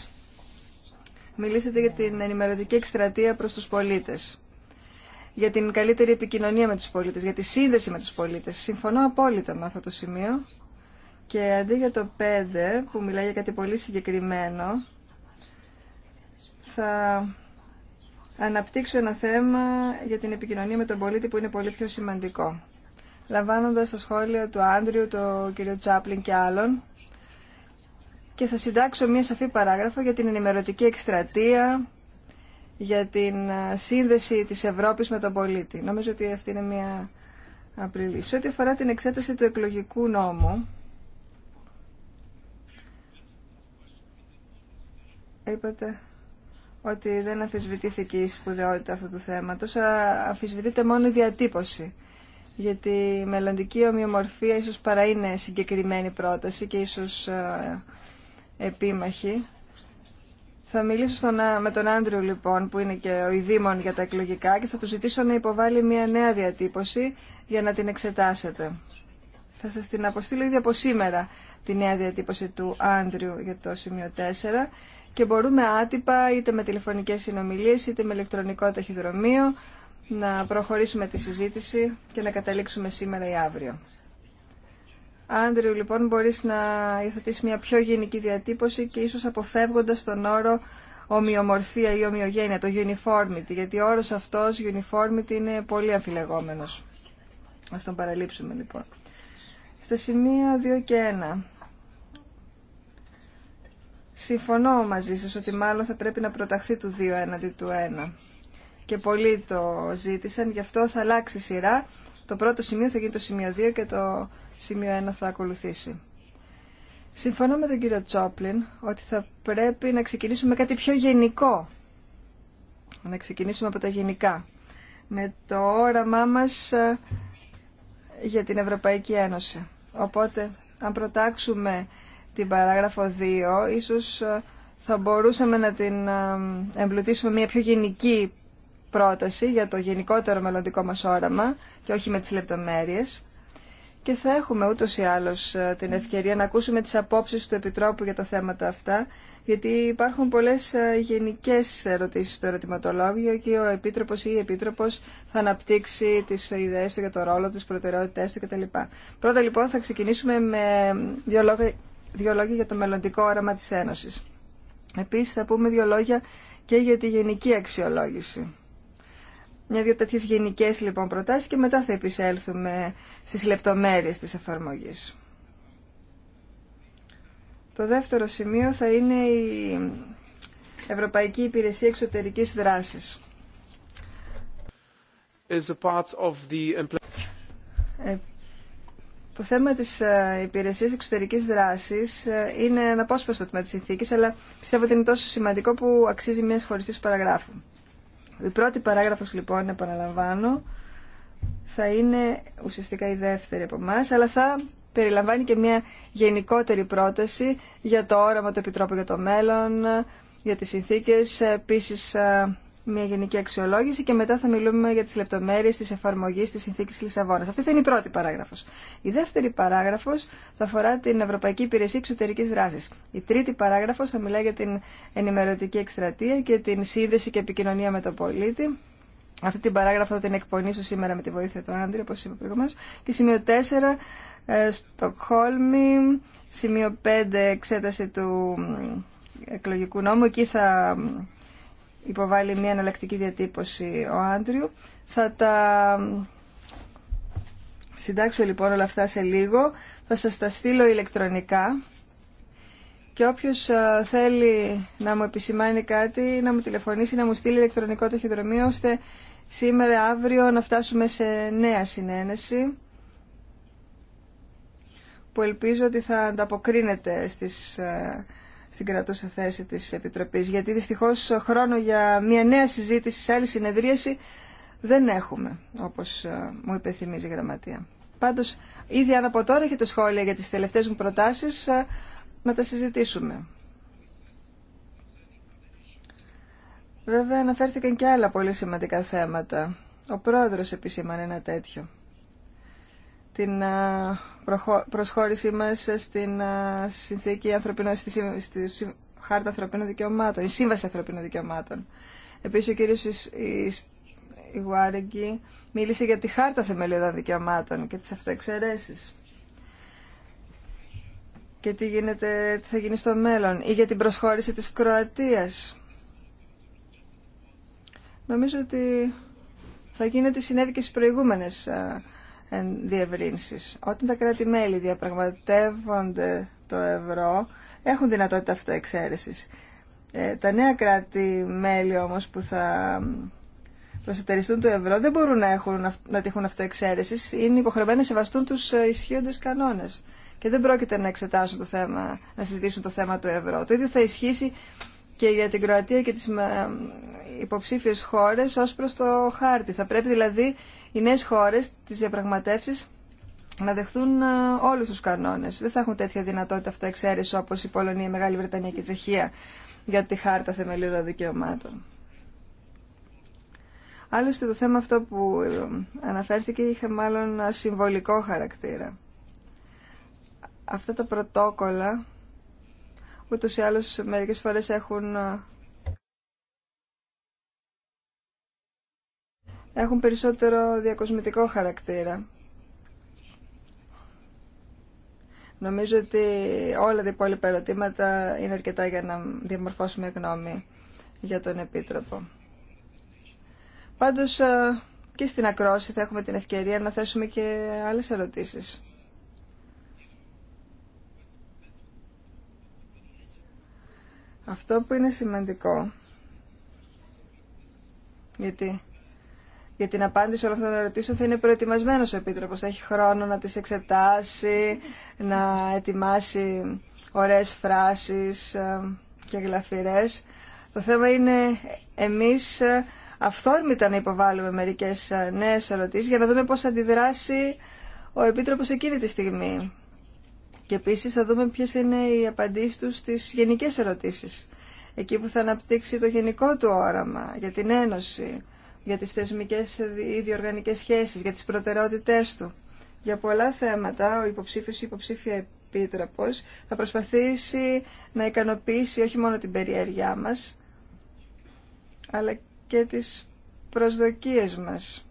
μιλήσατε για την ενημερωτική εκστρατεία προς τους πολίτες, για την καλύτερη επικοινωνία με τους πολίτες, για τη σύνδεση με τους πολίτες. Συμφωνώ απόλυτα με αυτό το σημείο και αντί για το 5 που μιλάει για κάτι πολύ συγκεκριμένο, θα αναπτύξω ένα θέμα για την επικοινωνία με τον πολίτη που είναι πολύ πιο σημαντικό. Λαμβάνοντας τα σχόλια του Άντριου, του κ. Τσάπλιν και άλλων, και θα συντάξω μία σαφή παράγραφο για την ενημερωτική εκστρατεία, για την σύνδεση της Ευρώπης με τον πολίτη. Νομίζω ότι αυτή είναι μία απλή λύση. ό,τι αφορά την εξέταση του εκλογικού νόμου, είπατε ότι δεν αφισβητήθηκε η σπουδαιότητα αυτού του θέματος, αφισβητείται μόνο η διατύπωση. Γιατί η μελλοντική ομοιομορφία ίσως παρά είναι συγκεκριμένη πρόταση και ίσως επίμαχη. Θα μιλήσω στον, με τον Άντριο, λοιπόν που είναι και ο ειδήμων για τα εκλογικά και θα του ζητήσω να υποβάλει μια νέα διατύπωση για να την εξετάσετε. Θα σας την αποστείλω ήδη από σήμερα τη νέα διατύπωση του Άντριου για το σημείο 4 και μπορούμε άτυπα είτε με τηλεφωνικές συνομιλίες είτε με ηλεκτρονικό ταχυδρομείο να προχωρήσουμε τη συζήτηση και να καταλήξουμε σήμερα ή αύριο. Άντριου λοιπόν μπορείς να υιοθετήσει μια πιο γενική διατύπωση και ίσως αποφεύγοντας τον όρο ομοιομορφία ή ομοιογένεια, το uniformity, γιατί ο όρος αυτός uniformity είναι πολύ αμφιλεγόμενος. Ας τον παραλείψουμε λοιπόν. Στα σημεία 2 και 1. Συμφωνώ μαζί σας ότι μάλλον θα πρέπει να προταχθεί του 2 έναντι του 1. Και πολλοί το ζήτησαν, γι' αυτό θα αλλάξει σειρά το πρώτο σημείο θα γίνει το σημείο 2 και το σημείο 1 θα ακολουθήσει. Συμφωνώ με τον κύριο Τσόπλιν ότι θα πρέπει να ξεκινήσουμε κάτι πιο γενικό. Να ξεκινήσουμε από τα γενικά. Με το όραμά μας ε, για την Ευρωπαϊκή Ένωση. Οπότε, αν προτάξουμε την παράγραφο 2, ίσως ε, θα μπορούσαμε να την ε, εμπλουτίσουμε μια πιο γενική πρόταση για το γενικότερο μελλοντικό μας όραμα και όχι με τις λεπτομέρειες και θα έχουμε ούτως ή άλλως ε, την ευκαιρία να ακούσουμε τις απόψει του Επιτρόπου για τα θέματα αυτά γιατί υπάρχουν πολλέ ε, γενικές ερωτήσεις στο ερωτηματολόγιο και ο Επίτροπος ή η Επίτροπος θα αναπτύξει τις ιδέες του για το ρόλο του, τις προτεραιότητές του κτλ. Πρώτα λοιπόν θα ξεκινήσουμε με δύο λόγια, δύο λόγια για το μελλοντικό όραμα της Ένωση. Επίσης θα πούμε δύο λόγια και για τη γενική αξιολόγηση. Μια-δύο τέτοιε γενικέ λοιπόν προτάσει και μετά θα επισέλθουμε στι λεπτομέρειε τη εφαρμογή. Το δεύτερο σημείο θα είναι η Ευρωπαϊκή Υπηρεσία Εξωτερικής Δράσης. Ε, το θέμα της ε, Υπηρεσίας Εξωτερικής Δράσης ε, είναι αναπόσπαστο τμήμα της συνθήκης, αλλά πιστεύω ότι είναι τόσο σημαντικό που αξίζει μια χωριστής παραγράφου. Η πρώτη παράγραφος λοιπόν, επαναλαμβάνω, θα είναι ουσιαστικά η δεύτερη από εμά, αλλά θα περιλαμβάνει και μια γενικότερη πρόταση για το όραμα του Επιτρόπου για το μέλλον, για τις συνθήκες, επίσης ε, μια γενική αξιολόγηση και μετά θα μιλούμε για τις λεπτομέρειες τη εφαρμογή της συνθήκη Λισαβόνα. Αυτή θα είναι η πρώτη παράγραφο. Η δεύτερη παράγραφο θα αφορά την Ευρωπαϊκή Υπηρεσία Εξωτερική δράση. Η τρίτη παράγραφο θα μιλάει για την ενημερωτική εκστρατεία και την σύνδεση και επικοινωνία με τον πολίτη. Αυτή την παράγραφο θα την εκπονήσω σήμερα με τη βοήθεια του Άντρη, όπως είπα προηγουμένω. Και σημείο 4, ε, Στοκχόλμη, σημείο 5, εξέταση του εκλογικού νόμου. Εκεί θα υποβάλει μια εναλλακτική διατύπωση ο Άντριου. Θα τα συντάξω λοιπόν όλα αυτά σε λίγο. Θα σας τα στείλω ηλεκτρονικά. Και όποιος θέλει να μου επισημάνει κάτι, να μου τηλεφωνήσει, να μου στείλει ηλεκτρονικό ταχυδρομείο, ώστε σήμερα, αύριο, να φτάσουμε σε νέα συνένεση που ελπίζω ότι θα ανταποκρίνεται στις ε, στην κρατούσα θέση της Επιτροπής, γιατί δυστυχώς χρόνο για μια νέα συζήτηση σε άλλη συνεδρίαση δεν έχουμε, όπως ε, μου υπενθυμίζει η Γραμματεία. Πάντως, ήδη αν από τώρα έχετε σχόλια για τις τελευταίες μου προτάσεις, ε, να τα συζητήσουμε. Βέβαια, αναφέρθηκαν και άλλα πολύ σημαντικά θέματα. Ο πρόεδρος επισήμανε ένα τέτοιο. Την ε, προσχώρησή μας στην ε, συνθήκη ανθρωπίνων, στη, χάρτα ανθρωπίνων δικαιωμάτων, η σύμβαση ανθρωπίνων δικαιωμάτων. Επίσης ο κύριος Ιγουάρεγκη μίλησε για τη χάρτα θεμελιωδών δικαιωμάτων και τις αυτοεξαιρέσεις και τι, γίνεται, θα γίνει στο μέλλον ή για την προσχώρηση της Κροατίας. Νομίζω ότι θα γίνει ό,τι συνέβη και στις προηγούμενες ε, διευρύνσεις. Όταν τα κράτη-μέλη διαπραγματεύονται το ευρώ, έχουν δυνατότητα αυτοεξαίρεσης. Ε, τα νέα κράτη-μέλη όμως που θα προσετεριστούν το ευρώ δεν μπορούν να, έχουν, να τύχουν αυτοεξαίρεση. Είναι υποχρεωμένοι να σεβαστούν του ε, ισχύοντες κανόνε. Και δεν πρόκειται να εξετάσουν το θέμα, να συζητήσουν το θέμα του ευρώ. Το ίδιο θα ισχύσει και για την Κροατία και τις ε, ε, υποψήφιες χώρες ω προς το χάρτη. Θα πρέπει δηλαδή οι νέες χώρες τις διαπραγματεύσεις να δεχθούν ε, όλους τους κανόνες. Δεν θα έχουν τέτοια δυνατότητα αυτοεξαίρεση όπω όπως η Πολωνία, η Μεγάλη Βρετανία και η Τσεχία για τη χάρτα θεμελίδα δικαιωμάτων. Άλλωστε το θέμα αυτό που ε, αναφέρθηκε είχε μάλλον συμβολικό χαρακτήρα. Αυτά τα πρωτόκολλα ούτως ή άλλως μερικές φορές έχουν ε, έχουν περισσότερο διακοσμητικό χαρακτήρα. Νομίζω ότι όλα τα υπόλοιπα ερωτήματα είναι αρκετά για να διαμορφώσουμε γνώμη για τον Επίτροπο. Πάντως ε, και στην ακρόση θα έχουμε την ευκαιρία να θέσουμε και άλλες ερωτήσεις. Αυτό που είναι σημαντικό, γιατί για την απάντηση όλων αυτών των ερωτήσεων θα είναι προετοιμασμένος ο Επίτροπος. Θα έχει χρόνο να τις εξετάσει, να ετοιμάσει ωραίες φράσεις ε, και γλαφυρές. Το θέμα είναι εμείς ε, αυθόρμητα να υποβάλουμε μερικές ε, νέες ερωτήσεις για να δούμε πώς αντιδράσει ο Επίτροπος εκείνη τη στιγμή. Και επίσης θα δούμε ποιες είναι οι απαντήσεις του στις γενικές ερωτήσεις. Εκεί που θα αναπτύξει το γενικό του όραμα για την Ένωση, για τις θεσμικές ή διοργανικές σχέσεις, για τις προτεραιότητές του. Για πολλά θέματα ο υποψήφιος ή υποψήφια επίτροπος θα προσπαθήσει να ικανοποιήσει όχι μόνο την περιέργειά μας, αλλά και τις προσδοκίες μας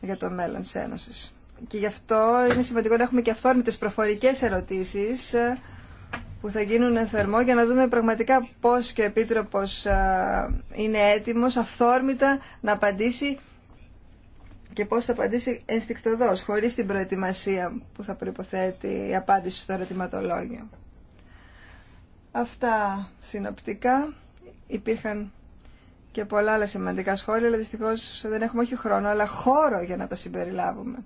για το μέλλον της Ένωσης. Και γι' αυτό είναι σημαντικό να έχουμε και αυθόρμητες προφορικές ερωτήσεις που θα γίνουν θερμό για να δούμε πραγματικά πώς και ο Επίτροπος είναι έτοιμος αυθόρμητα να απαντήσει και πώς θα απαντήσει ενστικτοδός, χωρίς την προετοιμασία που θα προϋποθέτει η απάντηση στο ερωτηματολόγιο. Αυτά συνοπτικά. Υπήρχαν και πολλά άλλα σημαντικά σχόλια, αλλά δυστυχώς δεν έχουμε όχι χρόνο, αλλά χώρο για να τα συμπεριλάβουμε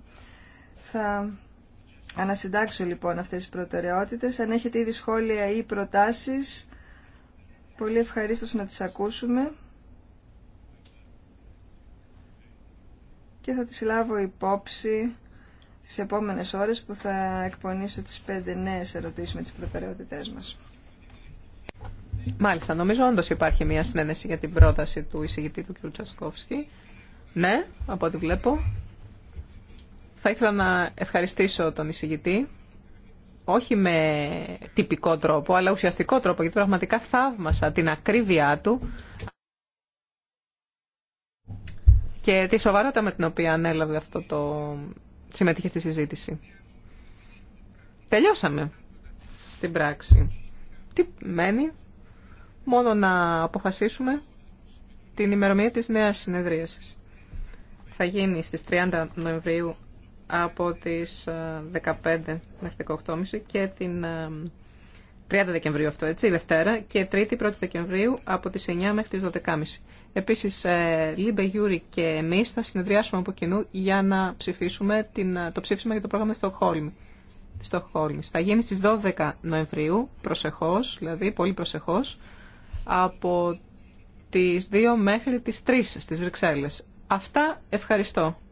ανασυντάξω λοιπόν αυτές τις προτεραιότητες. Αν έχετε ήδη σχόλια ή προτάσεις, πολύ ευχαρίστως να τις ακούσουμε. Και θα τις λάβω υπόψη τις επόμενες ώρες που θα εκπονήσω τις πέντε νέες ερωτήσεις με τις προτεραιότητές μας. Μάλιστα, νομίζω όντως υπάρχει μια συνένεση για την πρόταση του εισηγητή του κ. Τσασκόφσκι. Ναι, από ό,τι βλέπω. Θα ήθελα να ευχαριστήσω τον εισηγητή, όχι με τυπικό τρόπο, αλλά ουσιαστικό τρόπο, γιατί πραγματικά θαύμασα την ακρίβειά του και τη σοβαρότητα με την οποία ανέλαβε αυτό το συμμετείχε στη συζήτηση. Τελειώσαμε στην πράξη. Τι μένει, μόνο να αποφασίσουμε την ημερομηνία της νέας συνεδρίασης. Θα γίνει στις 30 Νοεμβρίου από τις 15 ε, μέχρι 18.30 και την 30 ε, Δεκεμβρίου αυτό, έτσι, η Δευτέρα και 3η 1 1η Δεκεμβρίου από τις 9 μέχρι τις 12.30. Επίσης, ε, Λίμπε Γιούρι και εμείς θα συνεδριάσουμε από κοινού για να ψηφίσουμε την, το ψήφισμα για το πρόγραμμα Στοχόλμη. Στοχόλμης. Θα γίνει στις 12 Νοεμβρίου, προσεχώς, δηλαδή πολύ προσεχώς, από τις 2 μέχρι τις 3 στις Βρυξέλλες. Αυτά ευχαριστώ.